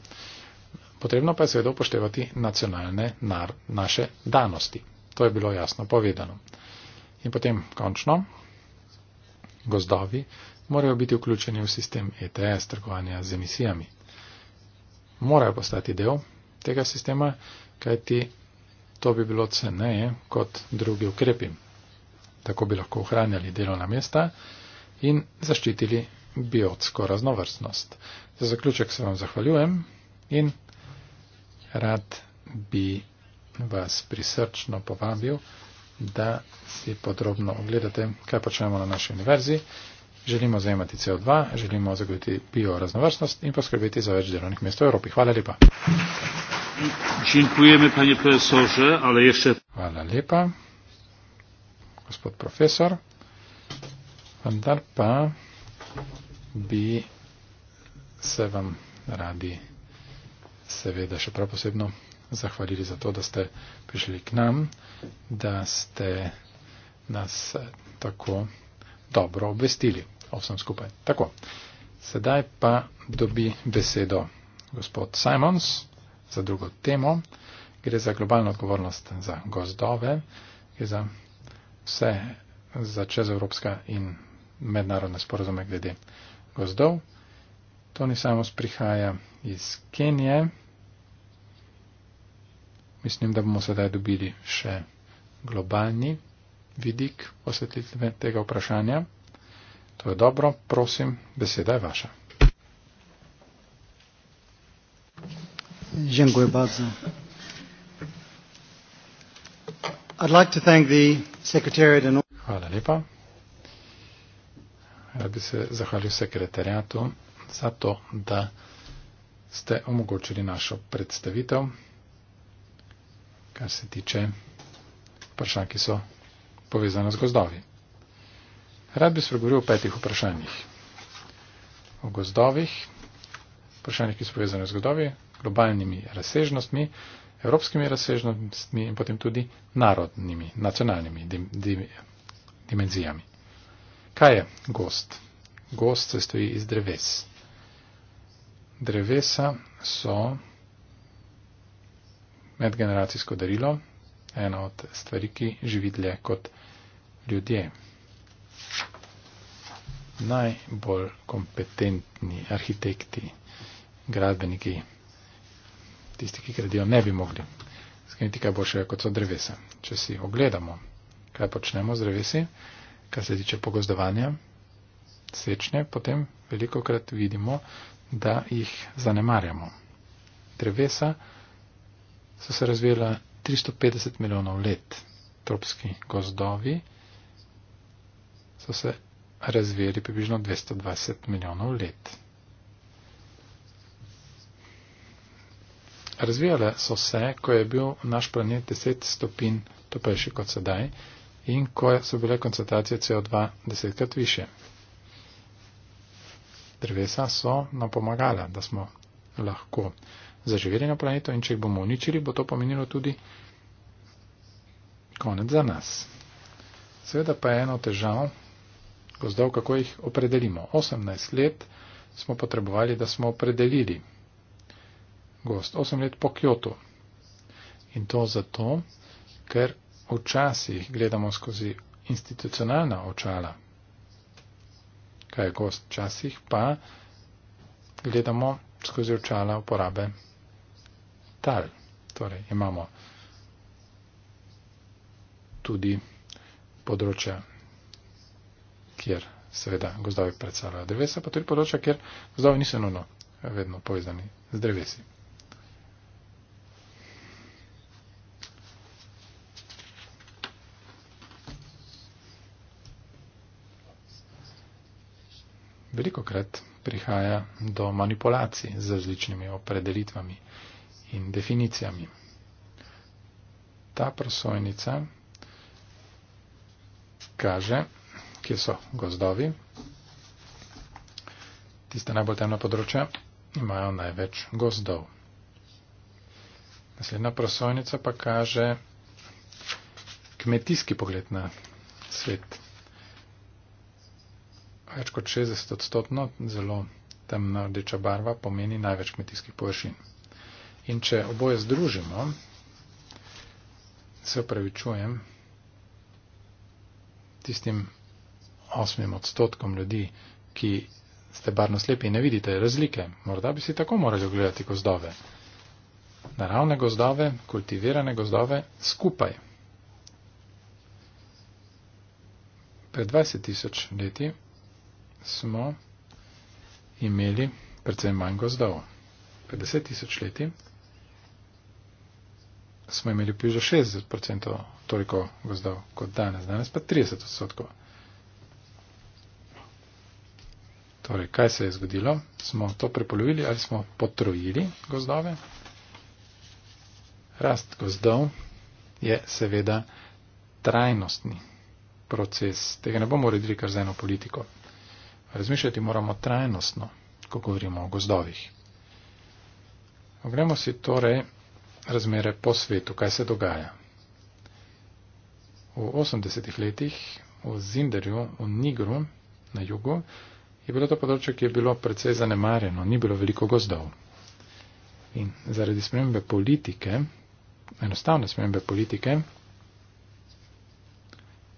Potrebno pa je seveda upoštevati nacionalne nar, naše danosti. To je bilo jasno povedano. In potem končno, gozdovi morajo biti vključeni v sistem ETS trgovanja z emisijami. Morajo postati del tega sistema, kajti to bi bilo ceneje kot drugi ukrepi. Tako bi lahko ohranjali delovna mesta in zaščitili biotsko raznovrstnost. Za zaključek se vam zahvaljujem in rad bi vas prisrčno povabil, da si podrobno ogledate, kaj počnemo na naši univerzi. Želimo zajemati CO2, želimo zagotoviti bioraznovrstnost in poskrbeti za več delovnih mest v Evropi. Hvala lepa. Hvala lepa, gospod profesor. Vendar pa bi se vam radi seveda še prav posebno zahvalili za to, da ste prišli k nam, da ste nas eh, tako dobro obvestili o vsem skupaj. Tako, sedaj pa dobi besedo gospod Simons za drugo temo. Gre za globalno odgovornost za gozdove, gre za vse, za čezevropska in mednarodne sporozume glede gozdov. Tony Simons prihaja iz Kenije mislim, da bomo sedaj dobili še globalni vidik osvetlitve tega vprašanja. To je dobro, prosim, beseda je vaša. Hvala lepa. Rad bi se zahvalil sekretarjatu za to, da ste omogočili našo predstavitev kar se tiče vprašanj, ki so povezana z gozdovi. Rad bi spregovoril o petih vprašanjih. O gozdovih, vprašanjih, ki so povezane z gozdovi, globalnimi razsežnostmi, evropskimi razsežnostmi in potem tudi narodnimi, nacionalnimi dim, dim, dimenzijami. Kaj je gost? Gost se stoji iz dreves. Drevesa so medgeneracijsko darilo, ena od stvari, ki živi dlje kot ljudje. Najbolj kompetentni arhitekti, gradbeniki, tisti, ki gradijo, ne bi mogli skeniti kaj boljšega kot so drevesa. Če si ogledamo, kaj počnemo z drevesi, kar se tiče pogozdovanja, sečne, potem veliko krat vidimo, da jih zanemarjamo. Drevesa so se razvijala 350 milijonov let. Tropski gozdovi so se razvijali približno 220 milijonov let. Razvijale so se, ko je bil naš planet 10 stopin toplejši kot sedaj in ko so bile koncentracije CO2 desetkrat više. Drevesa so nam pomagala, da smo lahko zaživeli na planetu in če jih bomo uničili, bo to pomenilo tudi konec za nas. Seveda pa je eno težavo gozdov, kako jih opredelimo. 18 let smo potrebovali, da smo opredelili gost. 8 let po Kjotu. In to zato, ker včasih gledamo skozi institucionalna očala, kaj je gost, včasih pa gledamo skozi očala uporabe tal. Torej, imamo tudi področja, kjer seveda gozdovi predstavljajo drevesa, pa tudi področja, kjer gozdovi niso nujno vedno povezani z drevesi. Veliko krat prihaja do manipulacij z različnimi opredelitvami in definicijami. Ta prosojnica kaže, kje so gozdovi, tiste najbolj temna področja imajo največ gozdov. Naslednja prosojnica pa kaže kmetijski pogled na svet. Več kot 60 odstotno, zelo temna rdeča barva pomeni največ kmetijskih površin. In če oboje združimo, se upravičujem tistim osmim odstotkom ljudi, ki ste barno slepi in ne vidite razlike. Morda bi si tako morali ogledati gozdove. Naravne gozdove, kultivirane gozdove skupaj. Pred 20 tisoč leti smo imeli predvsem manj gozdov. Pred 10 tisoč leti smo imeli v Pižo 60% toliko gozdov kot danes, danes pa 30%. Torej, kaj se je zgodilo? Smo to prepolovili ali smo potrojili gozdove? Rast gozdov je seveda trajnostni proces. Tega ne bomo uredili kar z eno politiko. Razmišljati moramo trajnostno, ko govorimo o gozdovih. Oglejmo si torej razmere po svetu, kaj se dogaja. V 80-ih letih v Zinderju, v Nigru na jugu, je bilo to področje, ki je bilo precej zanemarjeno, ni bilo veliko gozdov. In zaradi spremembe politike, enostavne spremembe politike,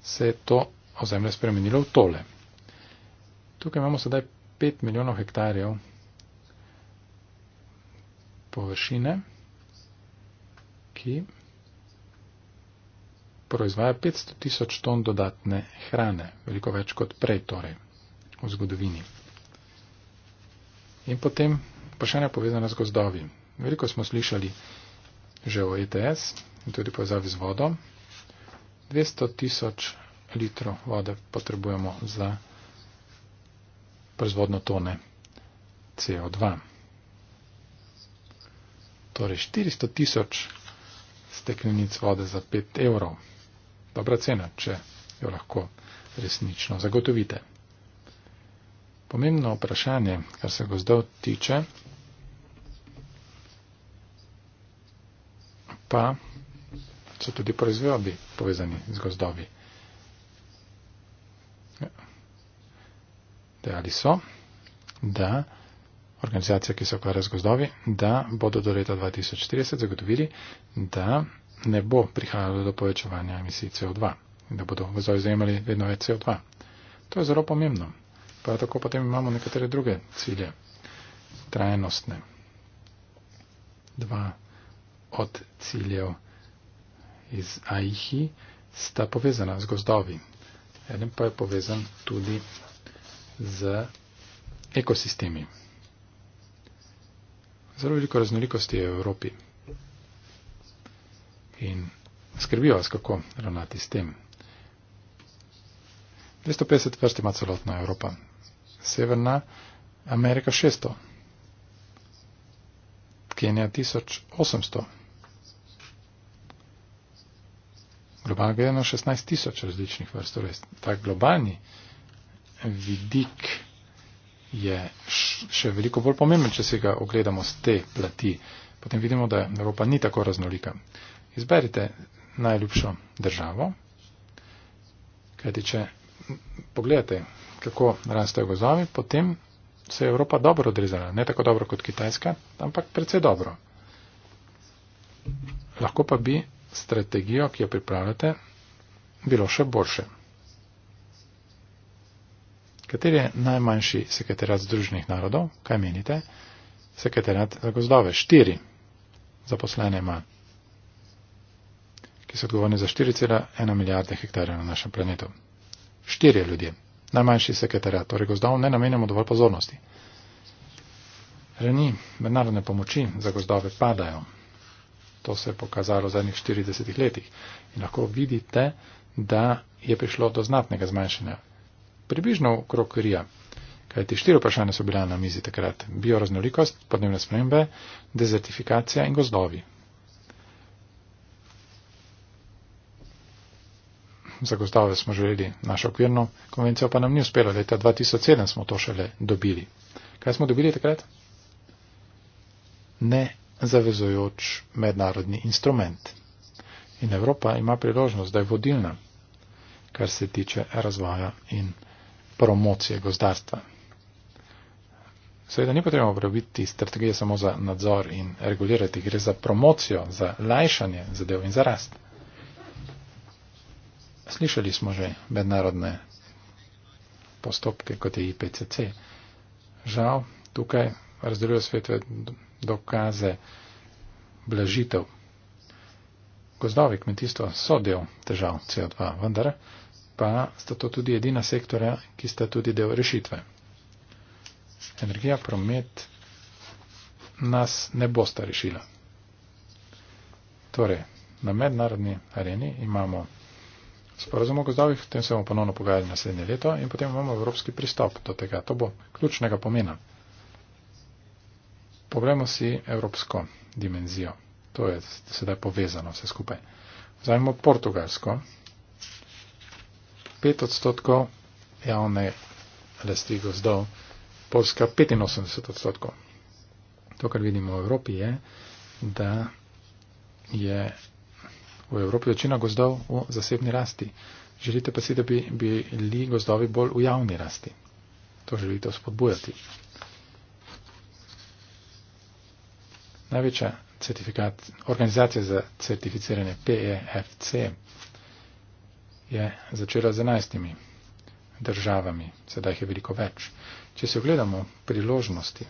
se je to ozemlje spremenilo v tole. Tukaj imamo sedaj 5 milijonov hektarjev površine ki proizvaja 500 tisoč ton dodatne hrane, veliko več kot prej torej v zgodovini. In potem vprašanja povezana z gozdovi. Veliko smo slišali že o ETS in tudi povezavi z vodo. 200 tisoč litrov vode potrebujemo za proizvodno tone CO2. Torej 400 tisoč steklenic vode za 5 evrov. Dobra cena, če jo lahko resnično zagotovite. Pomembno vprašanje, kar se gozdov tiče, pa so tudi proizvodi povezani z gozdovi. Ja. Dejali so, da organizacija, ki se ukvarja z gozdovi, da bodo do leta 2030 zagotovili, da ne bo prihajalo do povečevanja emisij CO2, da bodo gozdovi zajemali vedno več CO2. To je zelo pomembno. Prav tako potem imamo nekatere druge cilje, trajnostne. Dva od ciljev iz AIHI sta povezana z gozdovi. Eden pa je povezan tudi z ekosistemi zelo veliko raznolikosti je v Evropi. In skrbijo vas, kako ravnati s tem. 250 vrst ima celotna Evropa. Severna Amerika 600. Kenija 1800. Globalno gledano 16 tisoč različnih vrst. Torej, ta globalni vidik je še veliko bolj pomemben, če se ga ogledamo z te plati. Potem vidimo, da Evropa ni tako raznolika. Izberite najljubšo državo, kajti če pogledate, kako rastejo gozovi, potem se je Evropa dobro odrezala. Ne tako dobro kot Kitajska, ampak predvsej dobro. Lahko pa bi strategijo, ki jo pripravljate, bilo še boljše. Kateri je najmanjši sekretarat Združenih narodov? Kaj menite? Sekretarat za gozdove. Štiri zaposlene ima, ki so odgovorni za 4,1 milijarde hektarjev na našem planetu. Štiri ljudje. Najmanjši sekretarat. Torej gozdov ne namenjamo dovolj pozornosti. Reni mednarodne pomoči za gozdove padajo. To se je pokazalo v zadnjih 40 letih. In lahko vidite, da je prišlo do znatnega zmanjšanja približno okrog Rija. Kaj ti štiri vprašanja so bila na mizi takrat? Bioraznolikost, podnebne spremembe, dezertifikacija in gozdovi. Za gozdove smo želeli našo okvirno konvencijo, pa nam ni uspelo. Leta 2007 smo to šele dobili. Kaj smo dobili takrat? Nezavezojoč mednarodni instrument. In Evropa ima priložnost, da je vodilna, kar se tiče razvoja in promocije gozdarstva. Seveda ni potrebno obrobiti strategije samo za nadzor in regulirati, gre za promocijo, za lajšanje zadev in za rast. Slišali smo že mednarodne postopke, kot je IPCC. Žal, tukaj razdeljuje svetve dokaze blažitev. Gozdovi kmetijstva so del težav CO2, vendar pa sta to tudi edina sektora, ki sta tudi del rešitve. Energija, promet nas ne bosta rešila. Torej, na mednarodni areni imamo sporozum o gozdovih, potem se bomo ponovno pogajali naslednje leto in potem imamo evropski pristop do tega. To bo ključnega pomena. Poglejmo si evropsko dimenzijo. To je sedaj povezano vse skupaj. Vzajmo portugalsko 5 odstotkov, javne rasti gozdov, Polska 85 odstotkov. To, kar vidimo v Evropi, je, da je v Evropi večina gozdov v zasebni rasti. Želite pa si, da bi bili gozdovi bolj v javni rasti. To želite spodbujati. Največja organizacija za certificiranje PEFC je začela z enajstimi državami, sedaj jih je veliko več. Če se ogledamo priložnosti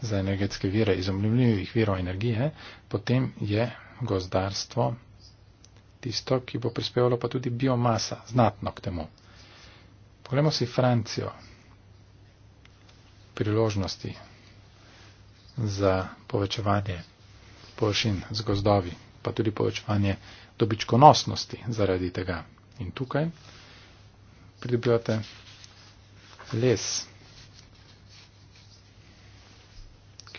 za energetske vire iz omljivih virov energije, potem je gozdarstvo tisto, ki bo prispevalo pa tudi biomasa, znatno k temu. Poglejmo si Francijo. Priložnosti za povečevanje površin z gozdovi, pa tudi povečevanje dobičkonosnosti zaradi tega in tukaj pridobivate les,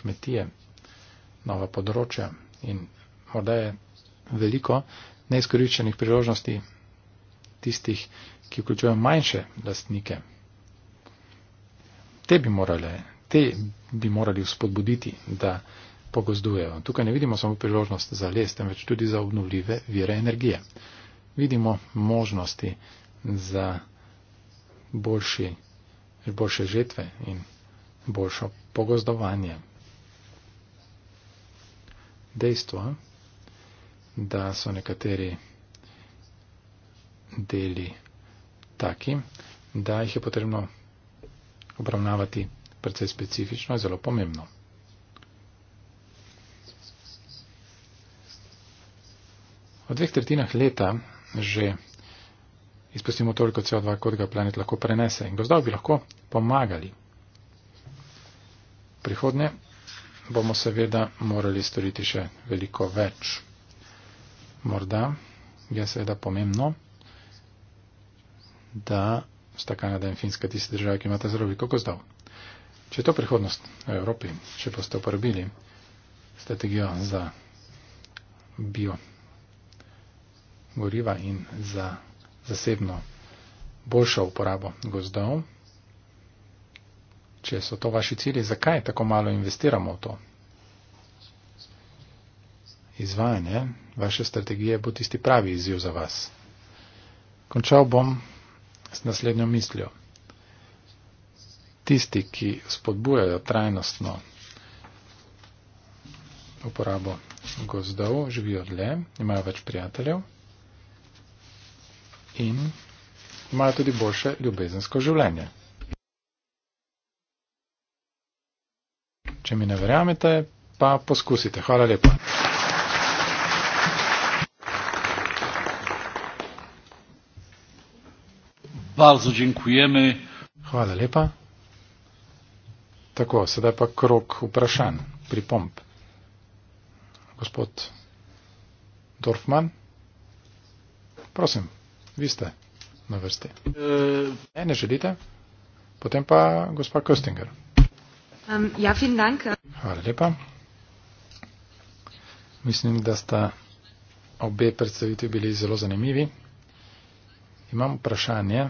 kmetije, nova področja in morda je veliko neizkoriščenih priložnosti tistih, ki vključujejo manjše lastnike. Te bi morali, te bi morali spodbuditi, da pogozdujejo. Tukaj ne vidimo samo priložnost za les, temveč tudi za obnovljive vire energije vidimo možnosti za boljši, boljše žetve in boljšo pogozdovanje. Dejstvo, da so nekateri deli taki, da jih je potrebno obravnavati precej specifično, je zelo pomembno. O dveh tretjinah leta že izpustimo toliko CO2, kot ga planet lahko prenese. In gozdov bi lahko pomagali. Prihodnje bomo seveda morali storiti še veliko več. Morda je seveda pomembno, da sta Kanada in Finska tiste države, ki imata zelo veliko gozdov. Če je to prihodnost v Evropi, če boste uporabili strategijo za bio goriva in za zasebno boljšo uporabo gozdov. Če so to vaši cilji, zakaj tako malo investiramo v to? Izvajanje vaše strategije bo tisti pravi izziv za vas. Končal bom s naslednjo mislijo. Tisti, ki spodbujajo trajnostno uporabo gozdov, živijo dlje, imajo več prijateljev in imajo tudi boljše ljubezensko življenje. Če mi ne verjamete, pa poskusite. Hvala lepa. Bardzo dziękujemy. Hvala lepa. Tako, sedaj pa krok vprašanj, pripomp. Gospod Dorfman, prosim vi ste na vrsti. Uh, ne, ne želite? Potem pa gospa Köstinger. Um, ja, fin dank. Hvala lepa. Mislim, da sta obe predstaviti bili zelo zanimivi. Imam vprašanje,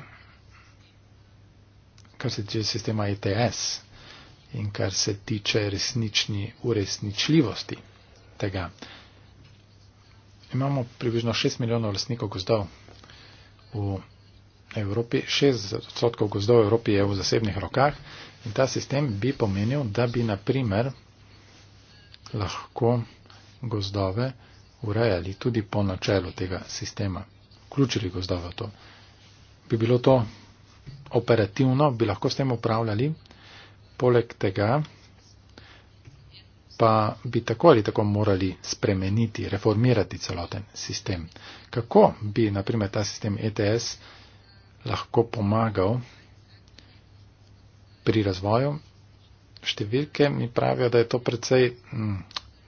kar se tiče sistema ITS e in kar se tiče resnični uresničljivosti tega. Imamo približno 6 milijonov lastnikov gozdov v Evropi, 60 odstotkov gozdov v Evropi je v zasebnih rokah in ta sistem bi pomenil, da bi na primer lahko gozdove urejali tudi po načelu tega sistema, vključili gozdove v to. Bi bilo to operativno, bi lahko s tem upravljali, poleg tega pa bi tako ali tako morali spremeniti, reformirati celoten sistem. Kako bi, naprimer, ta sistem ETS lahko pomagal pri razvoju? Številke mi pravijo, da je to precej mm,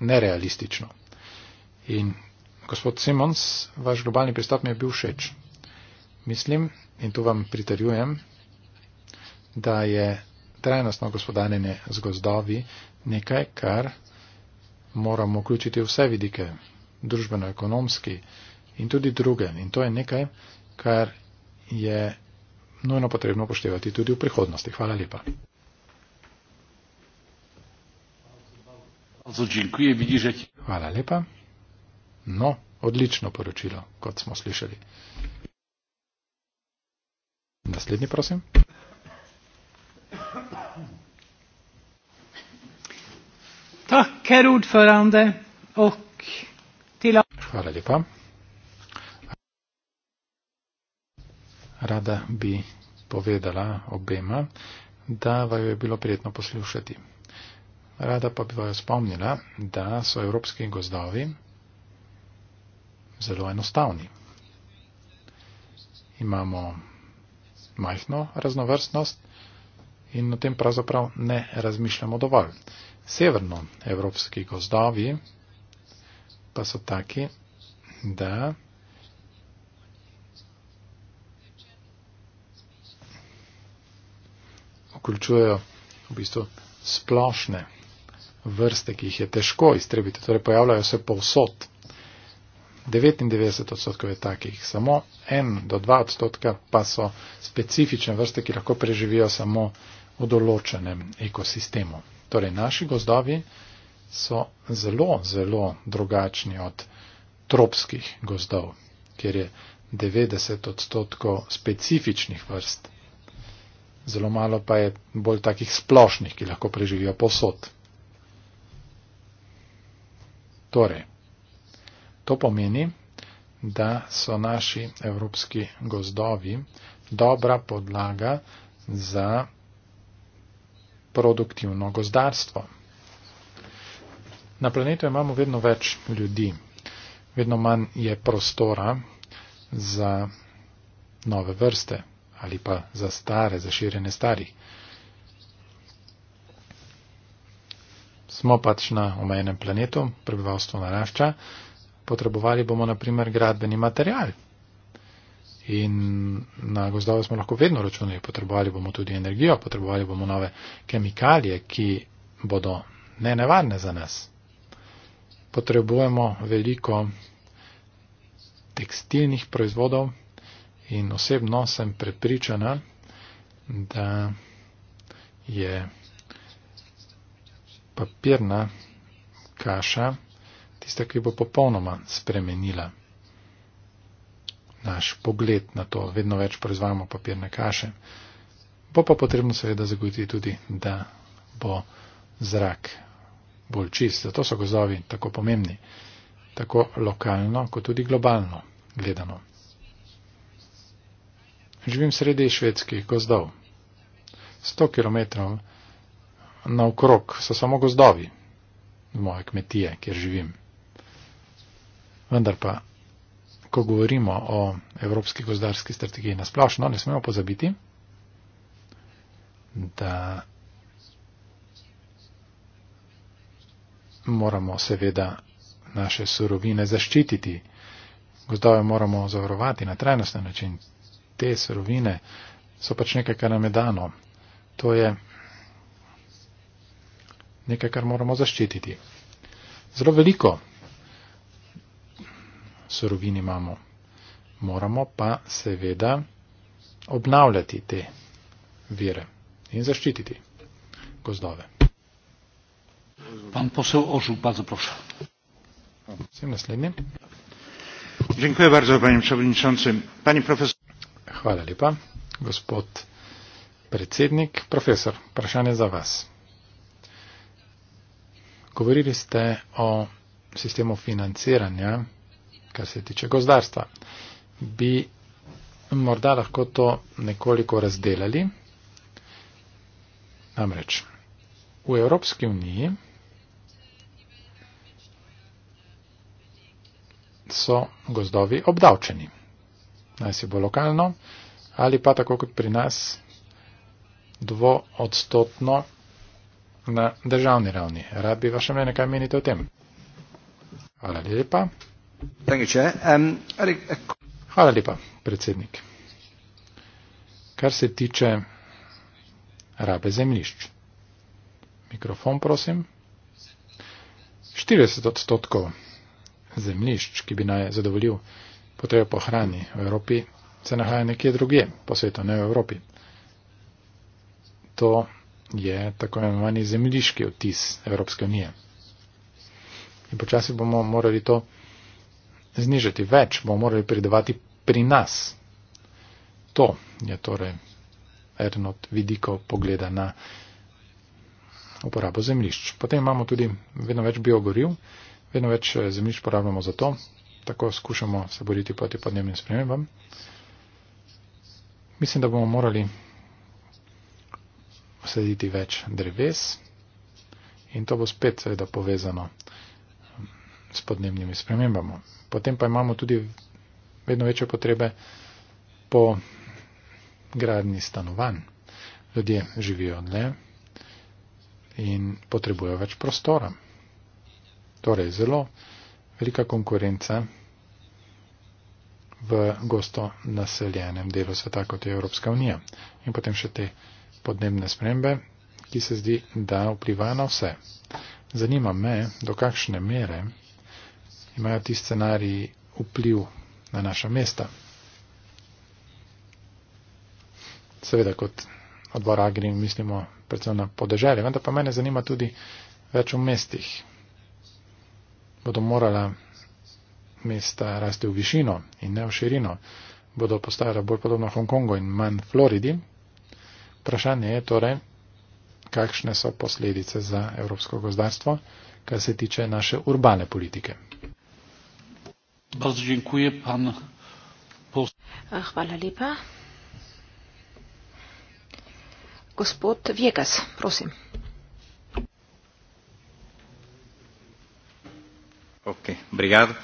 nerealistično. In gospod Simons, vaš globalni pristop mi je bil všeč. Mislim, in tu vam pritarjujem, da je trenostno gospodarjenje z gozdovi nekaj, kar moramo vključiti v vse vidike, družbeno-ekonomski in tudi druge. In to je nekaj, kar je nujno potrebno upoštevati tudi v prihodnosti. Hvala lepa. Hvala lepa. No, odlično poročilo, kot smo slišali. Naslednji, prosim. Tack, herr ordförande, och till Hvala lepa. Rada bi povedala obema, da vaju je bilo prijetno poslušati. Rada pa bi vaju spomnila, da so evropski gozdovi zelo enostavni. Imamo majhno raznovrstnost, in o tem pravzaprav ne razmišljamo dovolj. Severnoevropski gozdovi pa so taki, da vključujejo v bistvu splošne vrste, ki jih je težko iztrebiti, torej pojavljajo se povsod. 99 odstotkov je takih, samo 1 do 2 odstotka pa so specifične vrste, ki lahko preživijo samo v določenem ekosistemu. Torej, naši gozdovi so zelo, zelo drugačni od tropskih gozdov, kjer je 90 odstotkov specifičnih vrst. Zelo malo pa je bolj takih splošnih, ki lahko preživijo posod. Torej, to pomeni, da so naši evropski gozdovi dobra podlaga za produktivno gozdarstvo. Na planetu imamo vedno več ljudi, vedno manj je prostora za nove vrste ali pa za stare, za širjene starih. Smo pač na omejenem planetu, prebivalstvo narašča, potrebovali bomo naprimer gradbeni material, in na gozdove smo lahko vedno računali, potrebovali bomo tudi energijo, potrebovali bomo nove kemikalije, ki bodo ne nevarne za nas. Potrebujemo veliko tekstilnih proizvodov in osebno sem prepričana, da je papirna kaša tista, ki bo popolnoma spremenila naš pogled na to, vedno več proizvajamo papirne kaše. Bo pa potrebno seveda zagotiti tudi, da bo zrak bolj čist. Zato so gozovi tako pomembni, tako lokalno, kot tudi globalno gledano. Živim sredi švedskih gozdov. 100 km naokrog so samo gozdovi moje kmetije, kjer živim. Vendar pa ko govorimo o evropski gozdarski strategiji na splošno, ne smemo pozabiti, da moramo seveda naše surovine zaščititi. Gozdove moramo zavarovati na trajnostni način. Te surovine so pač nekaj, kar nam je dano. To je nekaj, kar moramo zaščititi. Zelo veliko surovin imamo. Moramo pa seveda obnavljati te vire in zaščititi gozdove. Pan posel Ožuk, bardzo proszę. Vsem naslednjim. Dziękuję bardzo, panie przewodniczący. Panie profesor. Hvala lepa, gospod predsednik. Profesor, vprašanje za vas. Govorili ste o sistemu financiranja kar se tiče gozdarstva. Bi morda lahko to nekoliko razdelali. Namreč, v Evropski uniji so gozdovi obdavčeni. Naj si bo lokalno ali pa tako kot pri nas dvoodstotno na državni ravni. Rad bi vaše mnenje, kaj menite o tem. Hvala lepa. Um, Hvala lepa, predsednik. Kar se tiče rabe zemljišč. Mikrofon, prosim. 40 odstotkov zemljišč, ki bi naj zadovoljil potrebo po hrani v Evropi, se nahaja nekje drugje po svetu, ne v Evropi. To je tako imenovani zemljiški odtis Evropske unije. In počasi bomo morali to znižati več, bomo morali pridavati pri nas. To je torej eden od vidikov pogleda na uporabo zemljišč. Potem imamo tudi vedno več biogoriv, vedno več eh, zemljišč porabljamo za to, tako skušamo se boriti proti podnebnim spremembam. Mislim, da bomo morali osediti več dreves in to bo spet seveda povezano s podnebnimi spremembami. Potem pa imamo tudi vedno večje potrebe po gradni stanovanj. Ljudje živijo dlje in potrebujejo več prostora. Torej zelo velika konkurenca v gosto naseljenem delu sveta, kot je Evropska unija. In potem še te podnebne spremembe, ki se zdi, da vpliva na vse. Zanima me, do kakšne mere imajo ti scenariji vpliv na naša mesta. Seveda, kot odbor Agri mislimo predvsem na podeželje, vendar pa mene zanima tudi več v mestih. Bodo morala mesta rasti v višino in ne v širino, bodo postajala bolj podobno Hongkongu in manj Floridi. Vprašanje je torej, kakšne so posledice za evropsko gozdarstvo, kar se tiče naše urbane politike. Bardzo dziękuję pan poseł. Hvala lepa. Gospod Vegas, prosim. Ok, obrigado.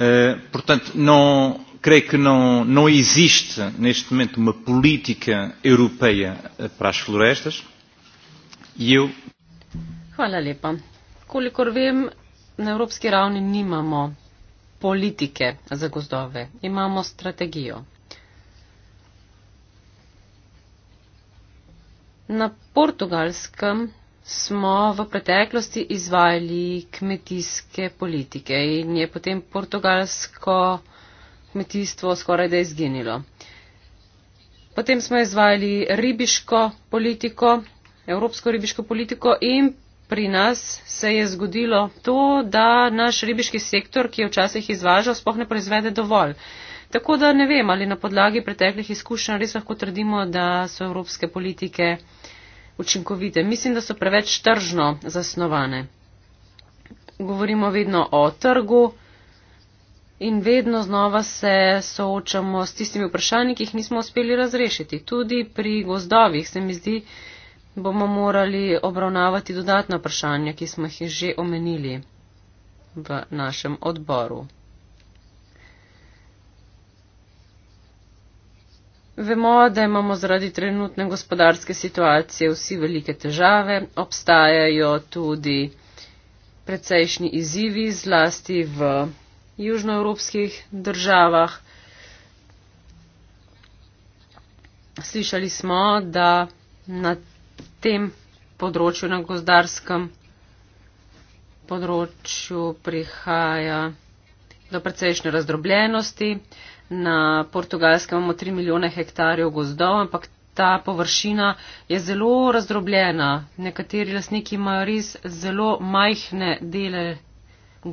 Eh, portanto, não, creio que não, não existe neste momento uma política europeia eh, para as florestas e eu. Hvala lepa. Kolikor vem, na evropski ravni nimamo politike za gozdove, imamo strategijo. Na portugalskem smo v preteklosti izvajali kmetijske politike in je potem portugalsko kmetijstvo skoraj da izginilo. Potem smo izvajali ribiško politiko, evropsko ribiško politiko in pri nas se je zgodilo to, da naš ribiški sektor, ki je včasih izvažal, spoh ne proizvede dovolj. Tako da ne vem, ali na podlagi preteklih izkušenj res lahko trdimo, da so evropske politike učinkovite. Mislim, da so preveč tržno zasnovane. Govorimo vedno o trgu in vedno znova se soočamo s tistimi vprašanji, ki jih nismo uspeli razrešiti. Tudi pri gozdovih se mi zdi, bomo morali obravnavati dodatna vprašanja, ki smo jih že omenili v našem odboru. Vemo, da imamo zaradi trenutne gospodarske situacije vsi velike težave, obstajajo tudi precejšnji izzivi, zlasti v južnoevropskih državah. Slišali smo, da na tem področju na gozdarskem področju prihaja do precejšnje razdrobljenosti. Na portugalskem imamo 3 milijone hektarjev gozdov, ampak ta površina je zelo razdrobljena. Nekateri lasniki imajo res zelo majhne dele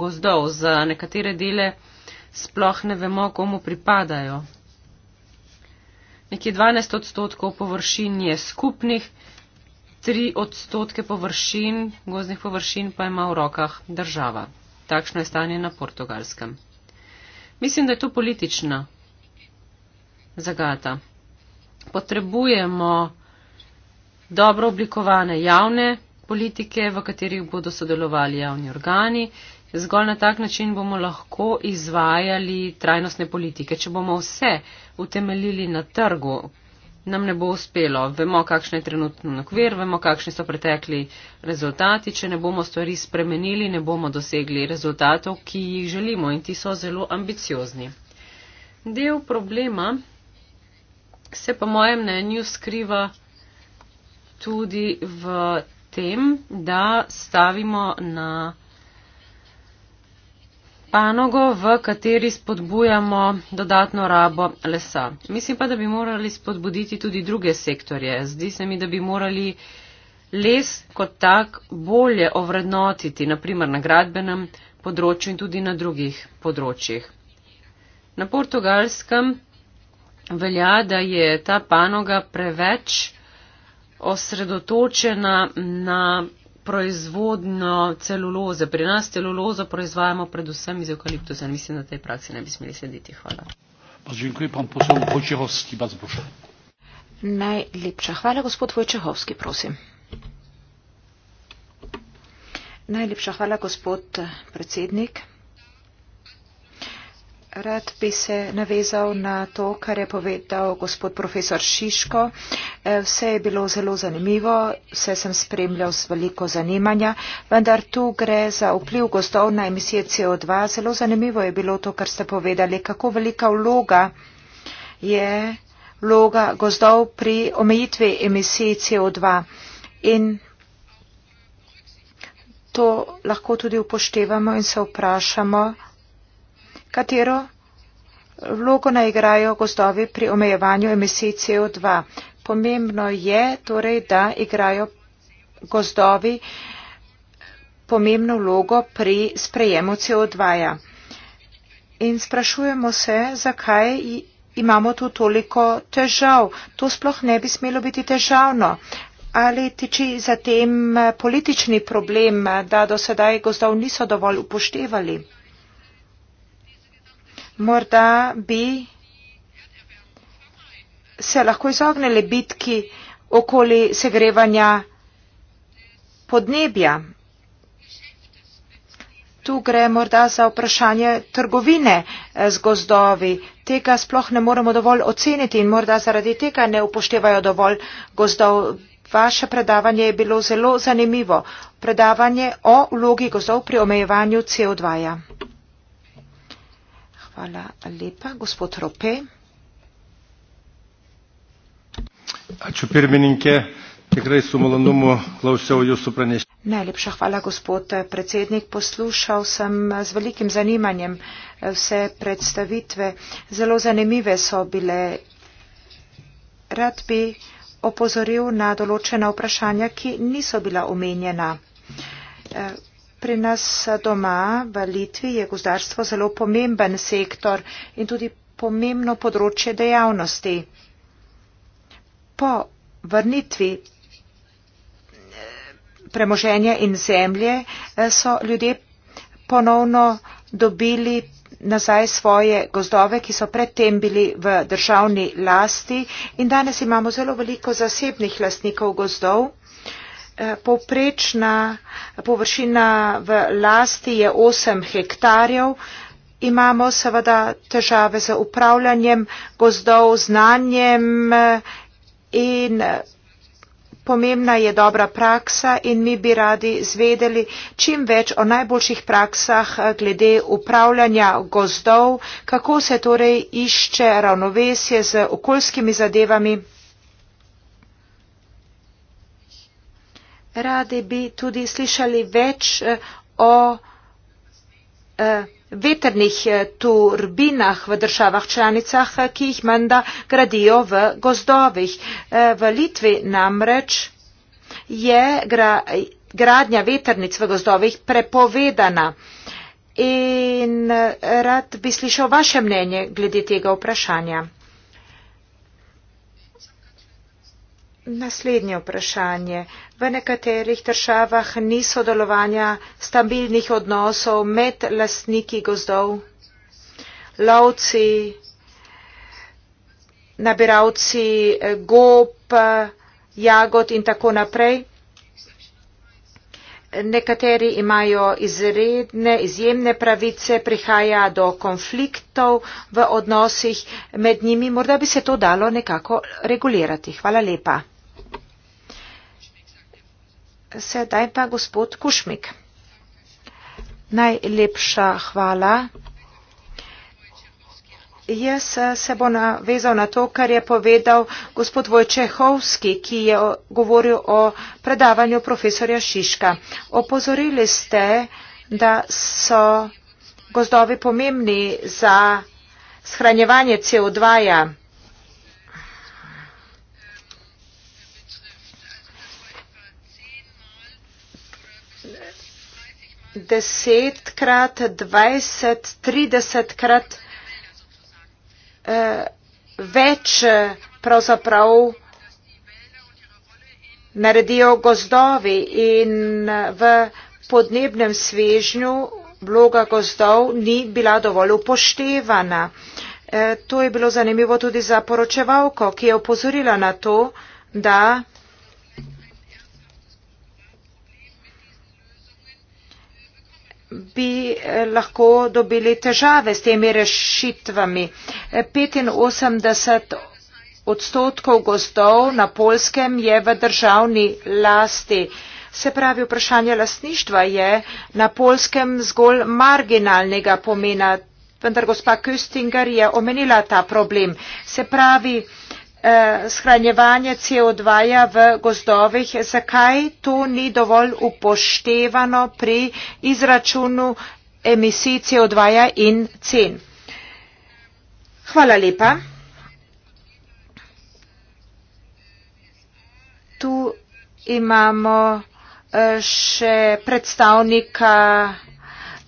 gozdov. Za nekatere dele sploh ne vemo, komu pripadajo. Nekje 12 odstotkov površin je skupnih, tri odstotke površin, gozdnih površin pa ima v rokah država. Takšno je stanje na portugalskem. Mislim, da je to politična zagata. Potrebujemo dobro oblikovane javne politike, v katerih bodo sodelovali javni organi. Zgolj na tak način bomo lahko izvajali trajnostne politike. Če bomo vse utemeljili na trgu, nam ne bo uspelo. Vemo, kakšen je trenutni okvir, vemo, kakšni so pretekli rezultati. Če ne bomo stvari spremenili, ne bomo dosegli rezultatov, ki jih želimo in ti so zelo ambiciozni. Del problema se po mojem mnenju skriva tudi v tem, da stavimo na panogo, v kateri spodbujamo dodatno rabo lesa. Mislim pa, da bi morali spodbuditi tudi druge sektorje. Zdi se mi, da bi morali les kot tak bolje ovrednotiti, naprimer na gradbenem področju in tudi na drugih področjih. Na portugalskem velja, da je ta panoga preveč osredotočena na proizvodno celuloze. Pri nas celulozo proizvajamo predvsem iz eukaliptusa. Mislim, da tej praksi ne bi smeli slediti. Hvala. Najlepša hvala, gospod Vojčehovski, prosim. Najlepša hvala, gospod predsednik. Rad bi se navezal na to, kar je povedal gospod profesor Šiško. E, vse je bilo zelo zanimivo, vse sem spremljal z veliko zanimanja, vendar tu gre za vpliv gozdov na emisije CO2. Zelo zanimivo je bilo to, kar ste povedali, kako velika vloga je vloga gozdov pri omejitvi emisij CO2. In to lahko tudi upoštevamo in se vprašamo Katero vlogo naigrajo gozdovi pri omejevanju emisij CO2? Pomembno je torej, da igrajo gozdovi pomembno vlogo pri sprejemu CO2. -ja. In sprašujemo se, zakaj imamo tu toliko težav. To sploh ne bi smelo biti težavno. Ali tiči zatem politični problem, da do sedaj gozdov niso dovolj upoštevali? morda bi se lahko izognili bitki okoli segrevanja podnebja. Tu gre morda za vprašanje trgovine eh, z gozdovi. Tega sploh ne moremo dovolj oceniti in morda zaradi tega ne upoštevajo dovolj gozdov. Vaše predavanje je bilo zelo zanimivo. Predavanje o vlogi gozdov pri omejevanju CO2. -ja. Hvala lepa. Gospod Rope. Ačiū pirmininkė, tikrai su malonumu klausiau jūsų pranešimą. Najlepša hvala, gospod predsednik. Poslušal sem z velikim zanimanjem vse predstavitve. Zelo zanimive so bile. Rad bi opozoril na določena vprašanja, ki niso bila omenjena. Pri nas eh, doma v Litvi je gozdarstvo zelo pomemben sektor in tudi pomembno področje dejavnosti. Po vrnitvi eh, premoženja in zemlje eh, so ljudje ponovno dobili nazaj svoje gozdove, ki so predtem bili v državni lasti in danes imamo zelo veliko zasebnih lastnikov gozdov. Eh, povprečna površina v lasti je 8 hektarjev. Imamo seveda težave z upravljanjem gozdov, znanjem eh, in eh, pomembna je dobra praksa in mi bi radi zvedeli čim več o najboljših praksah glede upravljanja gozdov, kako se torej išče ravnovesje z okoljskimi zadevami. radi bi tudi slišali več eh, o eh, vetrnih eh, turbinah v državah članicah, ki jih menda gradijo v gozdovih. V Litvi namreč je gra, gradnja vetrnic v gozdovih prepovedana. In rad bi slišal vaše mnenje glede tega vprašanja. Naslednje vprašanje. V nekaterih državah ni sodelovanja stabilnih odnosov med lastniki gozdov, lovci, nabiravci gob, jagod in tako naprej. Nekateri imajo izredne, izjemne pravice, prihaja do konfliktov v odnosih med njimi. Morda bi se to dalo nekako regulirati. Hvala lepa. Sedaj pa gospod Kušmik. Najlepša hvala. Jaz eh, se bom navezal na to, kar je povedal gospod Vojčehovski, ki je govoril o predavanju profesorja Šiška. Opozorili ste, da so gozdovi pomembni za shranjevanje CO2-ja. desetkrat, dvajset, tridesetkrat eh, več eh, pravzaprav naredijo gozdovi in eh, v podnebnem svežnju vloga gozdov ni bila dovolj upoštevana. To je bilo zanimivo tudi za poročevalko, ki je upozorila na to, da bi eh, lahko dobili težave s temi rešitvami. 85 eh, odstotkov gozdov na Polskem je v državni lasti. Se pravi, vprašanje lasništva je na Polskem zgolj marginalnega pomena. Vendar gospa Köstinger je omenila ta problem. Se pravi, Eh, shranjevanje CO2 -ja v gozdovih, zakaj to ni dovolj upoštevano pri izračunu emisij CO2 -ja in cen. Hvala lepa. Tu imamo eh, še predstavnika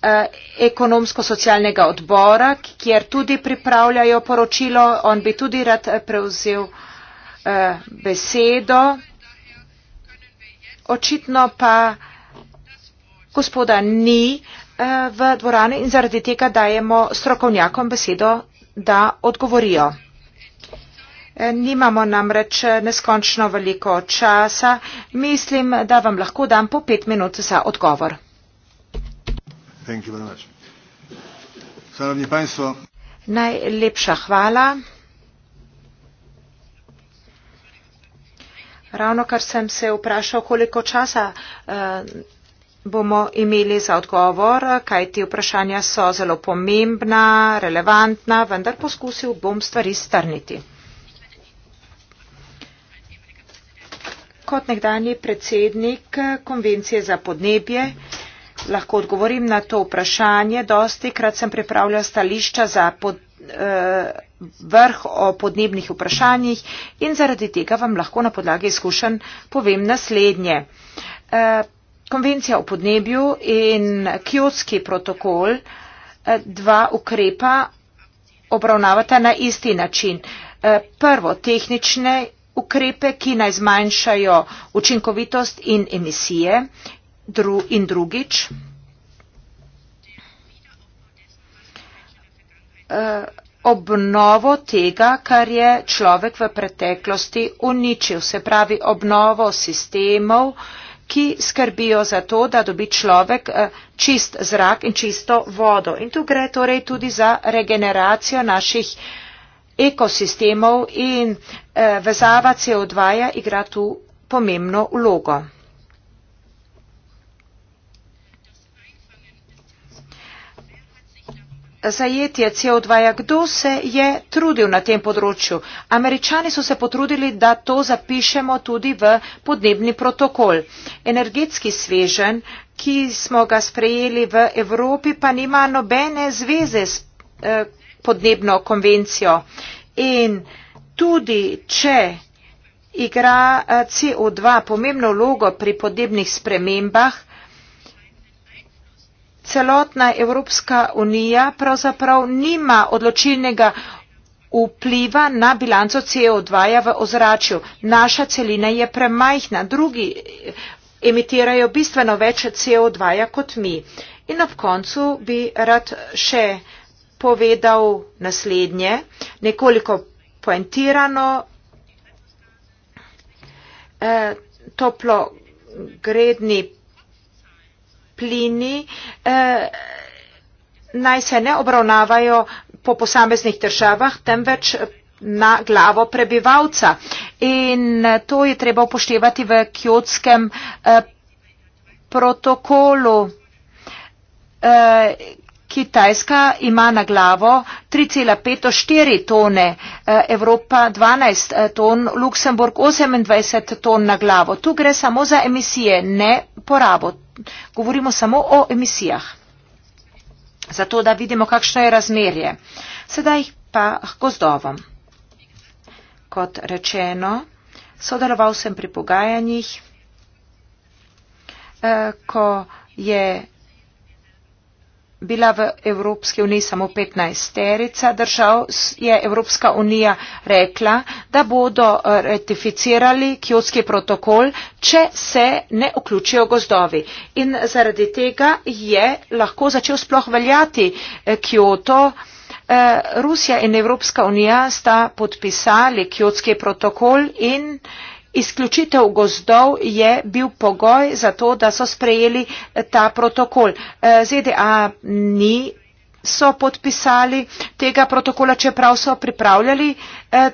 Eh, ekonomsko-socialnega odbora, kjer tudi pripravljajo poročilo. On bi tudi rad eh, prevzel eh, besedo. Očitno pa gospoda ni v dvorani in zaradi tega dajemo strokovnjakom besedo, da odgovorijo. Nimamo namreč neskončno veliko časa. Mislim, da vam lahko dam po pet minut za odgovor. Najlepša hvala. Ravno kar sem se vprašal, koliko časa eh, bomo imeli za odgovor, kaj ti vprašanja so zelo pomembna, relevantna, vendar poskusil bom stvari strniti. Kot nekdani predsednik Konvencije za podnebje, lahko odgovorim na to vprašanje. Dosti krat sem pripravljal stališča za pod, eh, vrh o podnebnih vprašanjih in zaradi tega vam lahko na podlagi izkušenj povem naslednje. Eh, konvencija o podnebju in kjotski protokol, eh, dva ukrepa obravnavata na isti način. Eh, prvo, tehnične ukrepe, ki naj zmanjšajo učinkovitost in emisije in drugič eh, obnovo tega, kar je človek v preteklosti uničil, se pravi obnovo sistemov, ki skrbijo za to, da dobi človek eh, čist zrak in čisto vodo. In tu gre torej tudi za regeneracijo naših ekosistemov in eh, vezava CO2 igra tu pomembno vlogo. zajetje CO2, -ja, kdo se je trudil na tem področju? Američani so se potrudili, da to zapišemo tudi v podnebni protokol. Energetski svežen, ki smo ga sprejeli v Evropi, pa nima nobene zveze s eh, podnebno konvencijo. In tudi, če igra eh, CO2 pomembno vlogo pri podnebnih spremembah, celotna Evropska unija pravzaprav nima odločilnega vpliva na bilanco CO2 -ja v ozračju. Naša celina je premajhna, drugi eh, emitirajo bistveno več CO2 -ja kot mi. In ob koncu bi rad še povedal naslednje, nekoliko poentirano, eh, toplo gredni plini eh, naj se ne obravnavajo po posameznih državah, temveč na glavo prebivalca. In eh, to je treba upoštevati v kjotskem eh, protokolu. Kitajska ima na glavo 3,54 tone, Evropa 12 ton, Luksemburg 28 ton na glavo. Tu gre samo za emisije, ne porabo govorimo samo o emisijah. Zato, da vidimo, kakšno je razmerje. Sedaj pa gozdovom. Kot rečeno, sodeloval sem pri pogajanjih, eh, ko je bila v Evropski uniji samo 15 terica držav, je Evropska unija rekla, da bodo eh, ratificirali kjotski protokol, če se ne vključijo gozdovi. In zaradi tega je lahko začel sploh veljati eh, kjoto. Eh, Rusija in Evropska unija sta podpisali kjotski protokol in Izključitev gozdov je bil pogoj za to, da so sprejeli eh, ta protokol. Eh, ZDA ni so podpisali tega protokola, čeprav so pripravljali eh,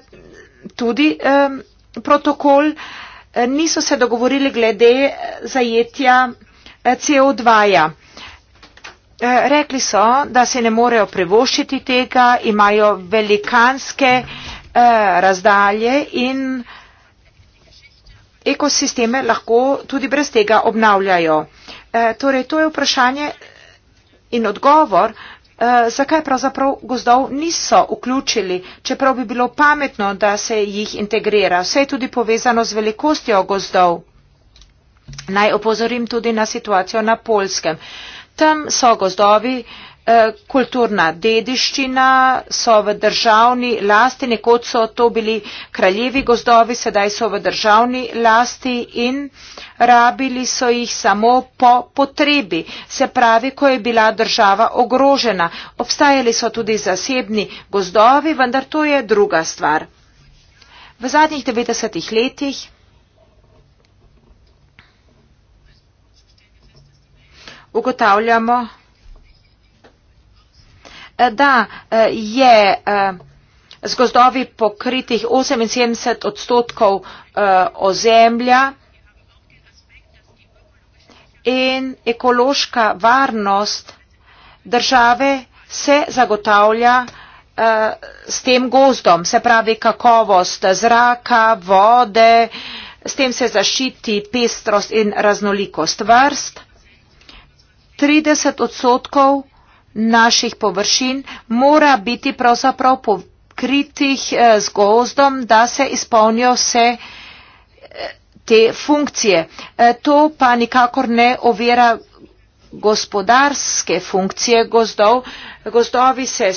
tudi protokol. Niso se dogovorili glede zajetja CO2-ja. Rekli so, da se ne morejo privoščiti tega, imajo velikanske razdalje in ekosisteme lahko tudi brez tega obnavljajo. Eh, torej, to je vprašanje in odgovor, eh, zakaj pravzaprav gozdov niso vključili, čeprav bi bilo pametno, da se jih integrira. Vse je tudi povezano z velikostjo gozdov. Naj opozorim tudi na situacijo na Polskem. Tam so gozdovi eh, Eh, kulturna dediščina, so v državni lasti, nekoč so to bili kraljevi gozdovi, sedaj so v državni lasti in rabili so jih samo po potrebi, se pravi, ko je bila država ogrožena. Obstajali so tudi zasebni gozdovi, vendar to je druga stvar. V zadnjih 90 letih ugotavljamo, da je eh, z gozdovi pokritih 78 odstotkov eh, ozemlja in ekološka varnost države se zagotavlja eh, s tem gozdom, se pravi kakovost zraka, vode, s tem se zaščiti pestrost in raznolikost vrst. 30 odstotkov naših površin mora biti pravzaprav pokritih eh, z gozdom, da se izpolnijo vse eh, te funkcije. Eh, to pa nikakor ne ovira gospodarske funkcije gozdov. Gozdovi se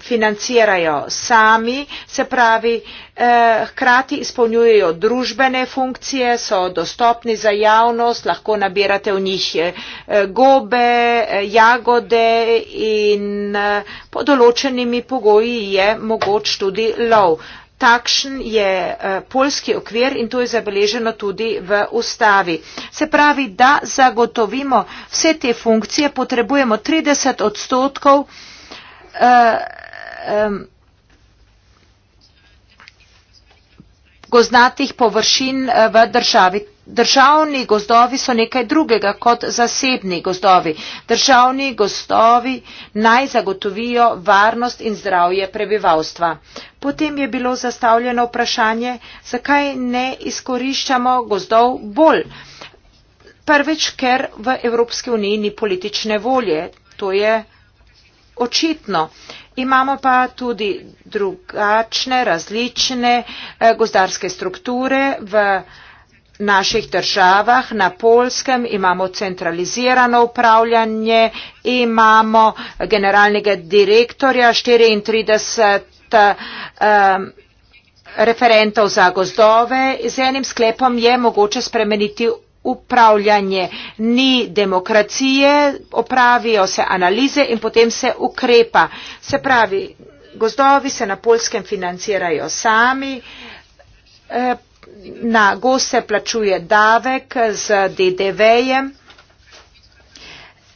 financirajo sami, se pravi, eh, hkrati izpolnjujejo družbene funkcije, so dostopni za javnost, lahko nabirate v njih eh, gobe, eh, jagode in pod določenimi pogoji je mogoč tudi lov. Takšen je polski okvir in to je zabeleženo tudi v ustavi. Se pravi, da zagotovimo vse te funkcije, potrebujemo 30 odstotkov Eh, gozdnatih površin eh, v državi. Državni gozdovi so nekaj drugega kot zasebni gozdovi. Državni gozdovi naj zagotovijo varnost in zdravje prebivalstva. Potem je bilo zastavljeno vprašanje, zakaj ne izkoriščamo gozdov bolj. Prvič, ker v Evropski uniji ni politične volje. To je očitno. Imamo pa tudi drugačne, različne eh, gozdarske strukture v naših državah. Na Polskem imamo centralizirano upravljanje, imamo generalnega direktorja 34 um, ehm, referentov za gozdove. Z enim sklepom je mogoče spremeniti upravljanje, ni demokracije, opravijo se analize in potem se ukrepa. Se pravi, gozdovi se na polskem financirajo sami, eh, na gose plačuje davek z DDV-jem,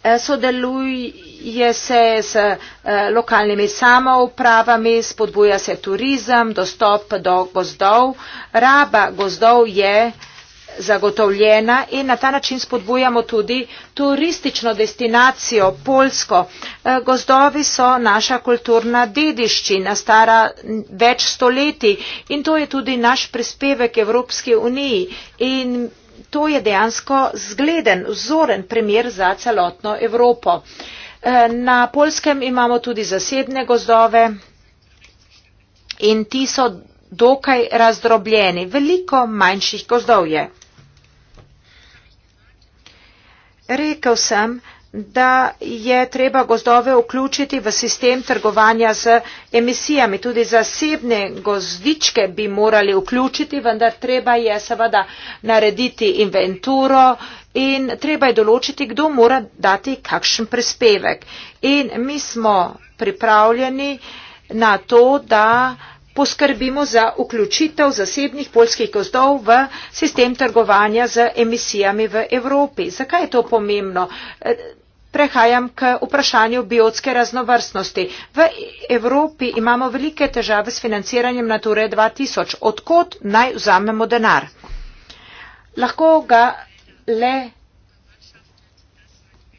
eh, sodeluje se z eh, lokalnimi samoupravami, spodbuja se turizem, dostop do gozdov, raba gozdov je zagotovljena in na ta način spodbujamo tudi turistično destinacijo Poljsko. Eh, gozdovi so naša kulturna dediščina, stara več stoletij in to je tudi naš prispevek Evropske uniji in to je dejansko zgleden, vzoren primer za celotno Evropo. Eh, na Poljskem imamo tudi zasebne gozdove in ti so dokaj razdrobljeni. Veliko manjših gozdov je. Rekel sem, da je treba gozdove vključiti v sistem trgovanja z emisijami. Tudi zasebne gozdičke bi morali vključiti, vendar treba je seveda narediti inventuro in treba je določiti, kdo mora dati kakšen prispevek. In mi smo pripravljeni na to, da poskrbimo za vključitev zasebnih polskih gozdov v sistem trgovanja z emisijami v Evropi. Zakaj je to pomembno? E, prehajam k vprašanju biotske raznovrstnosti. V Evropi imamo velike težave s financiranjem Nature 2000. Odkot naj vzamemo denar? Lahko ga le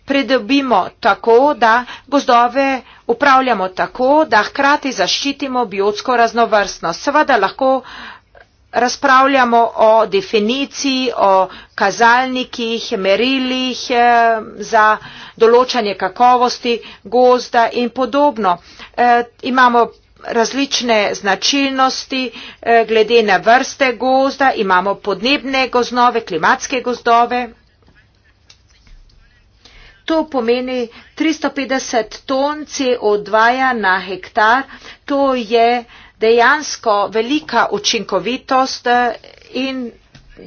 pridobimo tako, da gozdove upravljamo tako, da hkrati zaščitimo biotsko raznovrstnost. Seveda lahko razpravljamo o definiciji, o kazalnikih, merilih eh, za določanje kakovosti gozda in podobno. Eh, imamo različne značilnosti eh, glede na vrste gozda, imamo podnebne gozdove, klimatske gozdove. To pomeni 350 ton CO2 ja na hektar. To je dejansko velika učinkovitost eh, in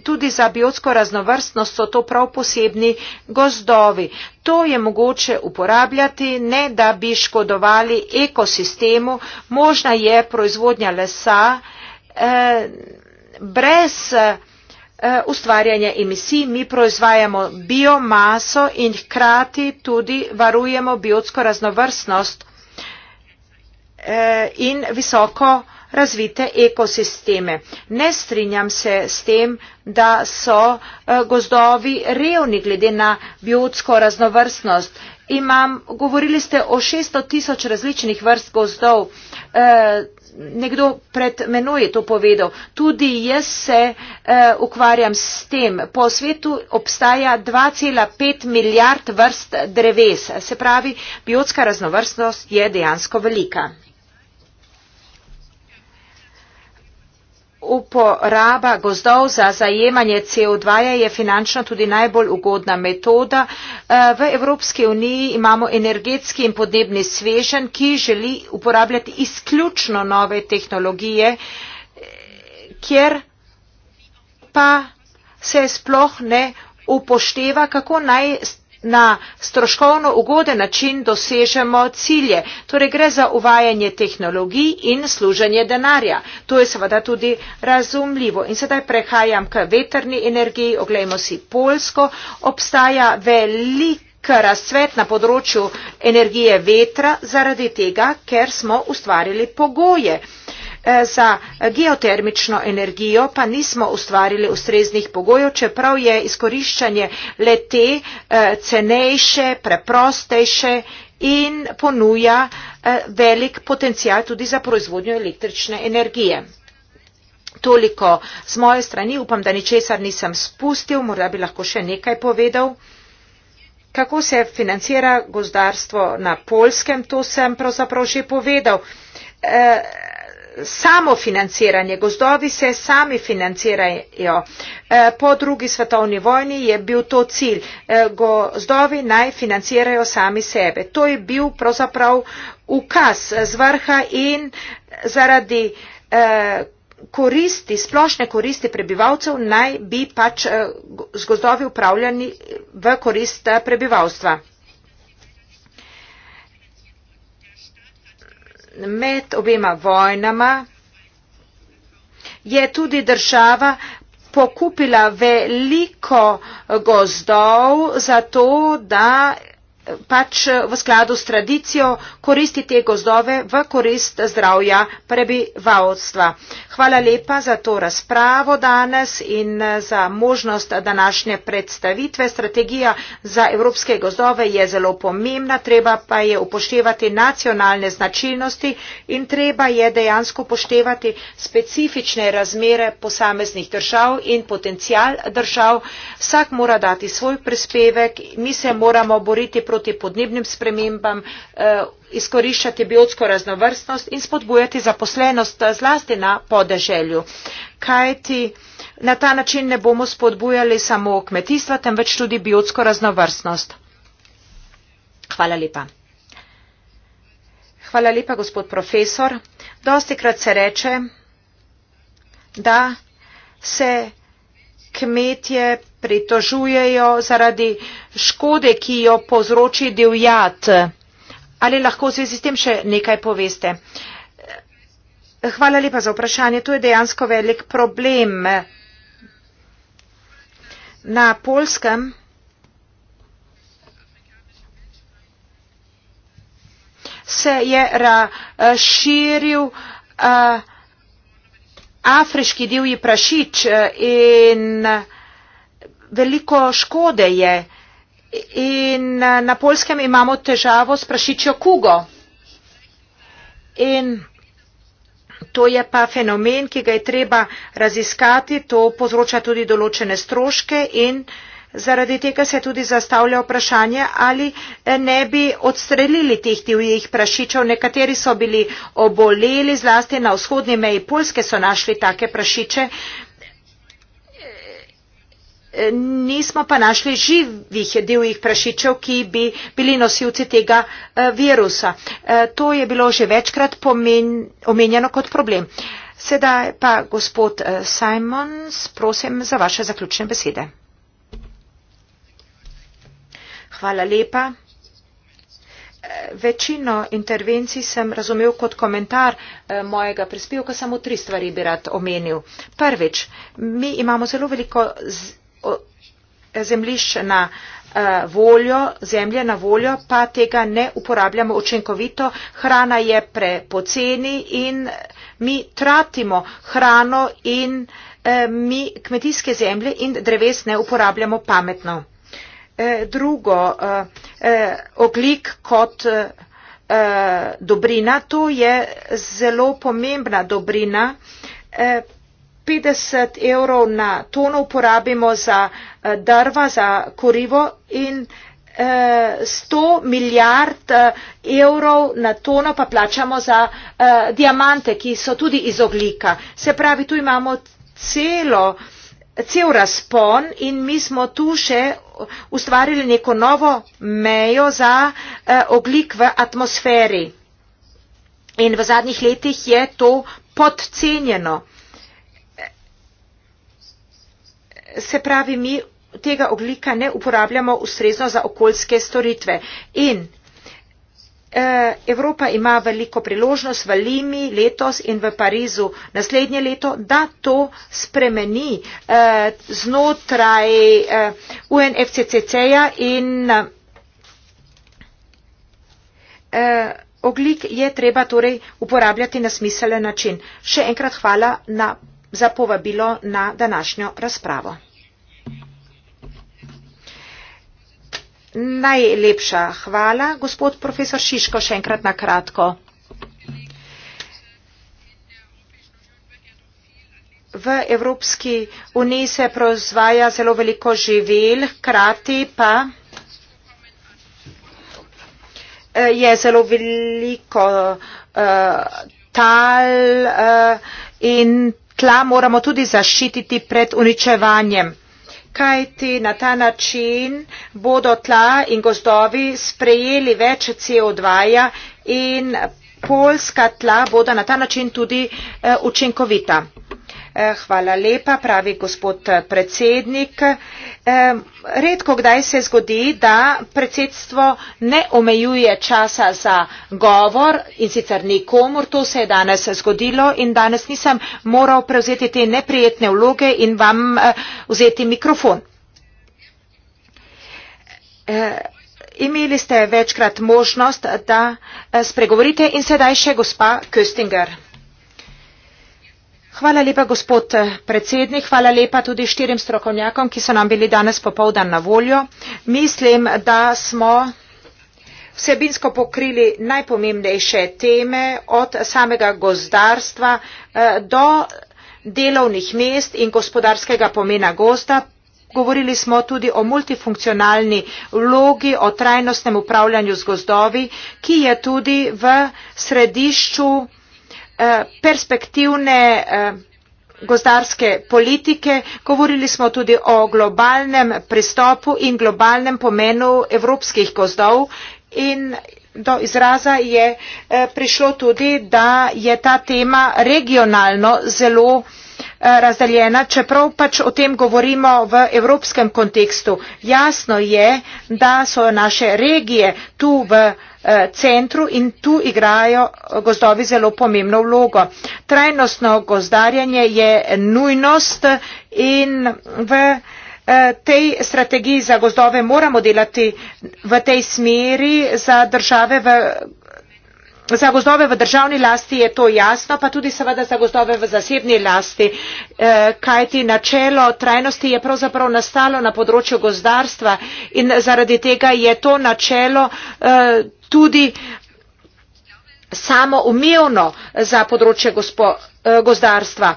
tudi za biotsko raznovrstnost so to prav posebni gozdovi. To je mogoče uporabljati, ne da bi škodovali ekosistemu, možna je proizvodnja lesa eh, brez. Eh, Eh, ustvarjanja emisij, mi proizvajamo biomaso in hkrati tudi varujemo biotsko raznovrstnost eh, in visoko razvite ekosisteme. Ne strinjam se s tem, da so eh, gozdovi revni glede na biotsko raznovrstnost. Imam, govorili ste o 600 tisoč različnih vrst gozdov. Eh, nekdo pred menoj je to povedal. Tudi jaz se eh, ukvarjam s tem. Po svetu obstaja 2,5 milijard vrst dreves. Se pravi, biotska raznovrstnost je dejansko velika. uporaba gozdov za zajemanje CO2 je finančno tudi najbolj ugodna metoda. Eh, v Evropski uniji imamo energetski in podnebni svežen, ki želi uporabljati izključno nove tehnologije, kjer pa se sploh ne upošteva, kako naj na stroškovno ugoden način dosežemo cilje. Torej gre za uvajanje tehnologij in služenje denarja. To je seveda tudi razumljivo. In sedaj prehajam k veterni energiji. Oglejmo si Polsko. Obstaja velik razcvet na področju energije vetra zaradi tega, ker smo ustvarili pogoje. Eh, za geotermično energijo pa nismo ustvarili ustreznih pogojev, čeprav je izkoriščanje le te eh, cenejše, preprostejše in ponuja eh, velik potencijal tudi za proizvodnjo električne energije. Toliko z moje strani, upam, da ničesar nisem spustil, morda bi lahko še nekaj povedal. Kako se financira gozdarstvo na polskem, to sem pravzaprav že povedal samofinanciranje, gozdovi se sami financirajo. E, po drugi svetovni vojni je bil to cilj. E, gozdovi naj financirajo sami sebe. To je bil pravzaprav ukaz z vrha in zaradi e, koristi, splošne koristi prebivalcev naj bi pač z gozdovi upravljani v korist prebivalstva. med obema vojnama je tudi država pokupila veliko gozdov za to, da pač eh, v skladu s tradicijo koristi te gozdove v korist zdravja prebivalstva. Hvala lepa za to razpravo danes in eh, za možnost današnje predstavitve. Strategija za evropske gozdove je zelo pomembna, treba pa je upoštevati nacionalne značilnosti in treba je dejansko upoštevati specifične razmere posameznih držav in potencial držav. Vsak mora dati svoj prispevek, mi se moramo boriti proti proti podnebnim spremembam, eh, izkoriščati biotsko raznovrstnost in spodbujati zaposlenost eh, zlasti na podeželju. Kajti na ta način ne bomo spodbujali samo kmetijstva, temveč tudi biotsko raznovrstnost. Hvala lepa. Hvala lepa, gospod profesor. Dosti krat se reče, da se kmetje pritožujejo zaradi škode, ki jo povzroči divjad. Ali lahko v zvezi s tem še nekaj poveste? Hvala lepa za vprašanje. To je dejansko velik problem. Na polskem se je razširil eh, afriški divji prašič eh, in veliko škode je in eh, na polskem imamo težavo s prašičjo kugo. In to je pa fenomen, ki ga je treba raziskati, to povzroča tudi določene stroške in zaradi tega se tudi zastavlja vprašanje, ali eh, ne bi odstrelili teh divjih prašičev. Nekateri so bili oboleli, zlasti na vzhodni meji Polske so našli take prašiče. Uh, nismo pa našli živih divjih prašičev, ki bi bili nosilci tega eh, virusa. Eh, to je bilo že večkrat omenjeno kot problem. Sedaj pa gospod eh, Simons, prosim za vaše zaključne besede. Hvala lepa. Večino intervencij sem razumel kot komentar mojega prispevka, samo tri stvari bi rad omenil. Prvič, mi imamo zelo veliko zemljišč na eh, voljo, zemlje na voljo, pa tega ne uporabljamo učinkovito. Hrana je prepoceni in mi tratimo hrano in eh, mi kmetijske zemlje in dreves ne uporabljamo pametno. Eh, drugo, oglik kot dobrina, to je zelo pomembna dobrina. 50 evrov na tono uporabimo za eh, drva, za korivo in 100 eh, milijard eh, evrov na tono pa plačamo za diamante, ki so tudi iz oglika. Se pravi, tu imamo celo, cel razpon in mi smo tu še ustvarili neko novo mejo za oglik v atmosferi. In v zadnjih letih je to podcenjeno. se pravi, mi tega oglika ne uporabljamo ustrezno za okoljske storitve. In eh, Evropa ima veliko priložnost v Limi letos in v Parizu naslednje leto, da to spremeni eh, znotraj eh, UNFCCC-ja in oglik je treba torej uporabljati na smiselen način. Še enkrat hvala na, za povabilo na današnjo razpravo. Najlepša hvala, gospod profesor Šiško, še enkrat na kratko. V Evropski uniji se proizvaja zelo veliko živil, hkrati pa eh, je zelo veliko uh, tal uh, in tla moramo tudi zaščititi pred uničevanjem kajti na ta način bodo tla in gozdovi sprejeli več CO2 -ja in poljska tla bodo na ta način tudi eh, učinkovita. Eh, hvala lepa, pravi gospod eh, predsednik. Eh, redko kdaj se zgodi, da predsedstvo ne omejuje časa za govor in sicer nikomor. To se je danes zgodilo in danes nisem moral prevzeti te neprijetne vloge in vam vzeti mikrofon. Imeli ste večkrat možnost, da spregovorite in sedaj še gospa Köstinger. Hvala lepa, gospod eh, predsednik. Hvala lepa tudi štirim strokovnjakom, ki so nam bili danes popovdan na voljo. Mislim, da smo vsebinsko pokrili najpomembnejše teme od samega gozdarstva eh, do delovnih mest in gospodarskega pomena gozda. Govorili smo tudi o multifunkcionalni vlogi, o trajnostnem upravljanju z gozdovi, ki je tudi v središču Eh, perspektivne eh, gozdarske politike govorili smo tudi o globalnem pristopu in globalnem pomenu evropskih gozdov in do izraza je eh, prišlo tudi da je ta tema regionalno zelo eh, Eh, razdeljena, čeprav pač o tem govorimo v evropskem kontekstu. Jasno je, da so naše regije tu v eh, centru in tu igrajo eh, gozdovi zelo pomembno vlogo. Trajnostno gozdarjanje je nujnost in v tej strategiji za gozdove moramo delati v tej smeri za države v za gozdove v državni lasti je to jasno, pa tudi seveda za gozdove v zasebni lasti, eh, kajti načelo trajnosti je pravzaprav nastalo na področju gozdarstva in zaradi tega je to načelo eh, tudi samo umevno za področje eh, gozdarstva.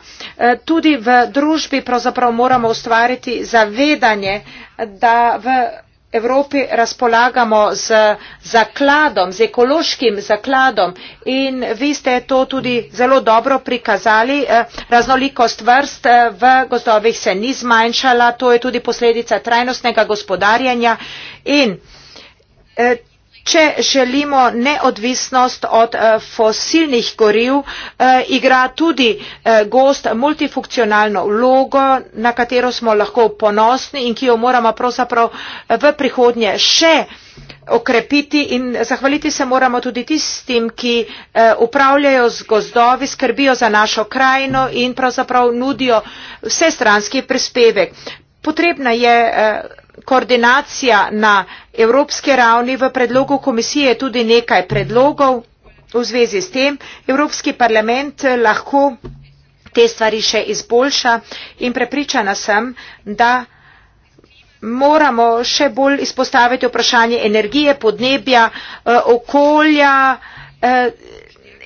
Tudi v družbi pravzaprav moramo ustvariti zavedanje, da v Evropi razpolagamo z zakladom, z ekološkim zakladom in vi ste to tudi zelo dobro prikazali. Eh, raznolikost vrst eh, v gozdovih se ni zmanjšala, to je tudi posledica trajnostnega gospodarjanja in eh, če želimo neodvisnost od eh, fosilnih goriv, eh, igra tudi eh, gost multifunkcionalno vlogo, na katero smo lahko ponosni in ki jo moramo pravzaprav v prihodnje še okrepiti in zahvaliti se moramo tudi tistim, ki upravljajo z gozdovi, skrbijo za našo krajino in pravzaprav nudijo vsestranski prispevek. Potrebna je koordinacija na evropske ravni. V predlogu komisije je tudi nekaj predlogov v zvezi s tem. Evropski parlament lahko te stvari še izboljša in prepričana sem, da moramo še bolj izpostaviti vprašanje energije, podnebja, eh, okolja, eh,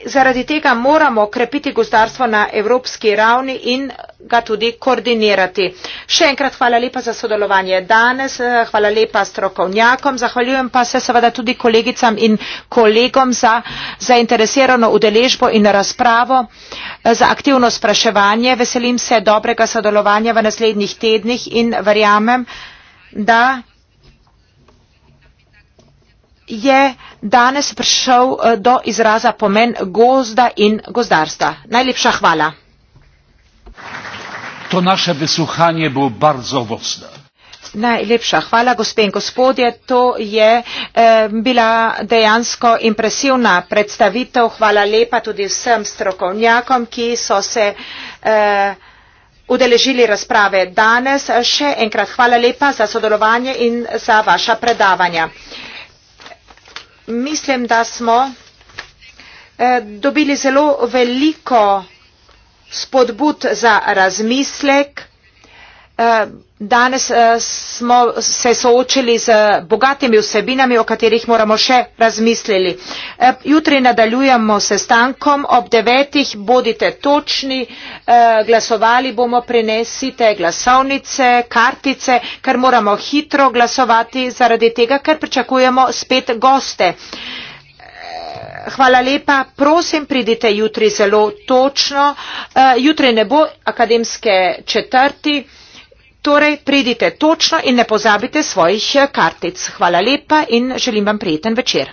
zaradi tega moramo krepiti gospodarstvo na evropski ravni in ga tudi koordinirati. Še enkrat hvala lepa za sodelovanje danes, hvala lepa strokovnjakom, zahvaljujem pa se seveda tudi kolegicam in kolegom za zainteresirano udeležbo in razpravo, za aktivno spraševanje. Veselim se dobrega sodelovanja v naslednjih tednih in verjamem, da je danes prišel eh, do izraza pomen gozda in gozdarstva. Najlepša hvala. To naše besuhanje bo bardzo vosno. Najlepša hvala, gospe in gospodje. To je eh, bila dejansko impresivna predstavitev. Hvala lepa tudi vsem strokovnjakom, ki so se eh, udeležili razprave danes. Še enkrat hvala lepa za sodelovanje in za vaša predavanja. Eh, mislim, da smo eh, dobili zelo veliko spodbud za razmislek, eh, danes eh, smo se soočili z bogatimi vsebinami o katerih moramo še razmisliti eh, jutri nadaljujemo s sestankom ob devetih bodite točni eh, glasovali bomo prinesite glasovnice kartice ker moramo hitro glasovati zaradi tega ker pričakujemo spet goste Hvala lepa, prosim pridite jutri zelo točno. Jutri ne bo akademske četrti. Torej, pridite točno in ne pozabite svojih eh, kartic. Hvala lepa in želim vam prijeten večer.